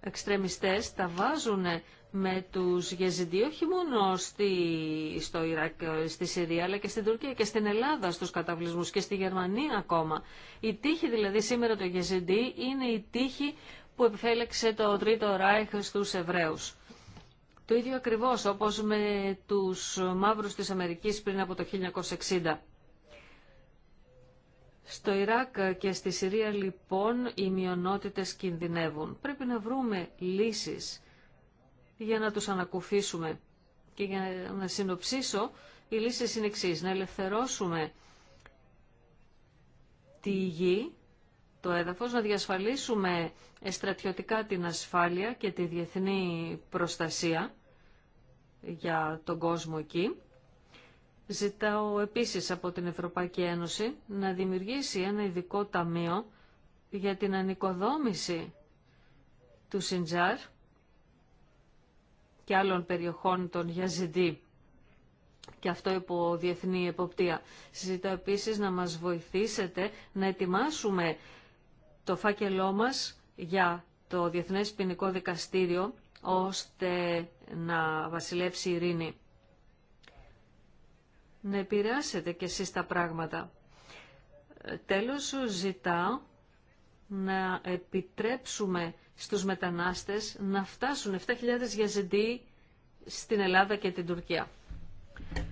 εξτρεμιστές τα βάζουνε με τους Γεζιντή όχι μόνο στη, στο Ιράκ, ε, στη Συρία αλλά και στην Τουρκία και στην Ελλάδα στους καταβλισμούς και στη Γερμανία ακόμα. Η τύχη δηλαδή σήμερα το Γεζιντή είναι η τύχη που επιφέλεξε το Τρίτο Ράιχ στους Εβραίους. Το ίδιο ακριβώς όπως με τους μαύρους της Αμερικής πριν από το 1960. Στο Ιράκ και στη Συρία λοιπόν οι μειονότητες κινδυνεύουν. Πρέπει να βρούμε λύσεις για να τους ανακουφίσουμε. Και για να συνοψίσω, η λύση είναι εξή. να ελευθερώσουμε τη γη, το έδαφος, να διασφαλίσουμε στρατιωτικά την ασφάλεια και τη διεθνή προστασία για τον κόσμο εκεί. Ζητάω επίσης από την Ευρωπαϊκή Ένωση να δημιουργήσει ένα ειδικό ταμείο για την ανοικοδόμηση του Σιντζάρ και άλλων περιοχών των Γιαζιντή και αυτό υπό διεθνή εποπτεία. Συζητώ επίσης να μας βοηθήσετε να ετοιμάσουμε το φάκελό μας για το Διεθνές Ποινικό Δικαστήριο ώστε να βασιλεύσει η ειρήνη. Να επηρεάσετε κι εσείς τα πράγματα. Τέλος, ζητάω να επιτρέψουμε στους μετανάστες να φτάσουν 7.000 Γιαζιντοί στην Ελλάδα και την Τουρκία.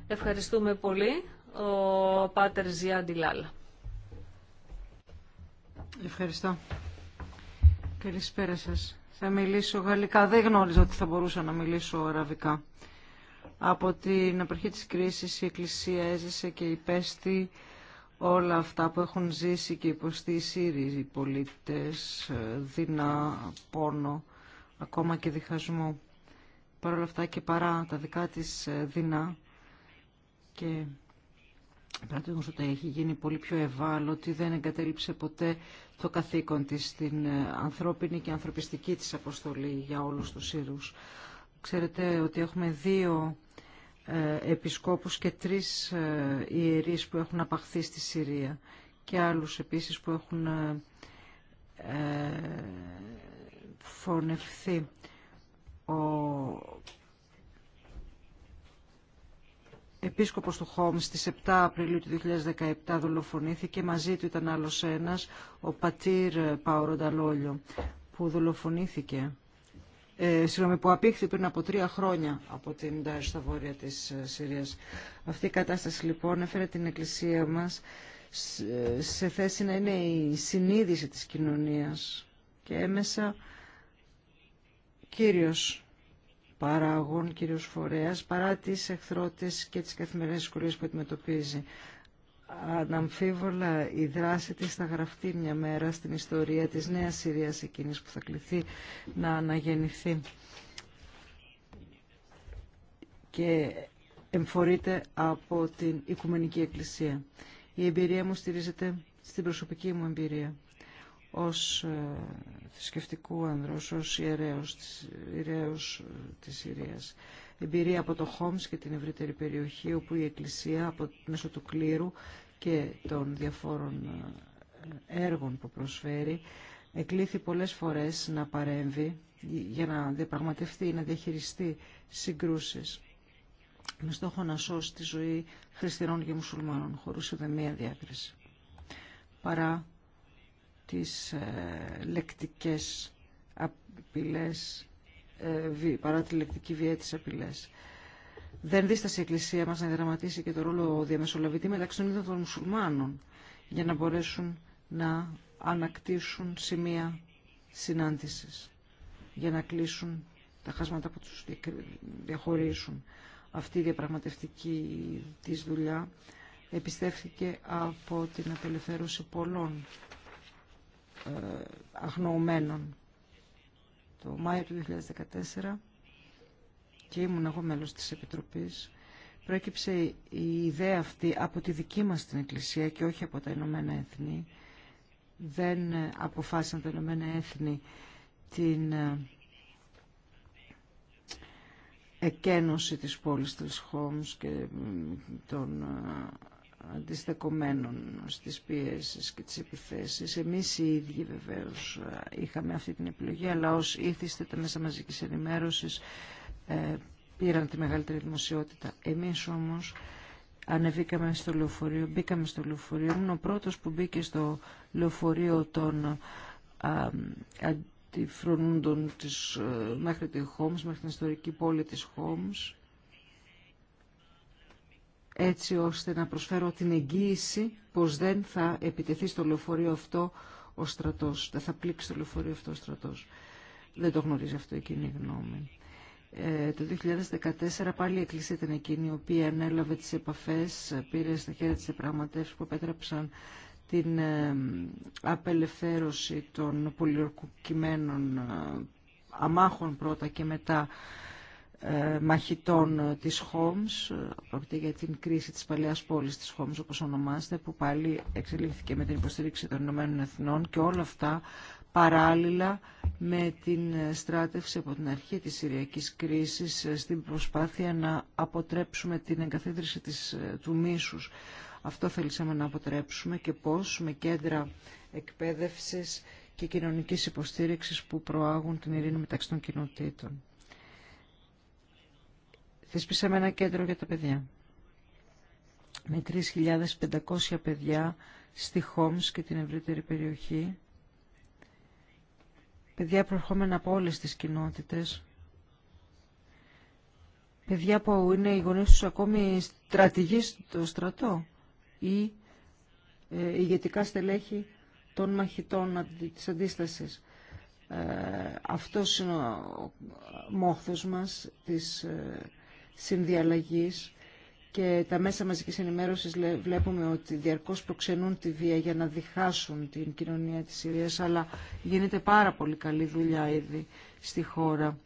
Ευχαριστούμε πολύ. Ο Πάτερ Ζιάντι Λάλα. Ευχαριστώ. Καλησπέρα σας. Θα μιλήσω γαλλικά. Δεν γνώριζα ότι θα μπορούσα να μιλήσω αραβικά. Από την απαρχή της κρίσης η Εκκλησία έζησε και υπέστη όλα αυτά που έχουν ζήσει και υποστεί οι Σύριοι πολίτες, ε, δίνα, πόνο, ακόμα και διχασμό. Παρ' όλα αυτά και παρά τα δικά της ε, δίνα και όσο ότι έχει γίνει πολύ πιο ευάλωτη, δεν εγκατέλειψε ποτέ το καθήκον της στην ε, ανθρώπινη και ανθρωπιστική της αποστολή για όλους τους Σύρους. Ξέρετε ότι έχουμε δύο ε, επισκόπους και τρεις ε, ιερείς που έχουν απαχθεί στη Συρία και άλλους επίσης που έχουν ε, φωνευθεί. Ο επίσκοπος του Χόμ στις 7 Απριλίου του 2017 δολοφονήθηκε. Μαζί του ήταν άλλος ένας, ο Πατήρ Παορονταλόλιο, που δολοφονήθηκε ε, συγγνώμη, που απήχθη πριν από τρία χρόνια από την Ντάρ στα βόρεια της ε, Συρίας. Αυτή η κατάσταση λοιπόν έφερε την Εκκλησία μας ε, σε θέση να είναι η συνείδηση της κοινωνίας και έμεσα κύριος παράγων, κύριος φορέας, παρά τις εχθρότες και τις καθημερινές δυσκολίε που αντιμετωπίζει αναμφίβολα η δράση της θα γραφτεί μια μέρα στην ιστορία της νέας Συρίας εκείνης που θα κληθεί να αναγεννηθεί και εμφορείται από την Οικουμενική Εκκλησία. Η εμπειρία μου στηρίζεται στην προσωπική μου εμπειρία ως ε, θρησκευτικού άνδρος, ως ιερέως της, ιερέως ε, της Συρίας εμπειρία από το Χόμς και την ευρύτερη περιοχή όπου η Εκκλησία από, μέσω του κλήρου και των διαφόρων ε, έργων που προσφέρει εκλήθη πολλές φορές να παρέμβει για να διαπραγματευτεί ή να διαχειριστεί συγκρούσεις με στόχο να σώσει τη ζωή χριστιανών και μουσουλμάνων χωρίς ούτε μία διάκριση παρά τις ε, λεκτικές απειλές ε, παρά τη λεκτική βία της απειλέ. Δεν δίστασε η Εκκλησία μας να δραματίσει και το ρόλο διαμεσολαβητή μεταξύ των ίδιων των μουσουλμάνων για να μπορέσουν να ανακτήσουν σημεία συνάντησης, για να κλείσουν τα χάσματα που τους διαχωρίσουν. Αυτή η διαπραγματευτική της δουλειά επιστέφθηκε από την απελευθέρωση πολλών ε, αγνοωμένων το Μάιο του 2014 και ήμουν εγώ μέλος της Επιτροπής προέκυψε η ιδέα αυτή από τη δική μας την Εκκλησία και όχι από τα Ηνωμένα Έθνη δεν αποφάσισαν τα Ηνωμένα Έθνη την ε, εκένωση της πόλης της Χόμς και των ε, αντιστεκομένων στις πιέσεις και τις επιθέσεις. Εμείς οι ίδιοι βεβαίως ε, είχαμε αυτή την επιλογή, αλλά ως ήθιστε τα μέσα μαζικής ενημέρωσης ε, πήραν τη μεγαλύτερη δημοσιότητα. Εμείς όμως ανεβήκαμε στο λεωφορείο, μπήκαμε στο λεωφορείο. Ήμουν ο πρώτος που μπήκε στο λεωφορείο των α, αντιφρονούντων της, ε, μέχρι Χόμς, μέχρι την ιστορική πόλη της Χόμς έτσι ώστε να προσφέρω την εγγύηση πως δεν θα επιτεθεί στο λεωφορείο αυτό ο στρατός, δεν θα πλήξει το λεωφορείο αυτό ο στρατός. Δεν το γνωρίζει αυτό εκείνη η γνώμη. Ε, το 2014 πάλι η Εκκλησία ήταν εκείνη η οποία ανέλαβε τις επαφές, πήρε στα χέρια της επραγματεύσης που επέτρεψαν την ε, απελευθέρωση των ε, αμάχων πρώτα και μετά ε, μαχητών της Χόμς, πρόκειται για την κρίση της παλαιάς πόλης της Χόμς όπως ονομάζεται, που πάλι εξελίχθηκε με την υποστήριξη των Ηνωμένων Εθνών και όλα αυτά παράλληλα με την στράτευση από την αρχή της Συριακής κρίσης ε, στην προσπάθεια να αποτρέψουμε την εγκαθίδρυση της, ε, του μίσους. Αυτό θέλησαμε να αποτρέψουμε και πώς με κέντρα εκπαίδευσης και κοινωνικής υποστήριξης που προάγουν την ειρήνη μεταξύ των κοινοτήτων θεσπίσαμε ένα κέντρο για τα παιδιά. Με 3.500 παιδιά στη Χόμς και την ευρύτερη περιοχή. Παιδιά προερχόμενα από όλες τις κοινότητες. Παιδιά που είναι οι γονείς τους ακόμη στρατηγοί στο στρατό ή ε, ηγετικά στελέχη των μαχητών της αντίστασης. Ε, αυτός είναι ο μόχθος μας της ε, συνδιαλλαγής και τα μέσα μαζικής ενημέρωσης βλέπουμε ότι διαρκώς προξενούν τη βία για να διχάσουν την κοινωνία της Συρίας αλλά γίνεται πάρα πολύ καλή δουλειά ήδη στη χώρα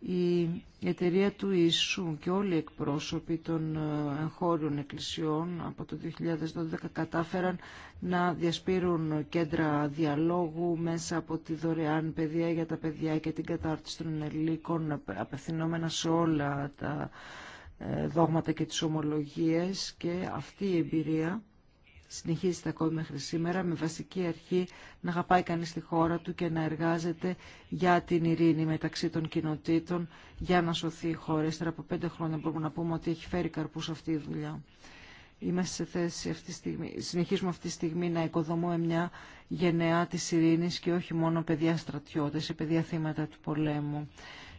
η εταιρεία του Ιησού και όλοι οι εκπρόσωποι των ε, εγχώριων εκκλησιών από το 2012 κατάφεραν να διασπείρουν κέντρα διαλόγου μέσα από τη δωρεάν παιδεία για τα παιδιά και την κατάρτιση των ενηλίκων απευθυνόμενα σε όλα τα ε, δόγματα και τις ομολογίες και αυτή η εμπειρία συνεχίζεται ακόμη μέχρι σήμερα με βασική αρχή να αγαπάει κανείς τη χώρα του και να εργάζεται για την ειρήνη μεταξύ των κοινοτήτων για να σωθεί η χώρα. Ύστερα από πέντε χρόνια μπορούμε να πούμε ότι έχει φέρει καρπούς αυτή η δουλειά. Είμαστε σε θέση αυτή τη στιγμή, συνεχίζουμε αυτή τη στιγμή να οικοδομούμε μια γενεά της ειρήνης και όχι μόνο παιδιά στρατιώτες ή παιδιά θύματα του πολέμου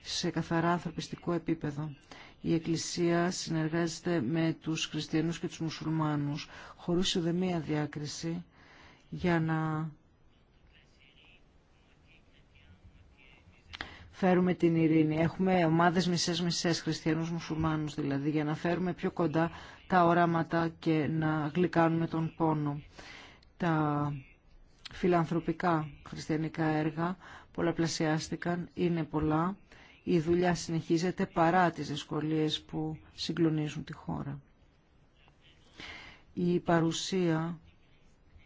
σε καθαρά ανθρωπιστικό επίπεδο η Εκκλησία συνεργάζεται με τους χριστιανούς και τους μουσουλμάνους χωρίς ουδεμία διάκριση για να φέρουμε την ειρήνη. Έχουμε ομάδες μισές-μισές, χριστιανούς μουσουλμάνους δηλαδή, για να φέρουμε πιο κοντά τα οράματα και να γλυκάνουμε τον πόνο. Τα φιλανθρωπικά χριστιανικά έργα πολλαπλασιάστηκαν, είναι πολλά η δουλειά συνεχίζεται παρά τις δυσκολίες που συγκλονίζουν τη χώρα. Η παρουσία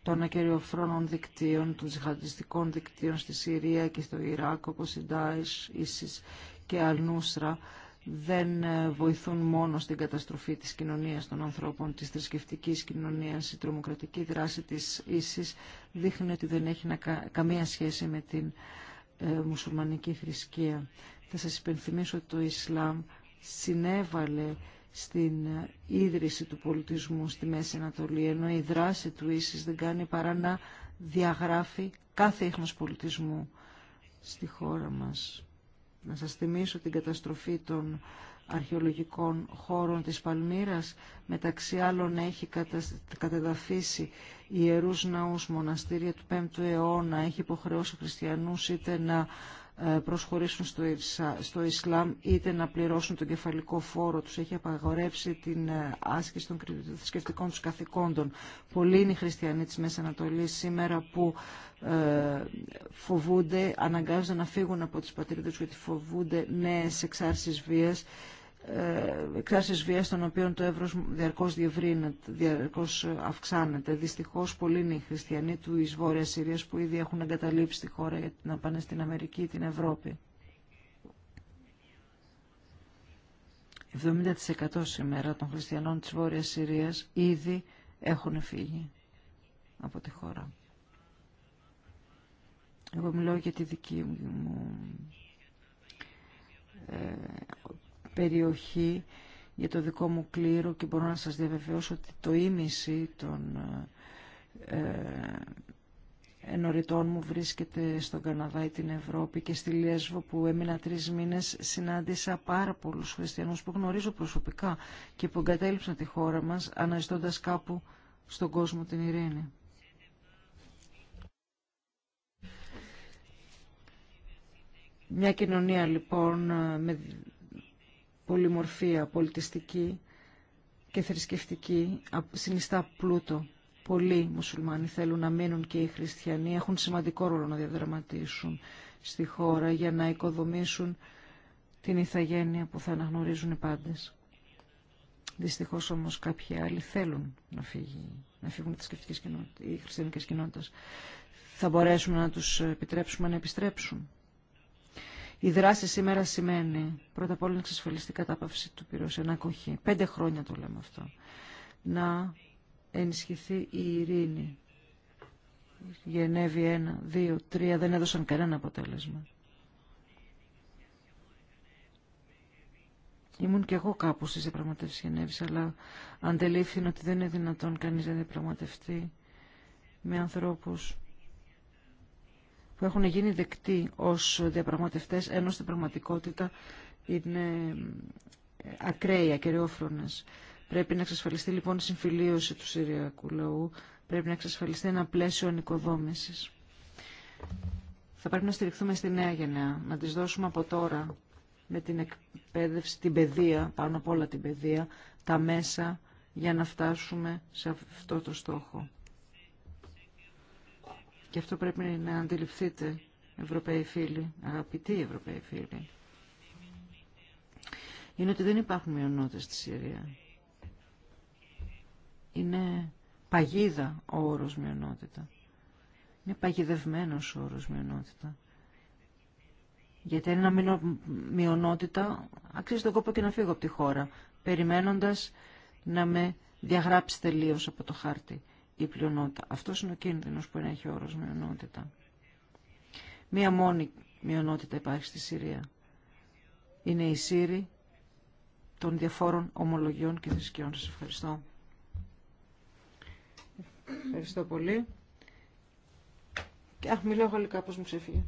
των ακεριοφρόνων δικτύων, των ζυχαντιστικών δικτύων στη Συρία και στο Ιράκ, όπως η Ντάις, Ίσης και Αλνούσρα, δεν ε, βοηθούν μόνο στην καταστροφή της κοινωνίας των ανθρώπων, της θρησκευτική κοινωνίας, η τρομοκρατική δράση της Ίσης δείχνει ότι δεν έχει καμία σχέση με την ε, μουσουλμανική θρησκεία. Θα σας υπενθυμίσω ότι το Ισλάμ συνέβαλε στην ίδρυση του πολιτισμού στη Μέση Ανατολή, ενώ η δράση του ίσης δεν κάνει παρά να διαγράφει κάθε ίχνος πολιτισμού στη χώρα μας. Να σας θυμίσω την καταστροφή των αρχαιολογικών χώρων της Παλμύρας. Μεταξύ άλλων έχει κατεδαφίσει ιερούς ναούς μοναστήρια του 5ου αιώνα, έχει υποχρεώσει χριστιανούς είτε να ε, προσχωρήσουν στο Ισλάμ είτε να πληρώσουν τον κεφαλικό φόρο τους έχει απαγορεύσει την ε, άσκηση των θρησκευτικών τους καθηκόντων πολλοί είναι οι χριστιανοί της Μέσης Ανατολής σήμερα που ε, φοβούνται, αναγκάζονται να φύγουν από τις πατρίδες γιατί φοβούνται νέες εξάρσεις βίας ε, εκθάσεις βίας των οποίων το εύρος διαρκώς διευρύνεται, διαρκώς αυξάνεται. Δυστυχώς πολλοί είναι οι χριστιανοί του εις Βόρειας Συρίας που ήδη έχουν εγκαταλείψει τη χώρα για να πάνε στην Αμερική ή την Ευρώπη. 70% σήμερα των χριστιανών της Βόρειας Συρίας ήδη έχουν φύγει από τη χώρα. Εγώ μιλώ για τη δική μου ε, περιοχή για το δικό μου κλήρο και μπορώ να σας διαβεβαιώσω ότι το ίμιση των ε, ενωριτών μου βρίσκεται στον Καναδά ή την Ευρώπη και στη Λέσβο που έμεινα τρεις μήνες συνάντησα πάρα πολλούς χριστιανούς που γνωρίζω προσωπικά και που εγκατέλειψαν τη χώρα μας αναζητώντας κάπου στον κόσμο την ειρήνη. Μια κοινωνία λοιπόν με πολυμορφία πολιτιστική και θρησκευτική συνιστά πλούτο. Πολλοί μουσουλμάνοι θέλουν να μείνουν και οι χριστιανοί έχουν σημαντικό ρόλο να διαδραματίσουν στη χώρα για να οικοδομήσουν την ηθαγένεια που θα αναγνωρίζουν οι πάντες. Δυστυχώς όμως κάποιοι άλλοι θέλουν να, φύγει, να φύγουν οι χριστιανικές κοινότητες. Θα μπορέσουμε να τους επιτρέψουμε να επιστρέψουν. Η δράση σήμερα σημαίνει πρώτα απ' όλα να εξασφαλιστεί η κατάπαυση του πυρός, κοχή. Πέντε χρόνια το λέμε αυτό. Να ενισχυθεί η ειρήνη. Γενέβη ένα, δύο, τρία, δεν έδωσαν κανένα αποτέλεσμα. Ήμουν και εγώ κάπου στις διαπραγματεύσεις Γενέβης, αλλά αντελήφθηνα ότι δεν είναι δυνατόν κανείς να διαπραγματευτεί με ανθρώπους που έχουν γίνει δεκτοί ως διαπραγματευτές, ενώ στην πραγματικότητα είναι ε, ακραίοι, ακεραιόφρονες. Πρέπει να εξασφαλιστεί λοιπόν η συμφιλίωση του Συριακού λαού, πρέπει να εξασφαλιστεί ένα πλαίσιο ανοικοδόμησης. Θα πρέπει να στηριχθούμε στη νέα γενναία, να της δώσουμε από τώρα με την εκπαίδευση, την παιδεία, πάνω απ' όλα την παιδεία, τα μέσα για να φτάσουμε σε αυτό το στόχο. Και αυτό πρέπει να αντιληφθείτε, Ευρωπαίοι φίλοι, αγαπητοί Ευρωπαίοι φίλοι. Είναι ότι δεν υπάρχουν μειονότητες στη Συρία. Είναι παγίδα ο όρος μειονότητα. Είναι παγιδευμένος ο όρος μειονότητα. Γιατί αν είναι μειονότητα, αξίζει τον κόπο και να φύγω από τη χώρα, περιμένοντας να με διαγράψει τελείω από το χάρτη η πλειονότητα. Αυτός είναι ο κίνδυνος που ενέχει ο όρος μειονότητα. Μία μόνη μειονότητα υπάρχει στη Συρία. Είναι η Σύρη των διαφόρων ομολογιών και θρησκειών. Σας ευχαριστώ. Ευχαριστώ πολύ. Και, αχ, μιλάω γαλλικά, πώς μου ξεφύγει.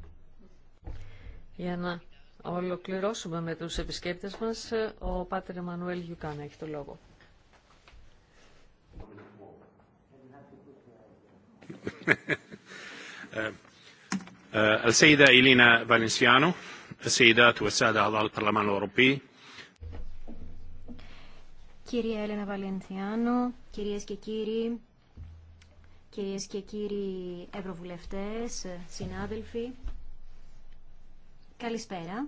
Για να ολοκληρώσουμε με τους επισκέπτες μας, ο Πάτερ Εμμανουέλ Γιουκάνα έχει το λόγο. السيدة إلينا فالنسيانو السيدات والسادة أعضاء البرلمان الأوروبي Κυρία Έλενα Βαλεντιάνο, κυρίες και κύριοι, κυρίες και κύριοι ευρωβουλευτές, συνάδελφοι, καλησπέρα.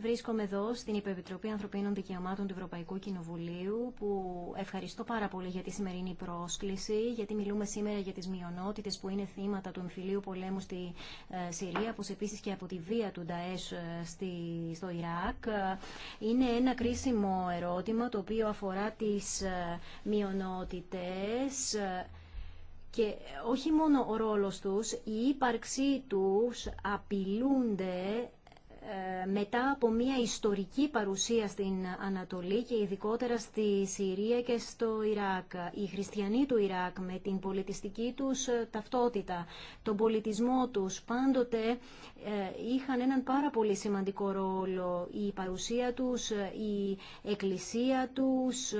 Βρίσκομαι εδώ στην Υπεπιτροπή Ανθρωπίνων Δικαιωμάτων του Ευρωπαϊκού Κοινοβουλίου που ευχαριστώ πάρα πολύ για τη σημερινή πρόσκληση γιατί μιλούμε σήμερα για τις μειονότητες που είναι θύματα του εμφυλίου πολέμου στη ε, Συρία όπως επίσης και από τη βία του Νταέσ ε, στο Ιράκ. Είναι ένα κρίσιμο ερώτημα το οποίο αφορά τις ε, μειονότητες και όχι μόνο ο ρόλος τους, η ύπαρξή τους απειλούνται ε, μετά από μια ιστορική παρουσία στην Ανατολή και ειδικότερα στη Συρία και στο Ιράκ. Οι χριστιανοί του Ιράκ με την πολιτιστική τους ε, ταυτότητα, τον πολιτισμό τους, πάντοτε ε, είχαν έναν πάρα πολύ σημαντικό ρόλο. Η παρουσία τους, η εκκλησία τους,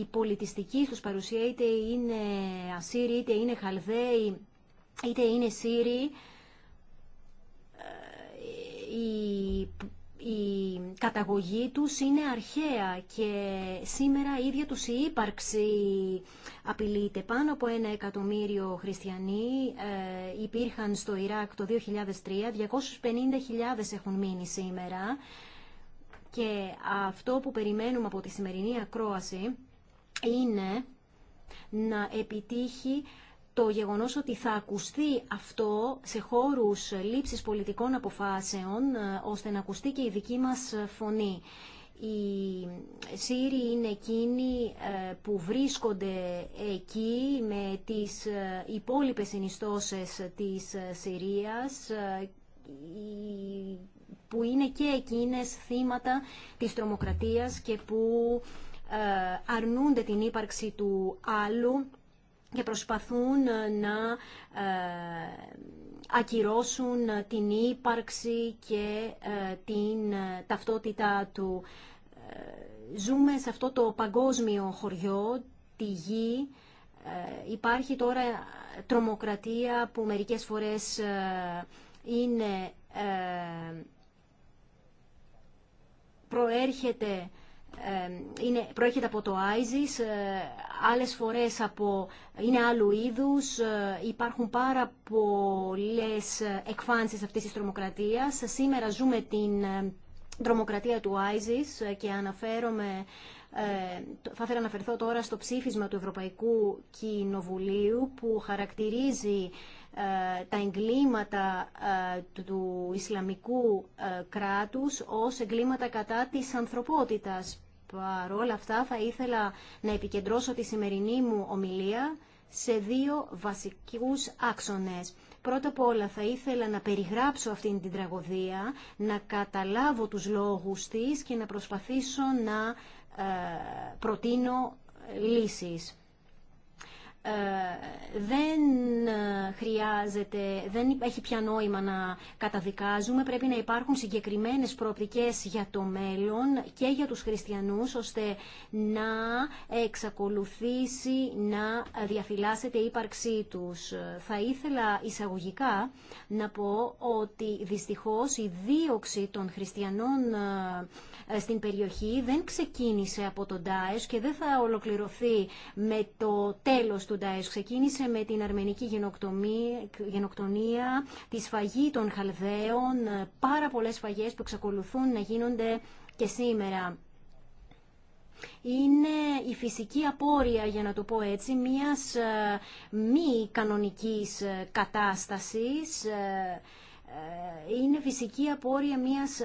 η πολιτιστική τους παρουσία, είτε είναι Ασσύριοι, είτε είναι Χαλδαίοι, είτε είναι Σύριοι, η η καταγωγή τους είναι αρχαία και σήμερα η ίδια τους η ύπαρξη απειλείται. Πάνω από ένα εκατομμύριο χριστιανοί ε, υπήρχαν στο Ιράκ το 2003, 250.000 έχουν μείνει σήμερα και αυτό που περιμένουμε από τη σημερινή ακρόαση είναι να επιτύχει το γεγονός ότι θα ακουστεί αυτό σε χώρους λήψης πολιτικών αποφάσεων, ε, ώστε να ακουστεί και η δική μας φωνή. Οι Σύριοι είναι εκείνοι ε, που βρίσκονται εκεί με τις ε, υπόλοιπες συνιστώσεις της Συρίας που είναι και εκείνες θύματα της τρομοκρατίας και που αρνούνται την ύπαρξη του άλλου και προσπαθούν ε, να ε, ακυρώσουν την ύπαρξη και ε, την ταυτότητα του. Ζούμε σε αυτό το παγκόσμιο χωριό, τη γη. Υπάρχει τώρα τρομοκρατία που μερικές φορές είναι προέρχεται ε, είναι, προέρχεται από το ISIS, ε, άλλες φορές από, είναι άλλου είδους. Ε, υπάρχουν πάρα πολλές εκφάνσεις αυτής της τρομοκρατίας. Σήμερα ζούμε την τρομοκρατία του ISIS και αναφέρομαι θα ήθελα να αναφερθώ τώρα στο ψήφισμα του Ευρωπαϊκού Κοινοβουλίου που χαρακτηρίζει τα εγκλήματα του Ισλαμικού κράτους ως εγκλήματα κατά της ανθρωπότητας παρόλα αυτά θα ήθελα να επικεντρώσω τη σημερινή μου ομιλία σε δύο βασικούς άξονες. Πρώτα απ' όλα θα ήθελα να περιγράψω αυτήν την τραγωδία, να καταλάβω τους λόγους της και να προσπαθήσω να ε, προτείνω λύσεις. Ε, δεν ε, χρειάζεται, δεν έχει πια νόημα να καταδικάζουμε. Πρέπει να υπάρχουν συγκεκριμένες προοπτικές για το μέλλον και για τους χριστιανούς, ώστε να εξακολουθήσει να διαφυλάσσεται η ύπαρξή τους. Θα ήθελα εισαγωγικά να πω ότι δυστυχώς η δίωξη των χριστιανών ε, στην περιοχή δεν ξεκίνησε από τον Τάες και δεν θα ολοκληρωθεί με το τέλος του του Ξεκίνησε με την αρμενική γενοκτονία, τη σφαγή των Χαλδαίων, πάρα πολλές σφαγές που εξακολουθούν να γίνονται και σήμερα. Είναι η φυσική απόρρια, για να το πω έτσι, μιας ε, μη κανονικής ε, κατάστασης. Ε, είναι φυσική απόρρια μιας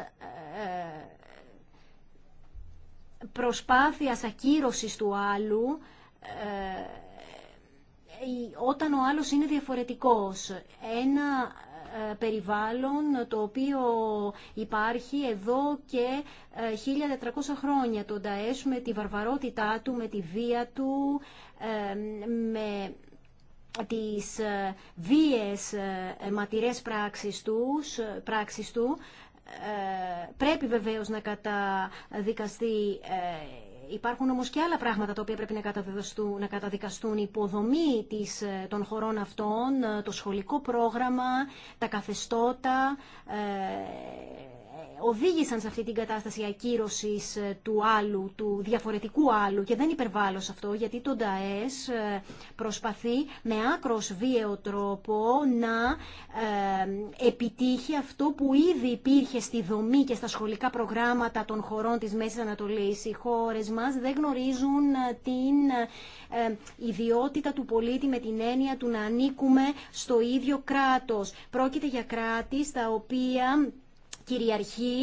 προσπάθειας ακύρωσης του άλλου ε, όταν ο άλλος είναι διαφορετικός. Ένα ε, περιβάλλον το οποίο υπάρχει εδώ και 1400 ε, χρόνια. τον Νταέσ με τη βαρβαρότητά του, με τη βία του, με τις βίες ματηρές πράξεις, τους, πράξεις του, πρέπει βεβαίως να καταδικαστεί υπάρχουν όμως και άλλα πράγματα τα οποία πρέπει να, να καταδικαστούν. Η υποδομή της, ε, των χωρών αυτών, ε, το σχολικό πρόγραμμα, τα καθεστώτα, ε, οδήγησαν σε αυτή την κατάσταση ακύρωση ε, του άλλου, του διαφορετικού άλλου και δεν υπερβάλλω σε αυτό γιατί το ΝΤΑΕΣ ε, προσπαθεί με άκρο βίαιο τρόπο να ε, επιτύχει αυτό που ήδη υπήρχε στη δομή και στα σχολικά προγράμματα των χωρών της Μέσης Ανατολής. Οι χώρες μας δεν γνωρίζουν την ιδιότητα του πολίτη με την έννοια του να ανήκουμε στο ίδιο κράτος. Πρόκειται για κράτη στα οποία κυριαρχεί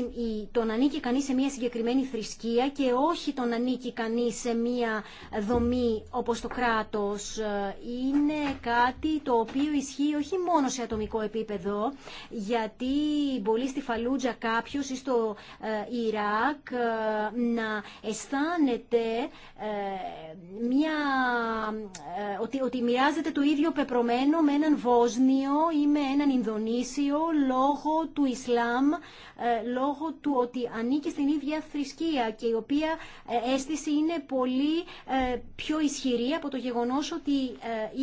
ε, το να ανήκει κανείς σε μια συγκεκριμένη θρησκεία και όχι το να ανήκει κανείς σε μια δομή όπως το κράτος. Ε, είναι κάτι το οποίο ισχύει όχι μόνο σε ατομικό επίπεδο, γιατί μπορεί στη Φαλούτζα κάποιος ή στο ε, Ιράκ να αισθάνεται μια, ότι, ότι μοιράζεται το ίδιο πεπρωμένο με έναν Βόσνιο ή με έναν Ινδονήσιο λόγω του Ισλάμ, ε, λόγω του ότι ανήκει στην ίδια θρησκεία και η οποία ε, αίσθηση είναι πολύ ε, πιο ισχυρή από το γεγονός ότι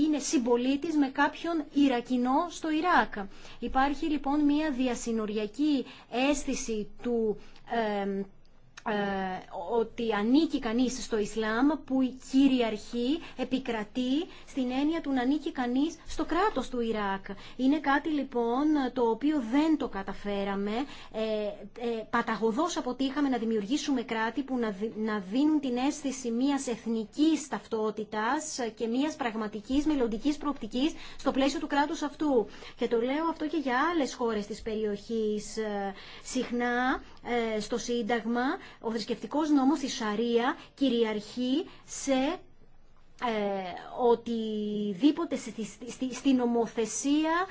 είναι συμπολίτης με κάποιον Ιρακινό στο Ιράκ. Υπάρχει λοιπόν μια διασυνοριακή αίσθηση του ε, ότι ανήκει κανείς στο Ισλάμ που η κυριαρχή επικρατεί στην έννοια του να ανήκει κανείς στο κράτος του Ιράκ. Είναι κάτι λοιπόν το οποίο δεν το καταφέραμε. Ε, ε αποτύχαμε να δημιουργήσουμε κράτη που να, δίνουν την αίσθηση μιας εθνικής ταυτότητας και μιας πραγματικής μελλοντική προοπτικής στο πλαίσιο του κράτους αυτού. Και το λέω αυτό και για άλλες χώρες της περιοχής. Ε, συχνά στο Σύνταγμα ο θρησκευτικό νόμο, η Σαρία, κυριαρχεί σε ε, οτιδήποτε στην στη, νομοθεσία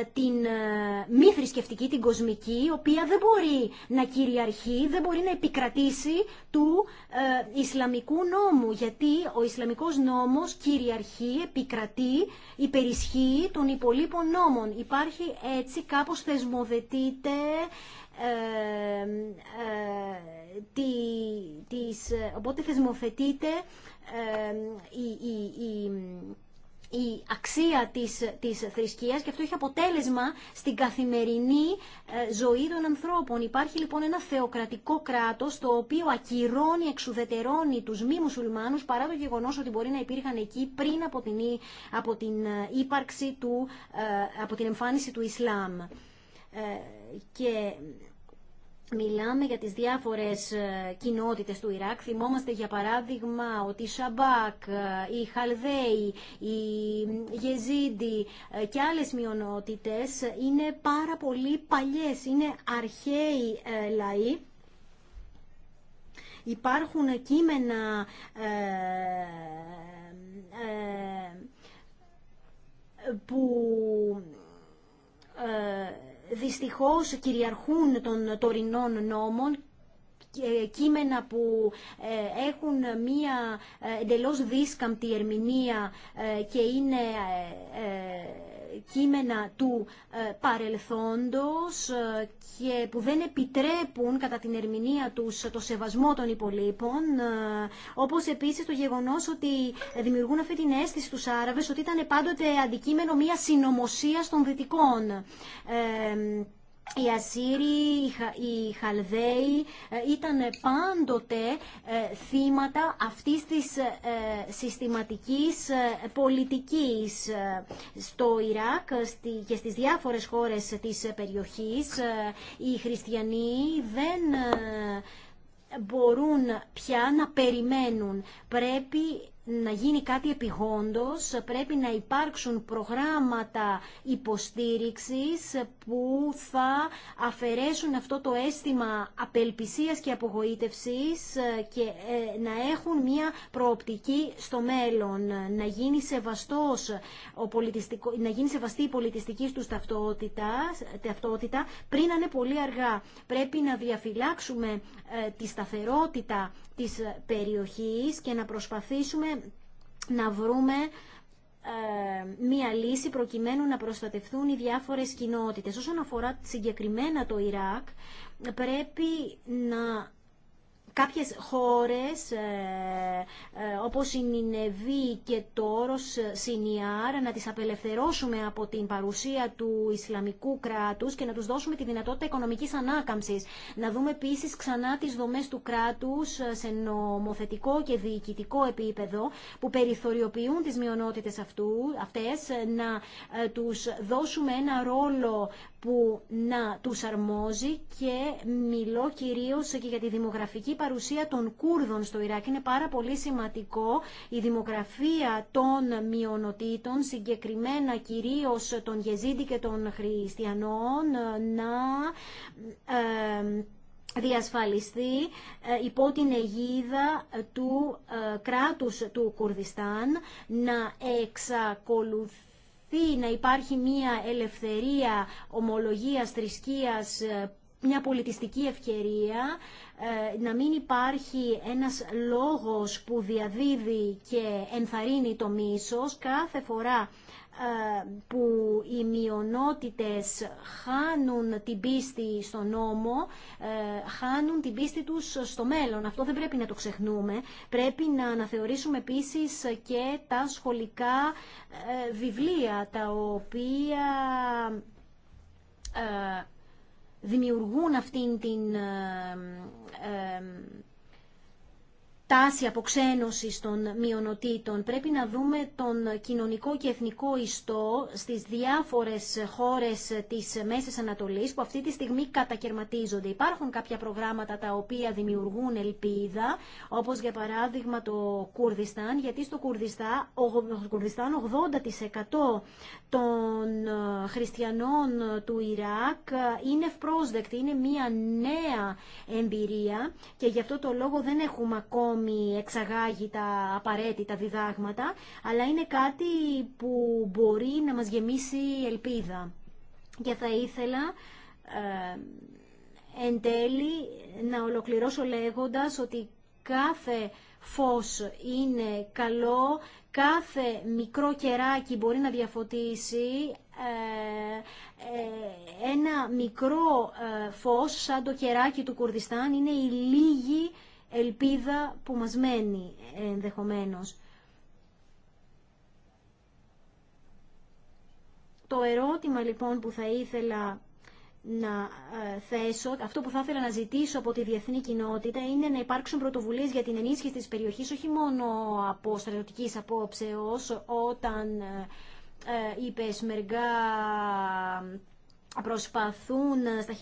ε, την ε, μη θρησκευτική, την κοσμική, οποία δεν μπορεί να κυριαρχεί, δεν μπορεί να επικρατήσει του ε, Ισλαμικού νόμου, γιατί ο Ισλαμικός νόμος κυριαρχεί, επικρατεί, υπερισχύει των υπολείπων νόμων. Υπάρχει έτσι κάπως θεσμοδετείται ε, ε, ε, της, οπότε θεσμοθετείται η, αξία της, της θρησκείας και αυτό έχει αποτέλεσμα στην καθημερινή ζωή των ανθρώπων. Υπάρχει λοιπόν ένα θεοκρατικό κράτος το οποίο ακυρώνει, εξουδετερώνει τους μη μουσουλμάνους παρά το γεγονός ότι μπορεί να υπήρχαν εκεί πριν από την, από την ύπαρξη του, από την εμφάνιση του Ισλάμ. και Μιλάμε για τις διάφορες ε, κοινότητες του Ιράκ. Θυμόμαστε για παράδειγμα ότι η Σαμπάκ, οι ε, Χαλδαίοι, οι Γεζίντι ε, και άλλες μειονότητες είναι πάρα πολύ παλιές, είναι αρχαίοι λαοί. Υπάρχουν κείμενα που δυστυχώς κυριαρχούν των τωρινών νόμων ε, κείμενα που ε, έχουν μία ε, εντελώς δίσκαμπτη ερμηνεία και είναι κείμενα του ε, παρελθόντος ε, και που δεν επιτρέπουν κατά την ερμηνεία τους το σεβασμό των υπολείπων, ε, όπως επίσης το γεγονός ότι δημιουργούν αυτή την αίσθηση τους Άραβες ότι ήταν πάντοτε αντικείμενο μια συνωμοσία των δυτικών οι Ασσύριοι, οι Χαλδαίοι ε, ήταν πάντοτε ε, θύματα αυτής της ε, συστηματικής πολιτικής στο Ιράκ και στις διάφορες χώρες της περιοχής. Οι χριστιανοί δεν μπορούν πια να περιμένουν. Πρέπει να γίνει κάτι επιγόντως, πρέπει να υπάρξουν προγράμματα υποστήριξης που θα αφαιρέσουν αυτό το αίσθημα απελπισίας και απογοήτευσης και ε, να έχουν μια προοπτική στο μέλλον, να γίνει, σεβαστός ο πολιτιστικό, να γίνει σεβαστή η πολιτιστική τους ταυτότητα, ταυτότητα πριν να είναι πολύ αργά. Πρέπει να διαφυλάξουμε ε, τη σταθερότητα της περιοχής και να προσπαθήσουμε να βρούμε ε, μία λύση προκειμένου να προστατευτούν οι διάφορες κοινότητες. Όσον αφορά συγκεκριμένα το Ιράκ, πρέπει να κάποιες χώρες ε, ε, όπως η Νινεβή και το όρος Σινιάρ να τις απελευθερώσουμε από την παρουσία του Ισλαμικού κράτους και να τους δώσουμε τη δυνατότητα οικονομικής ανάκαμψης. Να δούμε επίση ξανά τις δομές του κράτους ε, σε νομοθετικό και διοικητικό επίπεδο που περιθωριοποιούν τις μειονότητες αυτού, αυτές, να τους δώσουμε ένα ρόλο που να τους αρμόζει και μιλώ κυρίως και για τη δημογραφική παρουσία των Κούρδων στο Ιράκ. Είναι πάρα πολύ σημαντικό η δημογραφία των μειονοτήτων, συγκεκριμένα κυρίως των Γεζίδη και των Χριστιανών, να ε, διασφαλιστεί ε, υπό την αιγίδα του ε, κράτους του Κουρδιστάν, να εξακολουθεί να υπάρχει μια ελευθερία ομολογίας, θρησκείας, ε, μια πολιτιστική ευκαιρία, ε, να μην υπάρχει ένας λόγος που διαδίδει και ενθαρρύνει το μίσος κάθε φορά ε, που οι μειονότητες χάνουν την πίστη στο νόμο, ε, χάνουν την πίστη τους στο μέλλον. Αυτό δεν πρέπει να το ξεχνούμε. Πρέπει να αναθεωρήσουμε επίσης και τα σχολικά ε, βιβλία, τα οποία δημιουργούν αυτήν την τάση αποξένωσης των μειονοτήτων. Πρέπει να δούμε τον κοινωνικό και εθνικό ιστό στις διάφορες χώρες της Μέσης Ανατολής που αυτή τη στιγμή κατακαιρματίζονται. Υπάρχουν κάποια προγράμματα τα οποία δημιουργούν ελπίδα, όπως για παράδειγμα το Κουρδιστάν, γιατί στο Κουρδιστάν 80% των ε, χριστιανών του Ιράκ είναι ευπρόσδεκτη, είναι μια νέα εμπειρία και γι' αυτό το λόγο δεν έχουμε ακόμη εξαγάγει τα απαραίτητα διδάγματα, αλλά είναι κάτι που μπορεί να μας γεμίσει ελπίδα. Και θα ήθελα ε, εν τέλει να ολοκληρώσω λέγοντας ότι κάθε φως είναι καλό, κάθε μικρό κεράκι μπορεί να διαφωτίσει ε, ε, ένα μικρό ε, φως σαν το κεράκι του Κουρδιστάν είναι η λίγη ελπίδα που μας μένει ενδεχομένως. Το ερώτημα λοιπόν που θα ήθελα να ε, θέσω, αυτό που θα ήθελα να ζητήσω από τη διεθνή κοινότητα είναι να υπάρξουν πρωτοβουλίες για την ενίσχυση της περιοχής, όχι μόνο από στρατιωτικής απόψεως, όταν η ε, ε, Πεσμεργά προσπαθούν ε, στα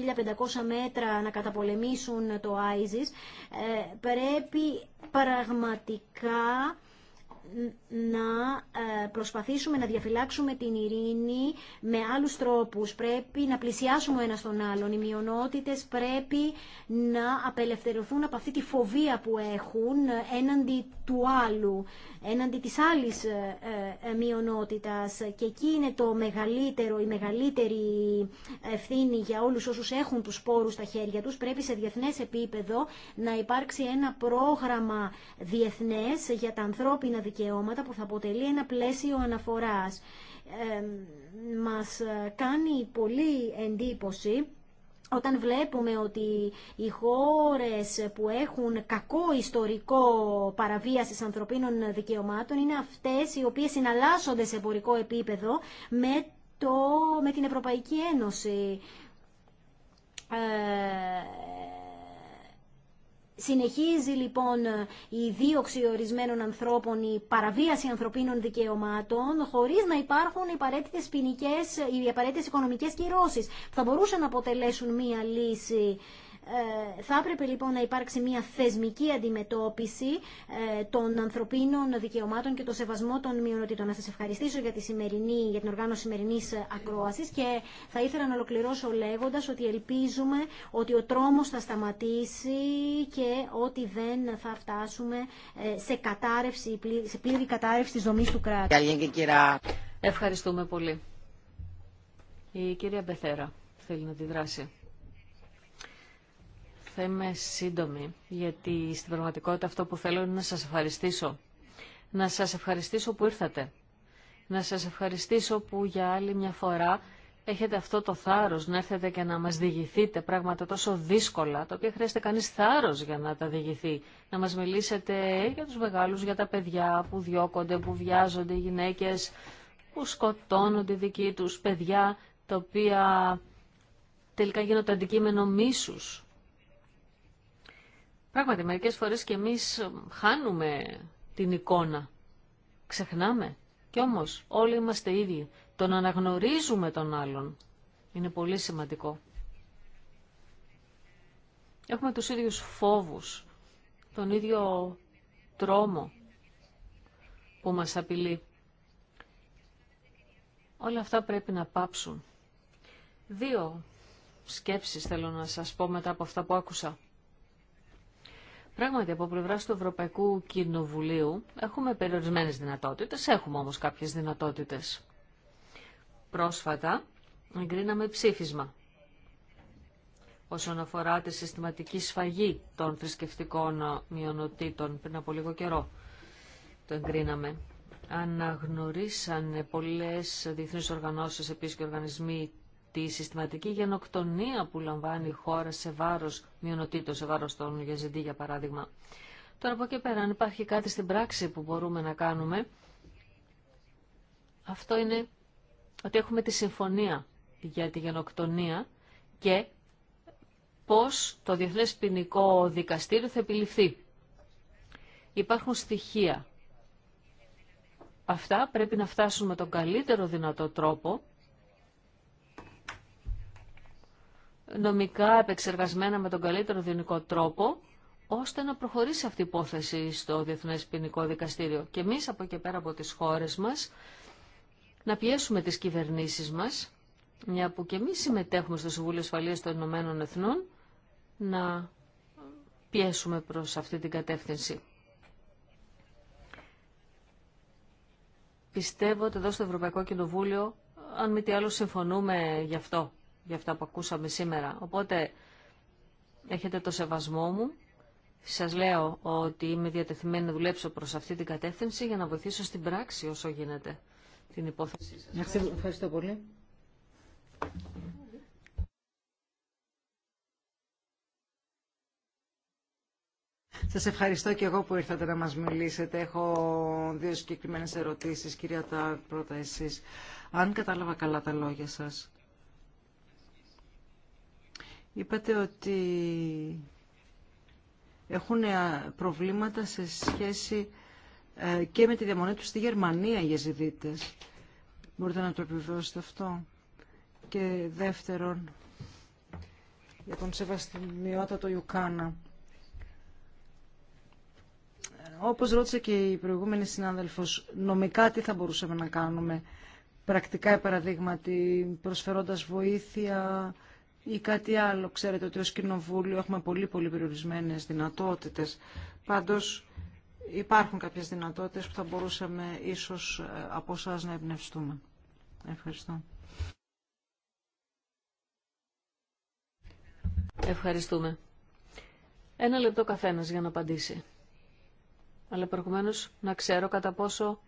1500 μέτρα να καταπολεμήσουν το ISIS, ε, πρέπει πραγματικά να ε, προσπαθήσουμε να διαφυλάξουμε την ειρήνη με άλλους τρόπους. Πρέπει να πλησιάσουμε ένα τον άλλον. Οι μειονότητες πρέπει να απελευθερωθούν από αυτή τη φοβία που έχουν έναντι του άλλου έναντι της άλλης ε, ε, μειονότητας και εκεί είναι το μεγαλύτερο, η μεγαλύτερη ευθύνη για όλους όσους έχουν τους σπόρους στα χέρια τους. Πρέπει σε διεθνές επίπεδο να υπάρξει ένα πρόγραμμα διεθνές για τα ανθρώπινα δικαιώματα που θα αποτελεί ένα πλαίσιο αναφοράς. Ε, μας κάνει πολύ εντύπωση όταν βλέπουμε ότι οι χώρες που έχουν κακό ιστορικό παραβίασης ανθρωπίνων δικαιωμάτων είναι αυτές οι οποίες συναλλάσσονται σε εμπορικό επίπεδο με, το, με την Ευρωπαϊκή Ένωση. Ε, Συνεχίζει λοιπόν ε, η δίωξη ορισμένων ανθρώπων, η παραβίαση ανθρωπίνων δικαιωμάτων, χωρίς να υπάρχουν οι απαραίτητε ποινικέ, οι απαραίτητε οικονομικές κυρώσεις, που θα μπορούσαν να αποτελέσουν μία λύση ε, θα έπρεπε λοιπόν να υπάρξει μια θεσμική αντιμετώπιση ε, των ανθρωπίνων δικαιωμάτων και το σεβασμό των μειονοτήτων. Να σα ευχαριστήσω για, τη σημερινή, για την οργάνωση σημερινής ακρόαση και θα ήθελα να ολοκληρώσω λέγοντας ότι ελπίζουμε ότι ο τρόμος θα σταματήσει και ότι δεν θα φτάσουμε ε, σε, κατάρρευση, σε πλήρη κατάρρευση τη δομή του κράτους. Ευχαριστούμε πολύ. Η κυρία Μπεθέρα θέλει να τη δράσει θα είμαι σύντομη, γιατί στην πραγματικότητα αυτό που θέλω είναι να σας ευχαριστήσω. Να σας ευχαριστήσω που ήρθατε. Να σας ευχαριστήσω που για άλλη μια φορά έχετε αυτό το θάρρος να έρθετε και να μας διηγηθείτε πράγματα τόσο δύσκολα, τα οποία χρειάζεται κανείς θάρρος για να τα διηγηθεί. Να μας μιλήσετε για τους μεγάλους, για τα παιδιά που διώκονται, που βιάζονται οι γυναίκες, που σκοτώνονται δικοί τους παιδιά, τα οποία τελικά γίνονται αντικείμενο μίσου. Πράγματι, μερικές φορές και εμείς χάνουμε την εικόνα. Ξεχνάμε. Κι όμως όλοι είμαστε ίδιοι. Τον αναγνωρίζουμε τον άλλον. Είναι πολύ σημαντικό. Έχουμε τους ίδιους φόβους, τον ίδιο τρόμο που μας απειλεί. Όλα αυτά πρέπει να πάψουν. Δύο σκέψεις θέλω να σας πω μετά από αυτά που άκουσα. Πράγματι, από πλευρά του Ευρωπαϊκού Κοινοβουλίου έχουμε περιορισμένες δυνατότητες, έχουμε όμως κάποιες δυνατότητες. Πρόσφατα εγκρίναμε ψήφισμα όσον αφορά τη συστηματική σφαγή των θρησκευτικών μειονοτήτων πριν από λίγο καιρό. Το εγκρίναμε. Αναγνωρίσανε πολλές διεθνείς οργανώσεις επίσης και οργανισμοί τη συστηματική γενοκτονία που λαμβάνει η χώρα σε βάρος μειονοτήτων, σε βάρος των Γεζιντή για παράδειγμα. Τώρα από εκεί πέρα, αν υπάρχει κάτι στην πράξη που μπορούμε να κάνουμε, αυτό είναι ότι έχουμε τη συμφωνία για τη γενοκτονία και πώς το Διεθνές Ποινικό Δικαστήριο θα επιληφθεί. Υπάρχουν στοιχεία. Αυτά πρέπει να φτάσουν με τον καλύτερο δυνατό τρόπο νομικά επεξεργασμένα με τον καλύτερο δυνικό τρόπο, ώστε να προχωρήσει αυτή η υπόθεση στο Διεθνές Ποινικό Δικαστήριο. Και εμείς από και πέρα από τις χώρες μας, να πιέσουμε τις κυβερνήσεις μας, μια που και εμείς συμμετέχουμε στο Συμβούλιο Ασφαλείας των Ηνωμένων Εθνών, να πιέσουμε προς αυτή την κατεύθυνση. Πιστεύω ότι εδώ στο Ευρωπαϊκό Κοινοβούλιο, αν μη τι άλλο συμφωνούμε γι' αυτό, για αυτά που ακούσαμε σήμερα. Οπότε έχετε το σεβασμό μου. Σας λέω ότι είμαι διατεθειμένη να δουλέψω προς αυτή την κατεύθυνση για να βοηθήσω στην πράξη όσο γίνεται την υπόθεση σας. Ευχαριστώ πολύ. Σας ευχαριστώ και εγώ που ήρθατε να μας μιλήσετε. Έχω δύο συγκεκριμένες ερωτήσεις, κυρία Τάρ, πρώτα εσείς. Αν κατάλαβα καλά τα λόγια σας, Είπατε ότι έχουν ε, προβλήματα σε σχέση ε, και με τη διαμονή τους στη Γερμανία οι Γεζιδίτες. Μπορείτε να το επιβεβαιώσετε αυτό. Και δεύτερον, για τον το Ιουκάνα. Όπως ρώτησε και η προηγούμενη συνάδελφος, νομικά τι θα μπορούσαμε να κάνουμε. Πρακτικά, παραδείγματι, προσφερόντας βοήθεια, ή κάτι άλλο. Ξέρετε ότι ως Κοινοβούλιο έχουμε πολύ πολύ περιορισμένες δυνατότητες. Πάντως υπάρχουν κάποιες δυνατότητες που θα μπορούσαμε ίσως ε, από εσά να εμπνευστούμε. Ευχαριστώ. Ευχαριστούμε. Ένα λεπτό καθένας για να απαντήσει. Αλλά προηγουμένω να ξέρω κατά πόσο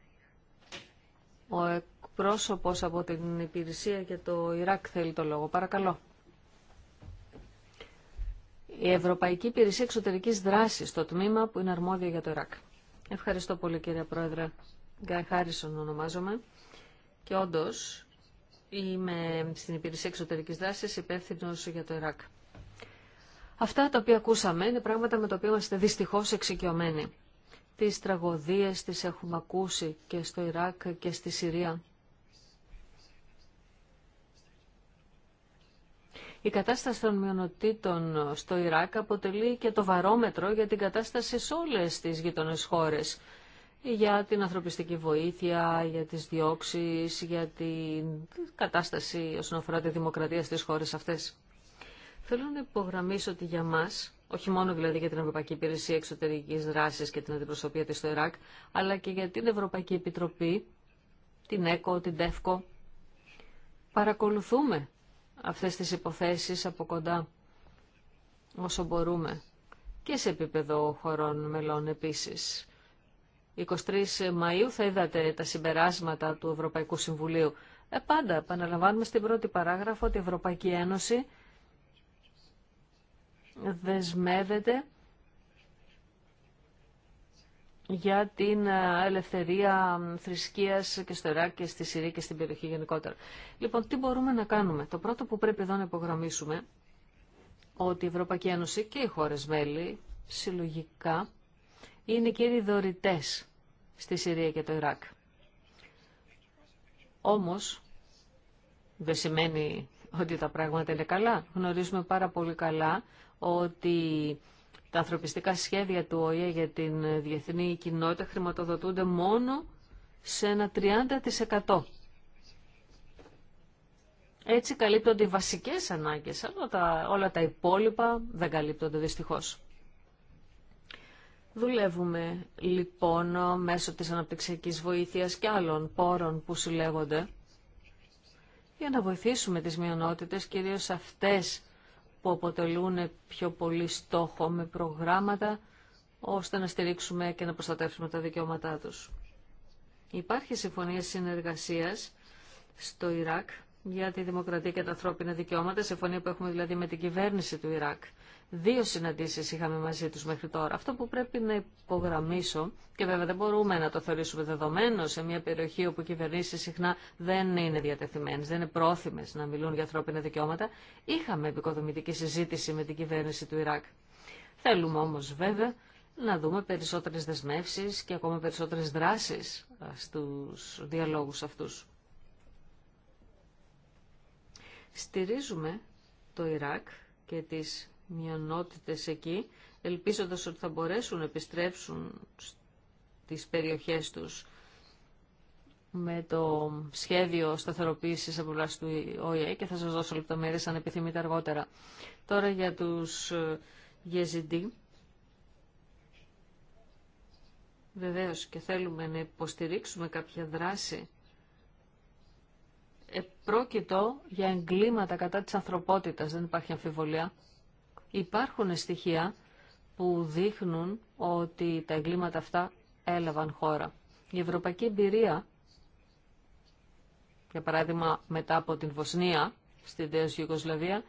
ο εκπρόσωπος από την υπηρεσία για το Ιράκ θέλει το λόγο. Παρακαλώ η Ευρωπαϊκή Υπηρεσία Εξωτερικής Δράσης στο τμήμα που είναι αρμόδιο για το Ιράκ. Ευχαριστώ πολύ κύριε Πρόεδρε. Γκάι Χάρισον ονομάζομαι. Και όντω είμαι στην Υπηρεσία Εξωτερικής Δράσης υπεύθυνο για το Ιράκ. Αυτά τα οποία ακούσαμε είναι πράγματα με τα οποία είμαστε δυστυχώς εξοικειωμένοι. Τις τραγωδίες τις έχουμε ακούσει και στο Ιράκ και στη Συρία. Η κατάσταση των μειονοτήτων στο Ιράκ αποτελεί και το βαρόμετρο για την κατάσταση σε όλες τις γείτονε χώρες. Για την ανθρωπιστική βοήθεια, για τις διώξεις, για την κατάσταση όσον αφορά τη δημοκρατία στις χώρες αυτές. Θέλω να υπογραμμίσω ότι για μας, όχι μόνο δηλαδή για την Ευρωπαϊκή Υπηρεσία Εξωτερικής Δράσης και την αντιπροσωπεία της στο Ιράκ, αλλά και για την Ευρωπαϊκή Επιτροπή, την ΕΚΟ, την ΤΕΦΚΟ, παρακολουθούμε αυτές τις υποθέσεις από κοντά όσο μπορούμε και σε επίπεδο χωρών μελών επίσης. 23 Μαΐου θα είδατε τα συμπεράσματα του Ευρωπαϊκού Συμβουλίου. Ε, πάντα επαναλαμβάνουμε στην πρώτη παράγραφο ότι η Ευρωπαϊκή Ένωση δεσμεύεται για την ε, ελευθερία θρησκείας και στο Ιράκ και στη Συρία και στην περιοχή γενικότερα. Λοιπόν, τι μπορούμε να κάνουμε. Το πρώτο που πρέπει εδώ να υπογραμμίσουμε ότι η Ευρωπαϊκή Ένωση και οι χώρες μέλη συλλογικά είναι κύριοι δωρητέ στη Συρία και το Ιράκ. Όμω, δεν σημαίνει ότι τα πράγματα είναι καλά. Γνωρίζουμε πάρα πολύ καλά ότι τα ανθρωπιστικά σχέδια του ΟΗΕ για την διεθνή κοινότητα χρηματοδοτούνται μόνο σε ένα 30%. Έτσι καλύπτονται οι βασικές ανάγκες, αλλά τα, όλα τα υπόλοιπα δεν καλύπτονται δυστυχώς. Δουλεύουμε λοιπόν μέσω της αναπτυξιακής βοήθειας και άλλων πόρων που συλλέγονται για να βοηθήσουμε τις μειονότητες, κυρίως αυτές που αποτελούν πιο πολύ στόχο με προγράμματα ώστε να στηρίξουμε και να προστατεύσουμε τα δικαιώματά τους. Υπάρχει συμφωνία συνεργασίας στο Ιράκ για τη δημοκρατία και τα ανθρώπινα δικαιώματα, συμφωνία που έχουμε δηλαδή με την κυβέρνηση του Ιράκ. Δύο συναντήσεις είχαμε μαζί τους μέχρι τώρα. Αυτό που πρέπει να υπογραμμίσω, και βέβαια δεν μπορούμε να το θεωρήσουμε δεδομένο σε μια περιοχή όπου οι κυβερνήσεις συχνά δεν είναι διατεθειμένες, δεν είναι πρόθυμες να μιλούν για ανθρώπινα δικαιώματα, είχαμε επικοδομητική συζήτηση με την κυβέρνηση του Ιράκ. Θέλουμε όμως βέβαια να δούμε περισσότερες δεσμεύσεις και ακόμα περισσότερες δράσεις ε, στους διαλόγους αυτούς. Στηρίζουμε το Ιράκ και τις μειονότητες εκεί, ελπίζοντας ότι θα μπορέσουν να επιστρέψουν στις περιοχές τους με το σχέδιο σταθεροποίησης από πλάση του ΟΗΕ και θα σας δώσω λεπτομέρειες αν επιθυμείτε αργότερα. Τώρα για τους ε, Γεζιντή. Βεβαίως και θέλουμε να υποστηρίξουμε κάποια δράση επρόκειτο για εγκλήματα κατά της ανθρωπότητας, δεν υπάρχει αμφιβολία. Υπάρχουν στοιχεία που δείχνουν ότι τα εγκλήματα αυτά έλαβαν χώρα. Η ευρωπαϊκή εμπειρία, για παράδειγμα μετά από την Βοσνία, στην τέως Ιουγκοσλαβία,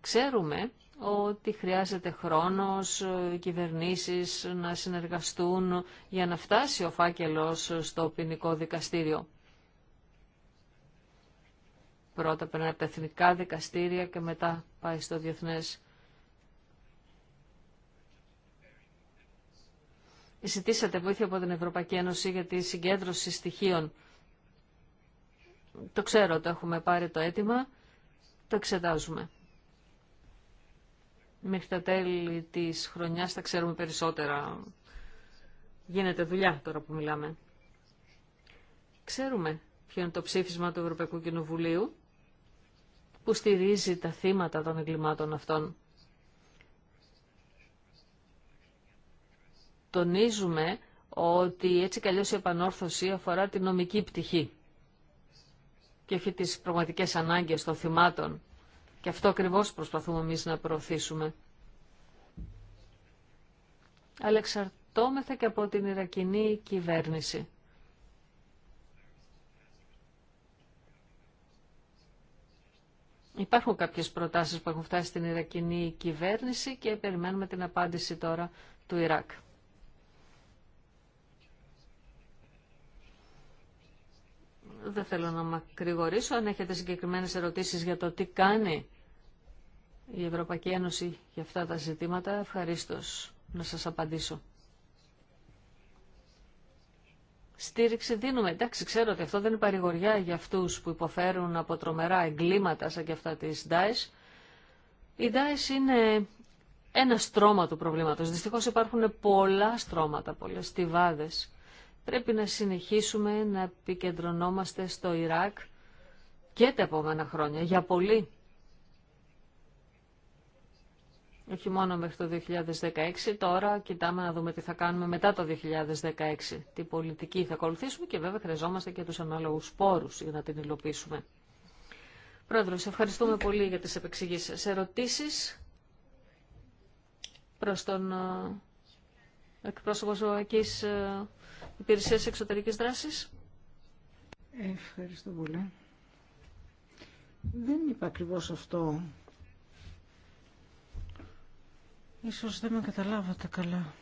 ξέρουμε ότι χρειάζεται χρόνος ε, κυβερνήσεις να συνεργαστούν για να φτάσει ο φάκελος στο ποινικό δικαστήριο. Πρώτα περνάει από τα εθνικά δικαστήρια και μετά πάει στο διεθνές. ζητήσατε βοήθεια από την Ευρωπαϊκή Ένωση για τη συγκέντρωση στοιχείων. Το ξέρω, το έχουμε πάρει το αίτημα, το εξετάζουμε. Μέχρι τα τέλη της χρονιάς θα ξέρουμε περισσότερα. Γίνεται δουλειά τώρα που μιλάμε. Ξέρουμε ποιο είναι το ψήφισμα του Ευρωπαϊκού Κοινοβουλίου που στηρίζει τα θύματα των εγκλημάτων αυτών. τονίζουμε ότι έτσι καλώς η επανόρθωση αφορά την νομική πτυχή και όχι τις πραγματικές ανάγκες των θυμάτων. Και αυτό ακριβώς προσπαθούμε εμείς να προωθήσουμε. Αλλά εξαρτώμεθα και από την Ιρακινή κυβέρνηση. Υπάρχουν κάποιες προτάσεις που έχουν φτάσει στην Ιρακινή κυβέρνηση και περιμένουμε την απάντηση τώρα του Ιράκ. δεν θέλω να μακρηγορήσω. Αν έχετε συγκεκριμένες ερωτήσεις για το τι κάνει η Ευρωπαϊκή Ένωση για αυτά τα ζητήματα, ευχαρίστω να σας απαντήσω. Στήριξη δίνουμε. Εντάξει, ξέρω ότι αυτό δεν είναι παρηγοριά για αυτούς που υποφέρουν από τρομερά εγκλήματα σαν και αυτά της ΔΑΕΣ. Η ΔΑΕΣ είναι ένα στρώμα του προβλήματος. Δυστυχώς υπάρχουν πολλά στρώματα, πολλές στιβάδες πρέπει να συνεχίσουμε να επικεντρωνόμαστε στο Ιράκ και τα επόμενα χρόνια, για πολύ. Όχι μόνο μέχρι το 2016, τώρα κοιτάμε να δούμε τι θα κάνουμε μετά το 2016, τι πολιτική θα ακολουθήσουμε και βέβαια χρειαζόμαστε και τους ανάλογους πόρους για να την υλοποιήσουμε. Πρόεδρο, σε ευχαριστούμε πολύ για τις επεξηγήσεις. Ερωτήσεις προς τον ε, εκπρόσωπο υπηρεσία Εξωτερικής Δράσης. Ευχαριστώ πολύ. Δεν είπα ακριβώ αυτό. Ίσως δεν με καταλάβατε καλά.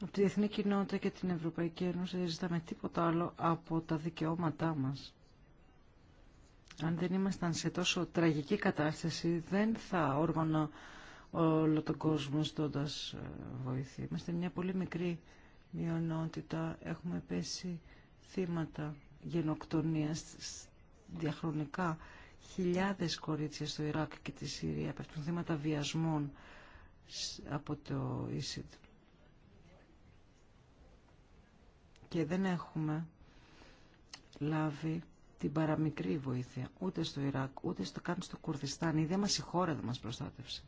Από τη διεθνή κοινότητα και την Ευρωπαϊκή Ένωση δεν ζητάμε τίποτα άλλο από τα δικαιώματά μας. Αν δεν ήμασταν σε τόσο τραγική κατάσταση, δεν θα όργανα όλο τον κόσμο στώντας ε, βοήθεια. Είμαστε μια πολύ μικρή μειονότητα, έχουμε πέσει θύματα γενοκτονίας διαχρονικά. Χιλιάδες κορίτσια στο Ιράκ και τη Συρία πέφτουν θύματα βιασμών από το ΙΣΙΤ. Και δεν έχουμε λάβει την παραμικρή βοήθεια ούτε στο Ιράκ, ούτε στο καν στο Κουρδιστάν. Η ίδια μας η χώρα δεν μας προστάτευσε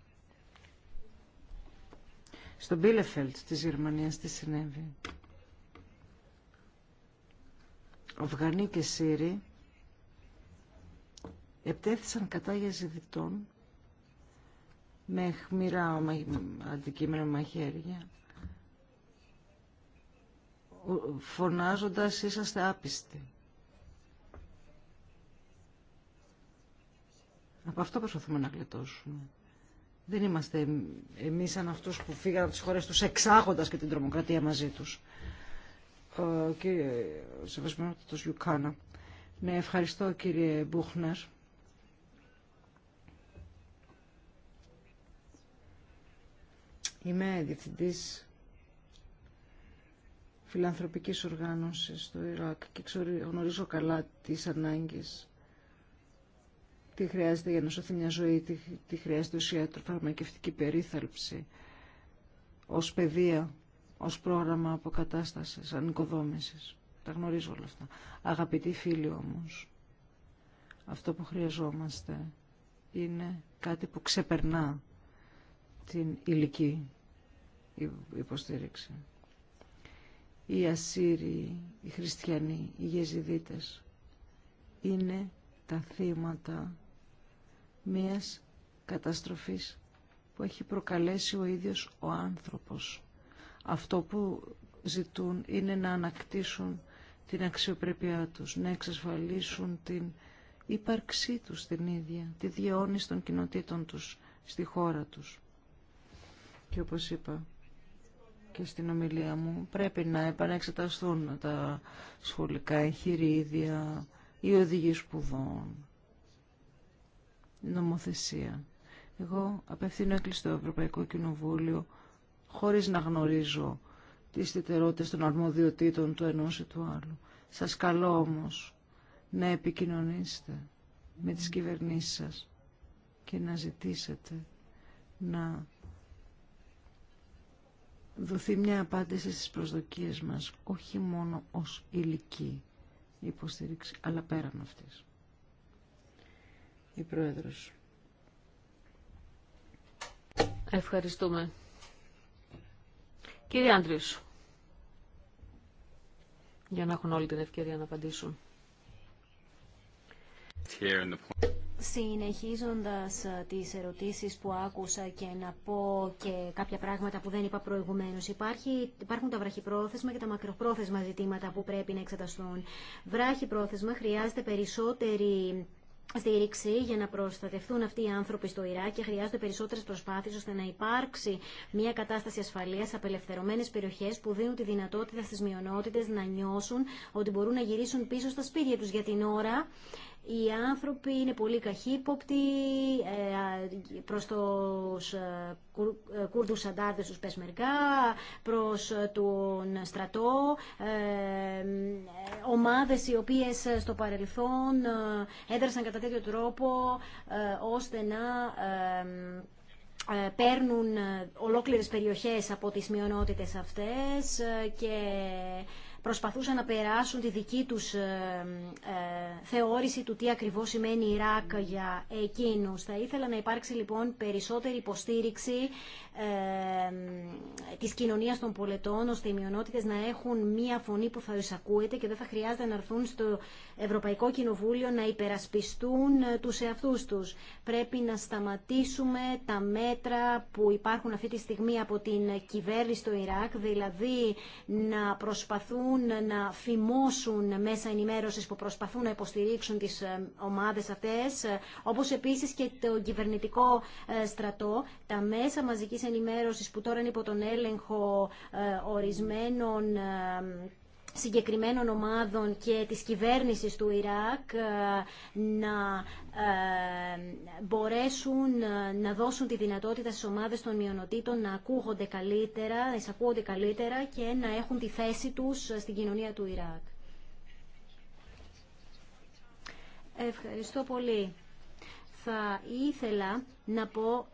στο Μπίλεφελτ της Γερμανίας τι συνέβη. Αφγανοί και Σύριοι επτέθησαν κατά Ιαζιδιτών με χμηρά αντικείμενα μαχαίρια φωνάζοντας είσαστε άπιστοι. Από αυτό προσπαθούμε να γλιτώσουμε. Δεν είμαστε εμείς σαν αυτούς που φύγαν από τις χώρες τους εξάγοντας και την τρομοκρατία μαζί τους. Ο κύριε Σεβασμιότητος Γιουκάνα, Ναι, ευχαριστώ κύριε Μπούχνερ. Είμαι διευθυντής φιλανθρωπικής οργάνωσης στο Ιράκ και γνωρίζω καλά τις ανάγκες τι χρειάζεται για να σωθεί μια ζωή, τι, τι χρειάζεται ως ιατροφαρμακευτική περίθαλψη, ως παιδεία, ως πρόγραμμα αποκατάστασης, ανοικοδόμησης. Τα γνωρίζω όλα αυτά. Αγαπητοί φίλοι όμως, αυτό που χρειαζόμαστε είναι κάτι που ξεπερνά την ηλική υποστήριξη. Οι Ασσύριοι, οι Χριστιανοί, οι Γεζιδίτες είναι τα θύματα μίας καταστροφής που έχει προκαλέσει ο ίδιος ο άνθρωπος. Αυτό που ζητούν είναι να ανακτήσουν την αξιοπρέπειά τους, να εξασφαλίσουν την ύπαρξή τους την ίδια, τη διαιώνιση των κοινοτήτων τους στη χώρα τους. Και όπως είπα και στην ομιλία μου, πρέπει να επανεξεταστούν τα σχολικά εγχειρίδια, οι οδηγοί σπουδών, νομοθεσία. Εγώ απευθύνω εκλειστό Ευρωπαϊκό Κοινοβούλιο χωρίς να γνωρίζω τις ιδιαιτερότητες των αρμοδιοτήτων του ενός ή του άλλου. Σας καλώ όμως να επικοινωνήσετε με τις κυβερνήσεις σας και να ζητήσετε να δοθεί μια απάντηση στις προσδοκίες μας, όχι μόνο ως υλική υποστήριξη, αλλά πέραν αυτής η Πρόεδρος. Ευχαριστούμε. Κύριε Άντριος, για να έχουν όλη την ευκαιρία να απαντήσουν. Συνεχίζοντας ε, τις ερωτήσεις που άκουσα και να πω και κάποια πράγματα που δεν είπα προηγουμένως, υπάρχει, υπάρχουν τα βραχυπρόθεσμα και τα μακροπρόθεσμα ζητήματα που πρέπει να εξεταστούν. Βράχυπρόθεσμα χρειάζεται περισσότερη στήριξη για να προστατευτούν αυτοί οι άνθρωποι στο Ιράκ και χρειάζονται περισσότερε προσπάθειε ώστε να υπάρξει μια κατάσταση ασφαλεία σε απελευθερωμένε περιοχέ που δίνουν τη δυνατότητα στι μειονότητε να νιώσουν ότι μπορούν να γυρίσουν πίσω στα σπίτια του. Για την ώρα οι άνθρωποι είναι πολύ καχύποπτοι ε, προς τους ε, ε, Κούρδους αντάρτες τους Πεσμερικά, προς τον στρατό, ομάδες οι οποίες στο παρελθόν έδρασαν κατά τέτοιο τρόπο ώστε να παίρνουν ολόκληρες περιοχές από τις μειονότητες αυτές και προσπαθούσαν να περάσουν τη δική τους ε, ε, θεώρηση του τι ακριβώς σημαίνει Ιράκ για εκείνους. Θα ήθελα να υπάρξει λοιπόν περισσότερη υποστήριξη ε, της κοινωνίας των πολιτών, ώστε οι μειονότητες να έχουν μία φωνή που θα εισακούεται και δεν θα χρειάζεται να έρθουν στο Ευρωπαϊκό Κοινοβούλιο να υπερασπιστούν τους εαυτούς τους. Πρέπει να σταματήσουμε τα μέτρα που υπάρχουν αυτή τη στιγμή από την κυβέρνηση στο Ιράκ, δηλαδή να προσπαθούν να φημώσουν μέσα ενημέρωση που προσπαθούν να υποστηρίξουν τις ε, ομάδες αυτέ. Ε, όπως επίσης και το κυβερνητικό ε, στρατό, τα μέσα μαζικής ενημέρωσης που τώρα είναι υπό τον έλεγχο ορισμένων συγκεκριμένων ομάδων και της κυβέρνησης του Ιράκ ε, να ε, μπορέσουν ε, να δώσουν τη δυνατότητα στις ομάδες των μειονοτήτων να ακούγονται καλύτερα, να εισακούονται καλύτερα και να έχουν τη θέση τους στην κοινωνία του Ιράκ. Ευχαριστώ πολύ. Θα ήθελα να πω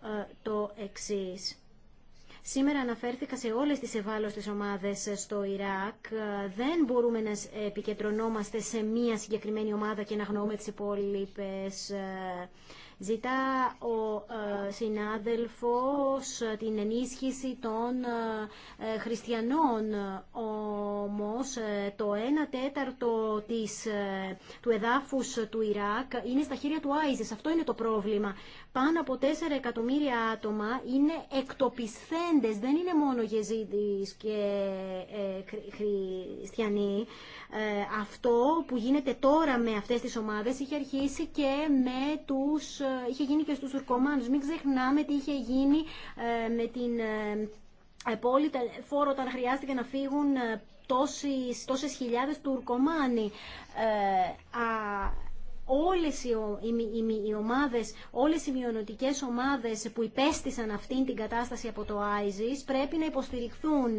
το εξής. Σήμερα αναφέρθηκα σε όλες τις ευάλωστες ομάδες στο Ιράκ. Δεν μπορούμε να επικεντρωνόμαστε σε μία συγκεκριμένη ομάδα και να γνωρούμε τις υπόλοιπες ε, Ζητά ο ε, συνάδελφος ε, την ενίσχυση των ε, χριστιανών. Όμως το 1 τέταρτο της, του εδάφους του Ιράκ είναι στα χέρια του Άιζες, Αυτό είναι το πρόβλημα. Πάνω από 4 εκατομμύρια άτομα είναι εκτοπισθέντες. Δεν είναι μόνο γεζίδις και χριστιανοί. Ε, αυτό που γίνεται τώρα με αυτές τις ομάδες είχε αρχίσει και με τους, ε, είχε γίνει και στους Ουρκομάνους. Μην ξεχνάμε τι είχε γίνει ε, με την πόλη φόρο όταν χρειάστηκε να φύγουν τόσες, τόσες χιλιάδες Τουρκομάνοι. α, όλες οι, οι, οι, ομάδες, όλες οι μειονοτικές ομάδες που υπέστησαν αυτήν την κατάσταση από το ISIS πρέπει να υποστηριχθούν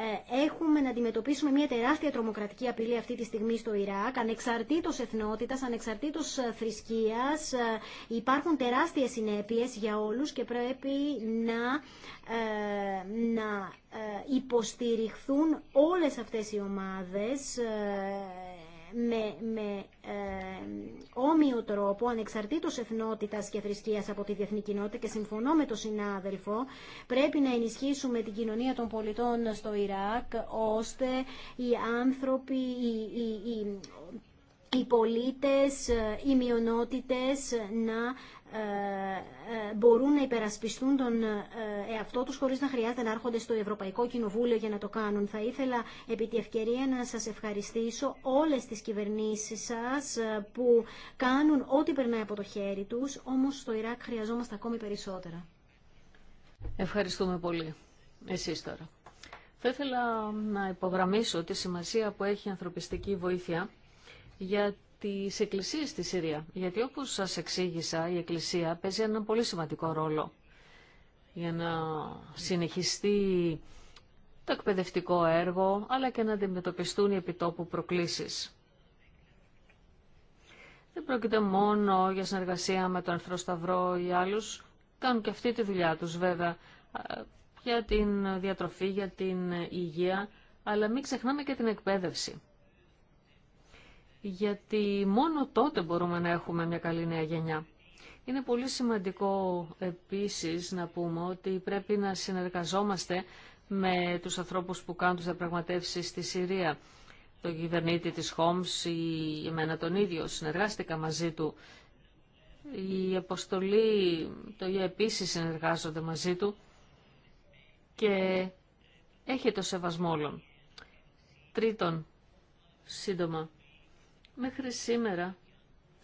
ε, έχουμε να αντιμετωπίσουμε μια τεράστια τρομοκρατική απειλή αυτή τη στιγμή στο Ιράκ, ανεξαρτήτως εθνότητας, ανεξαρτήτως ε, θρησκείας. Ε, υπάρχουν τεράστιες συνέπειες για όλους και πρέπει να, να υποστηριχθούν όλες αυτές οι ομάδες με, με ε, όμοιο τρόπο, ανεξαρτήτως εθνότητας και θρησκείας από τη διεθνή κοινότητα και συμφωνώ με τον συνάδελφο, πρέπει να ενισχύσουμε την κοινωνία των πολιτών στο Ιράκ, ώστε οι άνθρωποι, οι, οι, οι, οι πολίτες, ε, οι μειονότητες να ε, μπορούν να υπερασπιστούν τον ε, εαυτό τους χωρίς να χρειάζεται να έρχονται στο Ευρωπαϊκό Κοινοβούλιο για να το κάνουν. Θα ήθελα επί τη ευκαιρία να σας ευχαριστήσω όλες τις κυβερνήσεις σας ε, που κάνουν ό,τι περνάει από το χέρι τους, όμως στο Ιράκ χρειαζόμαστε ακόμη περισσότερα. Ευχαριστούμε πολύ. Εσείς τώρα. Θα ήθελα να υπογραμμίσω τη σημασία που έχει η ανθρωπιστική βοήθεια για τη Εκκλησία στη Συρία. Γιατί όπως σας εξήγησα, η εκκλησία παίζει έναν πολύ σημαντικό ρόλο για να συνεχιστεί το εκπαιδευτικό έργο, αλλά και να αντιμετωπιστούν οι επιτόπου προκλήσεις. Δεν πρόκειται μόνο για συνεργασία με τον Ερθρό Σταυρό ή άλλους, κάνουν και αυτή τη δουλειά τους βέβαια, για την διατροφή, για την υγεία, αλλά μην ξεχνάμε και την εκπαίδευση γιατί μόνο τότε μπορούμε να έχουμε μια καλή νέα γενιά. Είναι πολύ σημαντικό επίσης να πούμε ότι πρέπει να συνεργαζόμαστε με τους ανθρώπους που κάνουν τις διαπραγματεύσεις στη Συρία. Το κυβερνήτη της Χόμς ή εμένα τον ίδιο συνεργάστηκα μαζί του. Η αποστολή, το ίδιο επίσης συνεργάζονται μαζί του και έχει το σεβασμό όλων. Τρίτον, σύντομα, Μέχρι σήμερα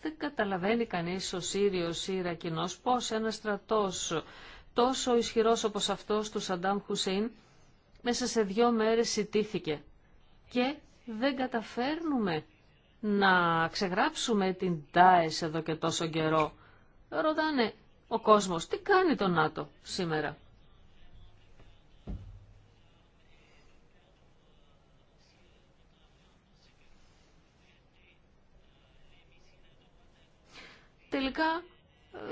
δεν καταλαβαίνει κανείς ο Σύριος ή Ρακινός πώς ένας στρατός τόσο ισχυρός όπως αυτός του Σαντάμ Χουσέιν μέσα σε δυο μέρες σητήθηκε. Και δεν καταφέρνουμε να ξεγράψουμε την ΤΑΕΣ εδώ και τόσο καιρό. Ρωτάνε ο κόσμος τι κάνει το ΝΑΤΟ σήμερα. τελικά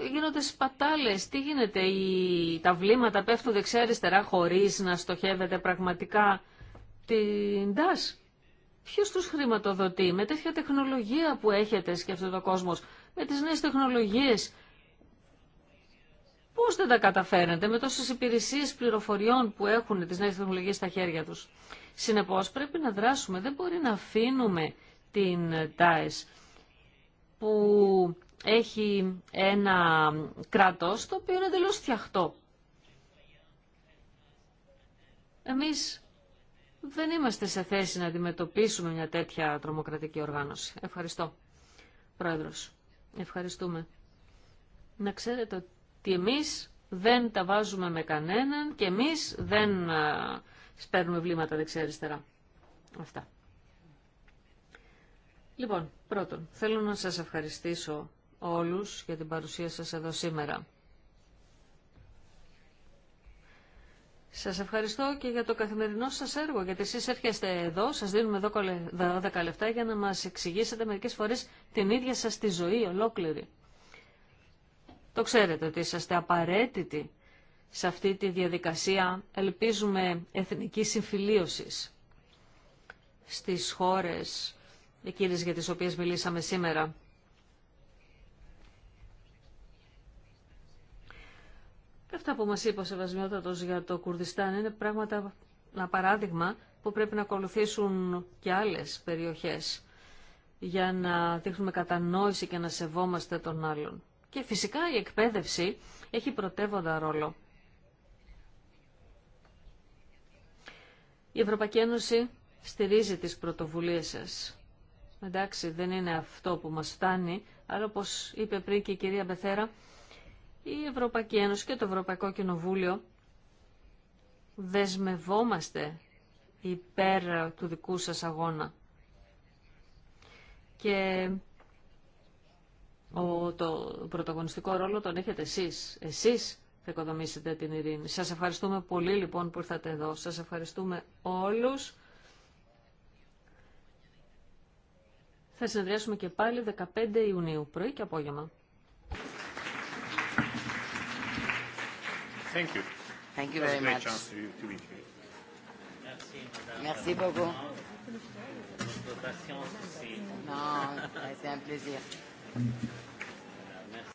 ε, γίνονται σπατάλες. Τι γίνεται, οι... τα βλήματα πέφτουν δεξιά-αριστερά χωρίς να στοχεύεται πραγματικά την ΤΑΣ. Ποιος τους χρηματοδοτεί με τέτοια τεχνολογία που έχετε, σκέφτεται ο κόσμος, με τις νέες τεχνολογίες. Πώς δεν τα καταφέρετε με τόσες υπηρεσίες πληροφοριών που έχουν τις νέες τεχνολογίες στα χέρια τους. Συνεπώς πρέπει να δράσουμε, δεν μπορεί να αφήνουμε την ΤΑΕΣ που έχει ένα κράτος το οποίο είναι εντελώ φτιαχτό. Εμείς δεν είμαστε σε θέση να αντιμετωπίσουμε μια τέτοια τρομοκρατική οργάνωση. Ευχαριστώ, Πρόεδρος. Ευχαριστούμε. Να ξέρετε ότι εμείς δεν τα βάζουμε με κανέναν και εμείς δεν σπέρνουμε βλήματα δεξιά-αριστερά. Αυτά. Λοιπόν, πρώτον, θέλω να σας ευχαριστήσω όλους για την παρουσία σας εδώ σήμερα. Σας ευχαριστώ και για το καθημερινό σας έργο, γιατί εσείς έρχεστε εδώ, σας δίνουμε εδώ 12 λεπτά για να μας εξηγήσετε μερικές φορές την ίδια σας τη ζωή ολόκληρη. Το ξέρετε ότι είσαστε απαραίτητοι σε αυτή τη διαδικασία, ελπίζουμε, εθνική συμφιλίωσης στις χώρες εκείνες για τις οποίες μιλήσαμε σήμερα. Αυτά που μας είπε ο Σεβασμιότατος για το Κουρδιστάν είναι πράγματα, ένα παράδειγμα που πρέπει να ακολουθήσουν και άλλες περιοχές για να δείχνουμε κατανόηση και να σεβόμαστε τον άλλον. Και φυσικά η εκπαίδευση έχει πρωτεύοντα ρόλο. Η Ευρωπαϊκή Ένωση στηρίζει τις πρωτοβουλίες σας. Εντάξει, δεν είναι αυτό που μας φτάνει, αλλά όπως είπε πριν και η κυρία Μπεθέρα, η Ευρωπαϊκή Ένωση και το Ευρωπαϊκό Κοινοβούλιο δεσμευόμαστε υπέρ του δικού σας αγώνα. Και το πρωταγωνιστικό ρόλο τον έχετε εσείς. Εσείς θα οικοδομήσετε την ειρήνη. Σας ευχαριστούμε πολύ λοιπόν που ήρθατε εδώ. Σας ευχαριστούμε όλους. Θα συνεδριάσουμε και πάλι 15 Ιουνίου, πρωί και απόγευμα. Thank you. Thank you very much. a chance to, to meet you. Merci, beaucoup. Non, c'est un plaisir.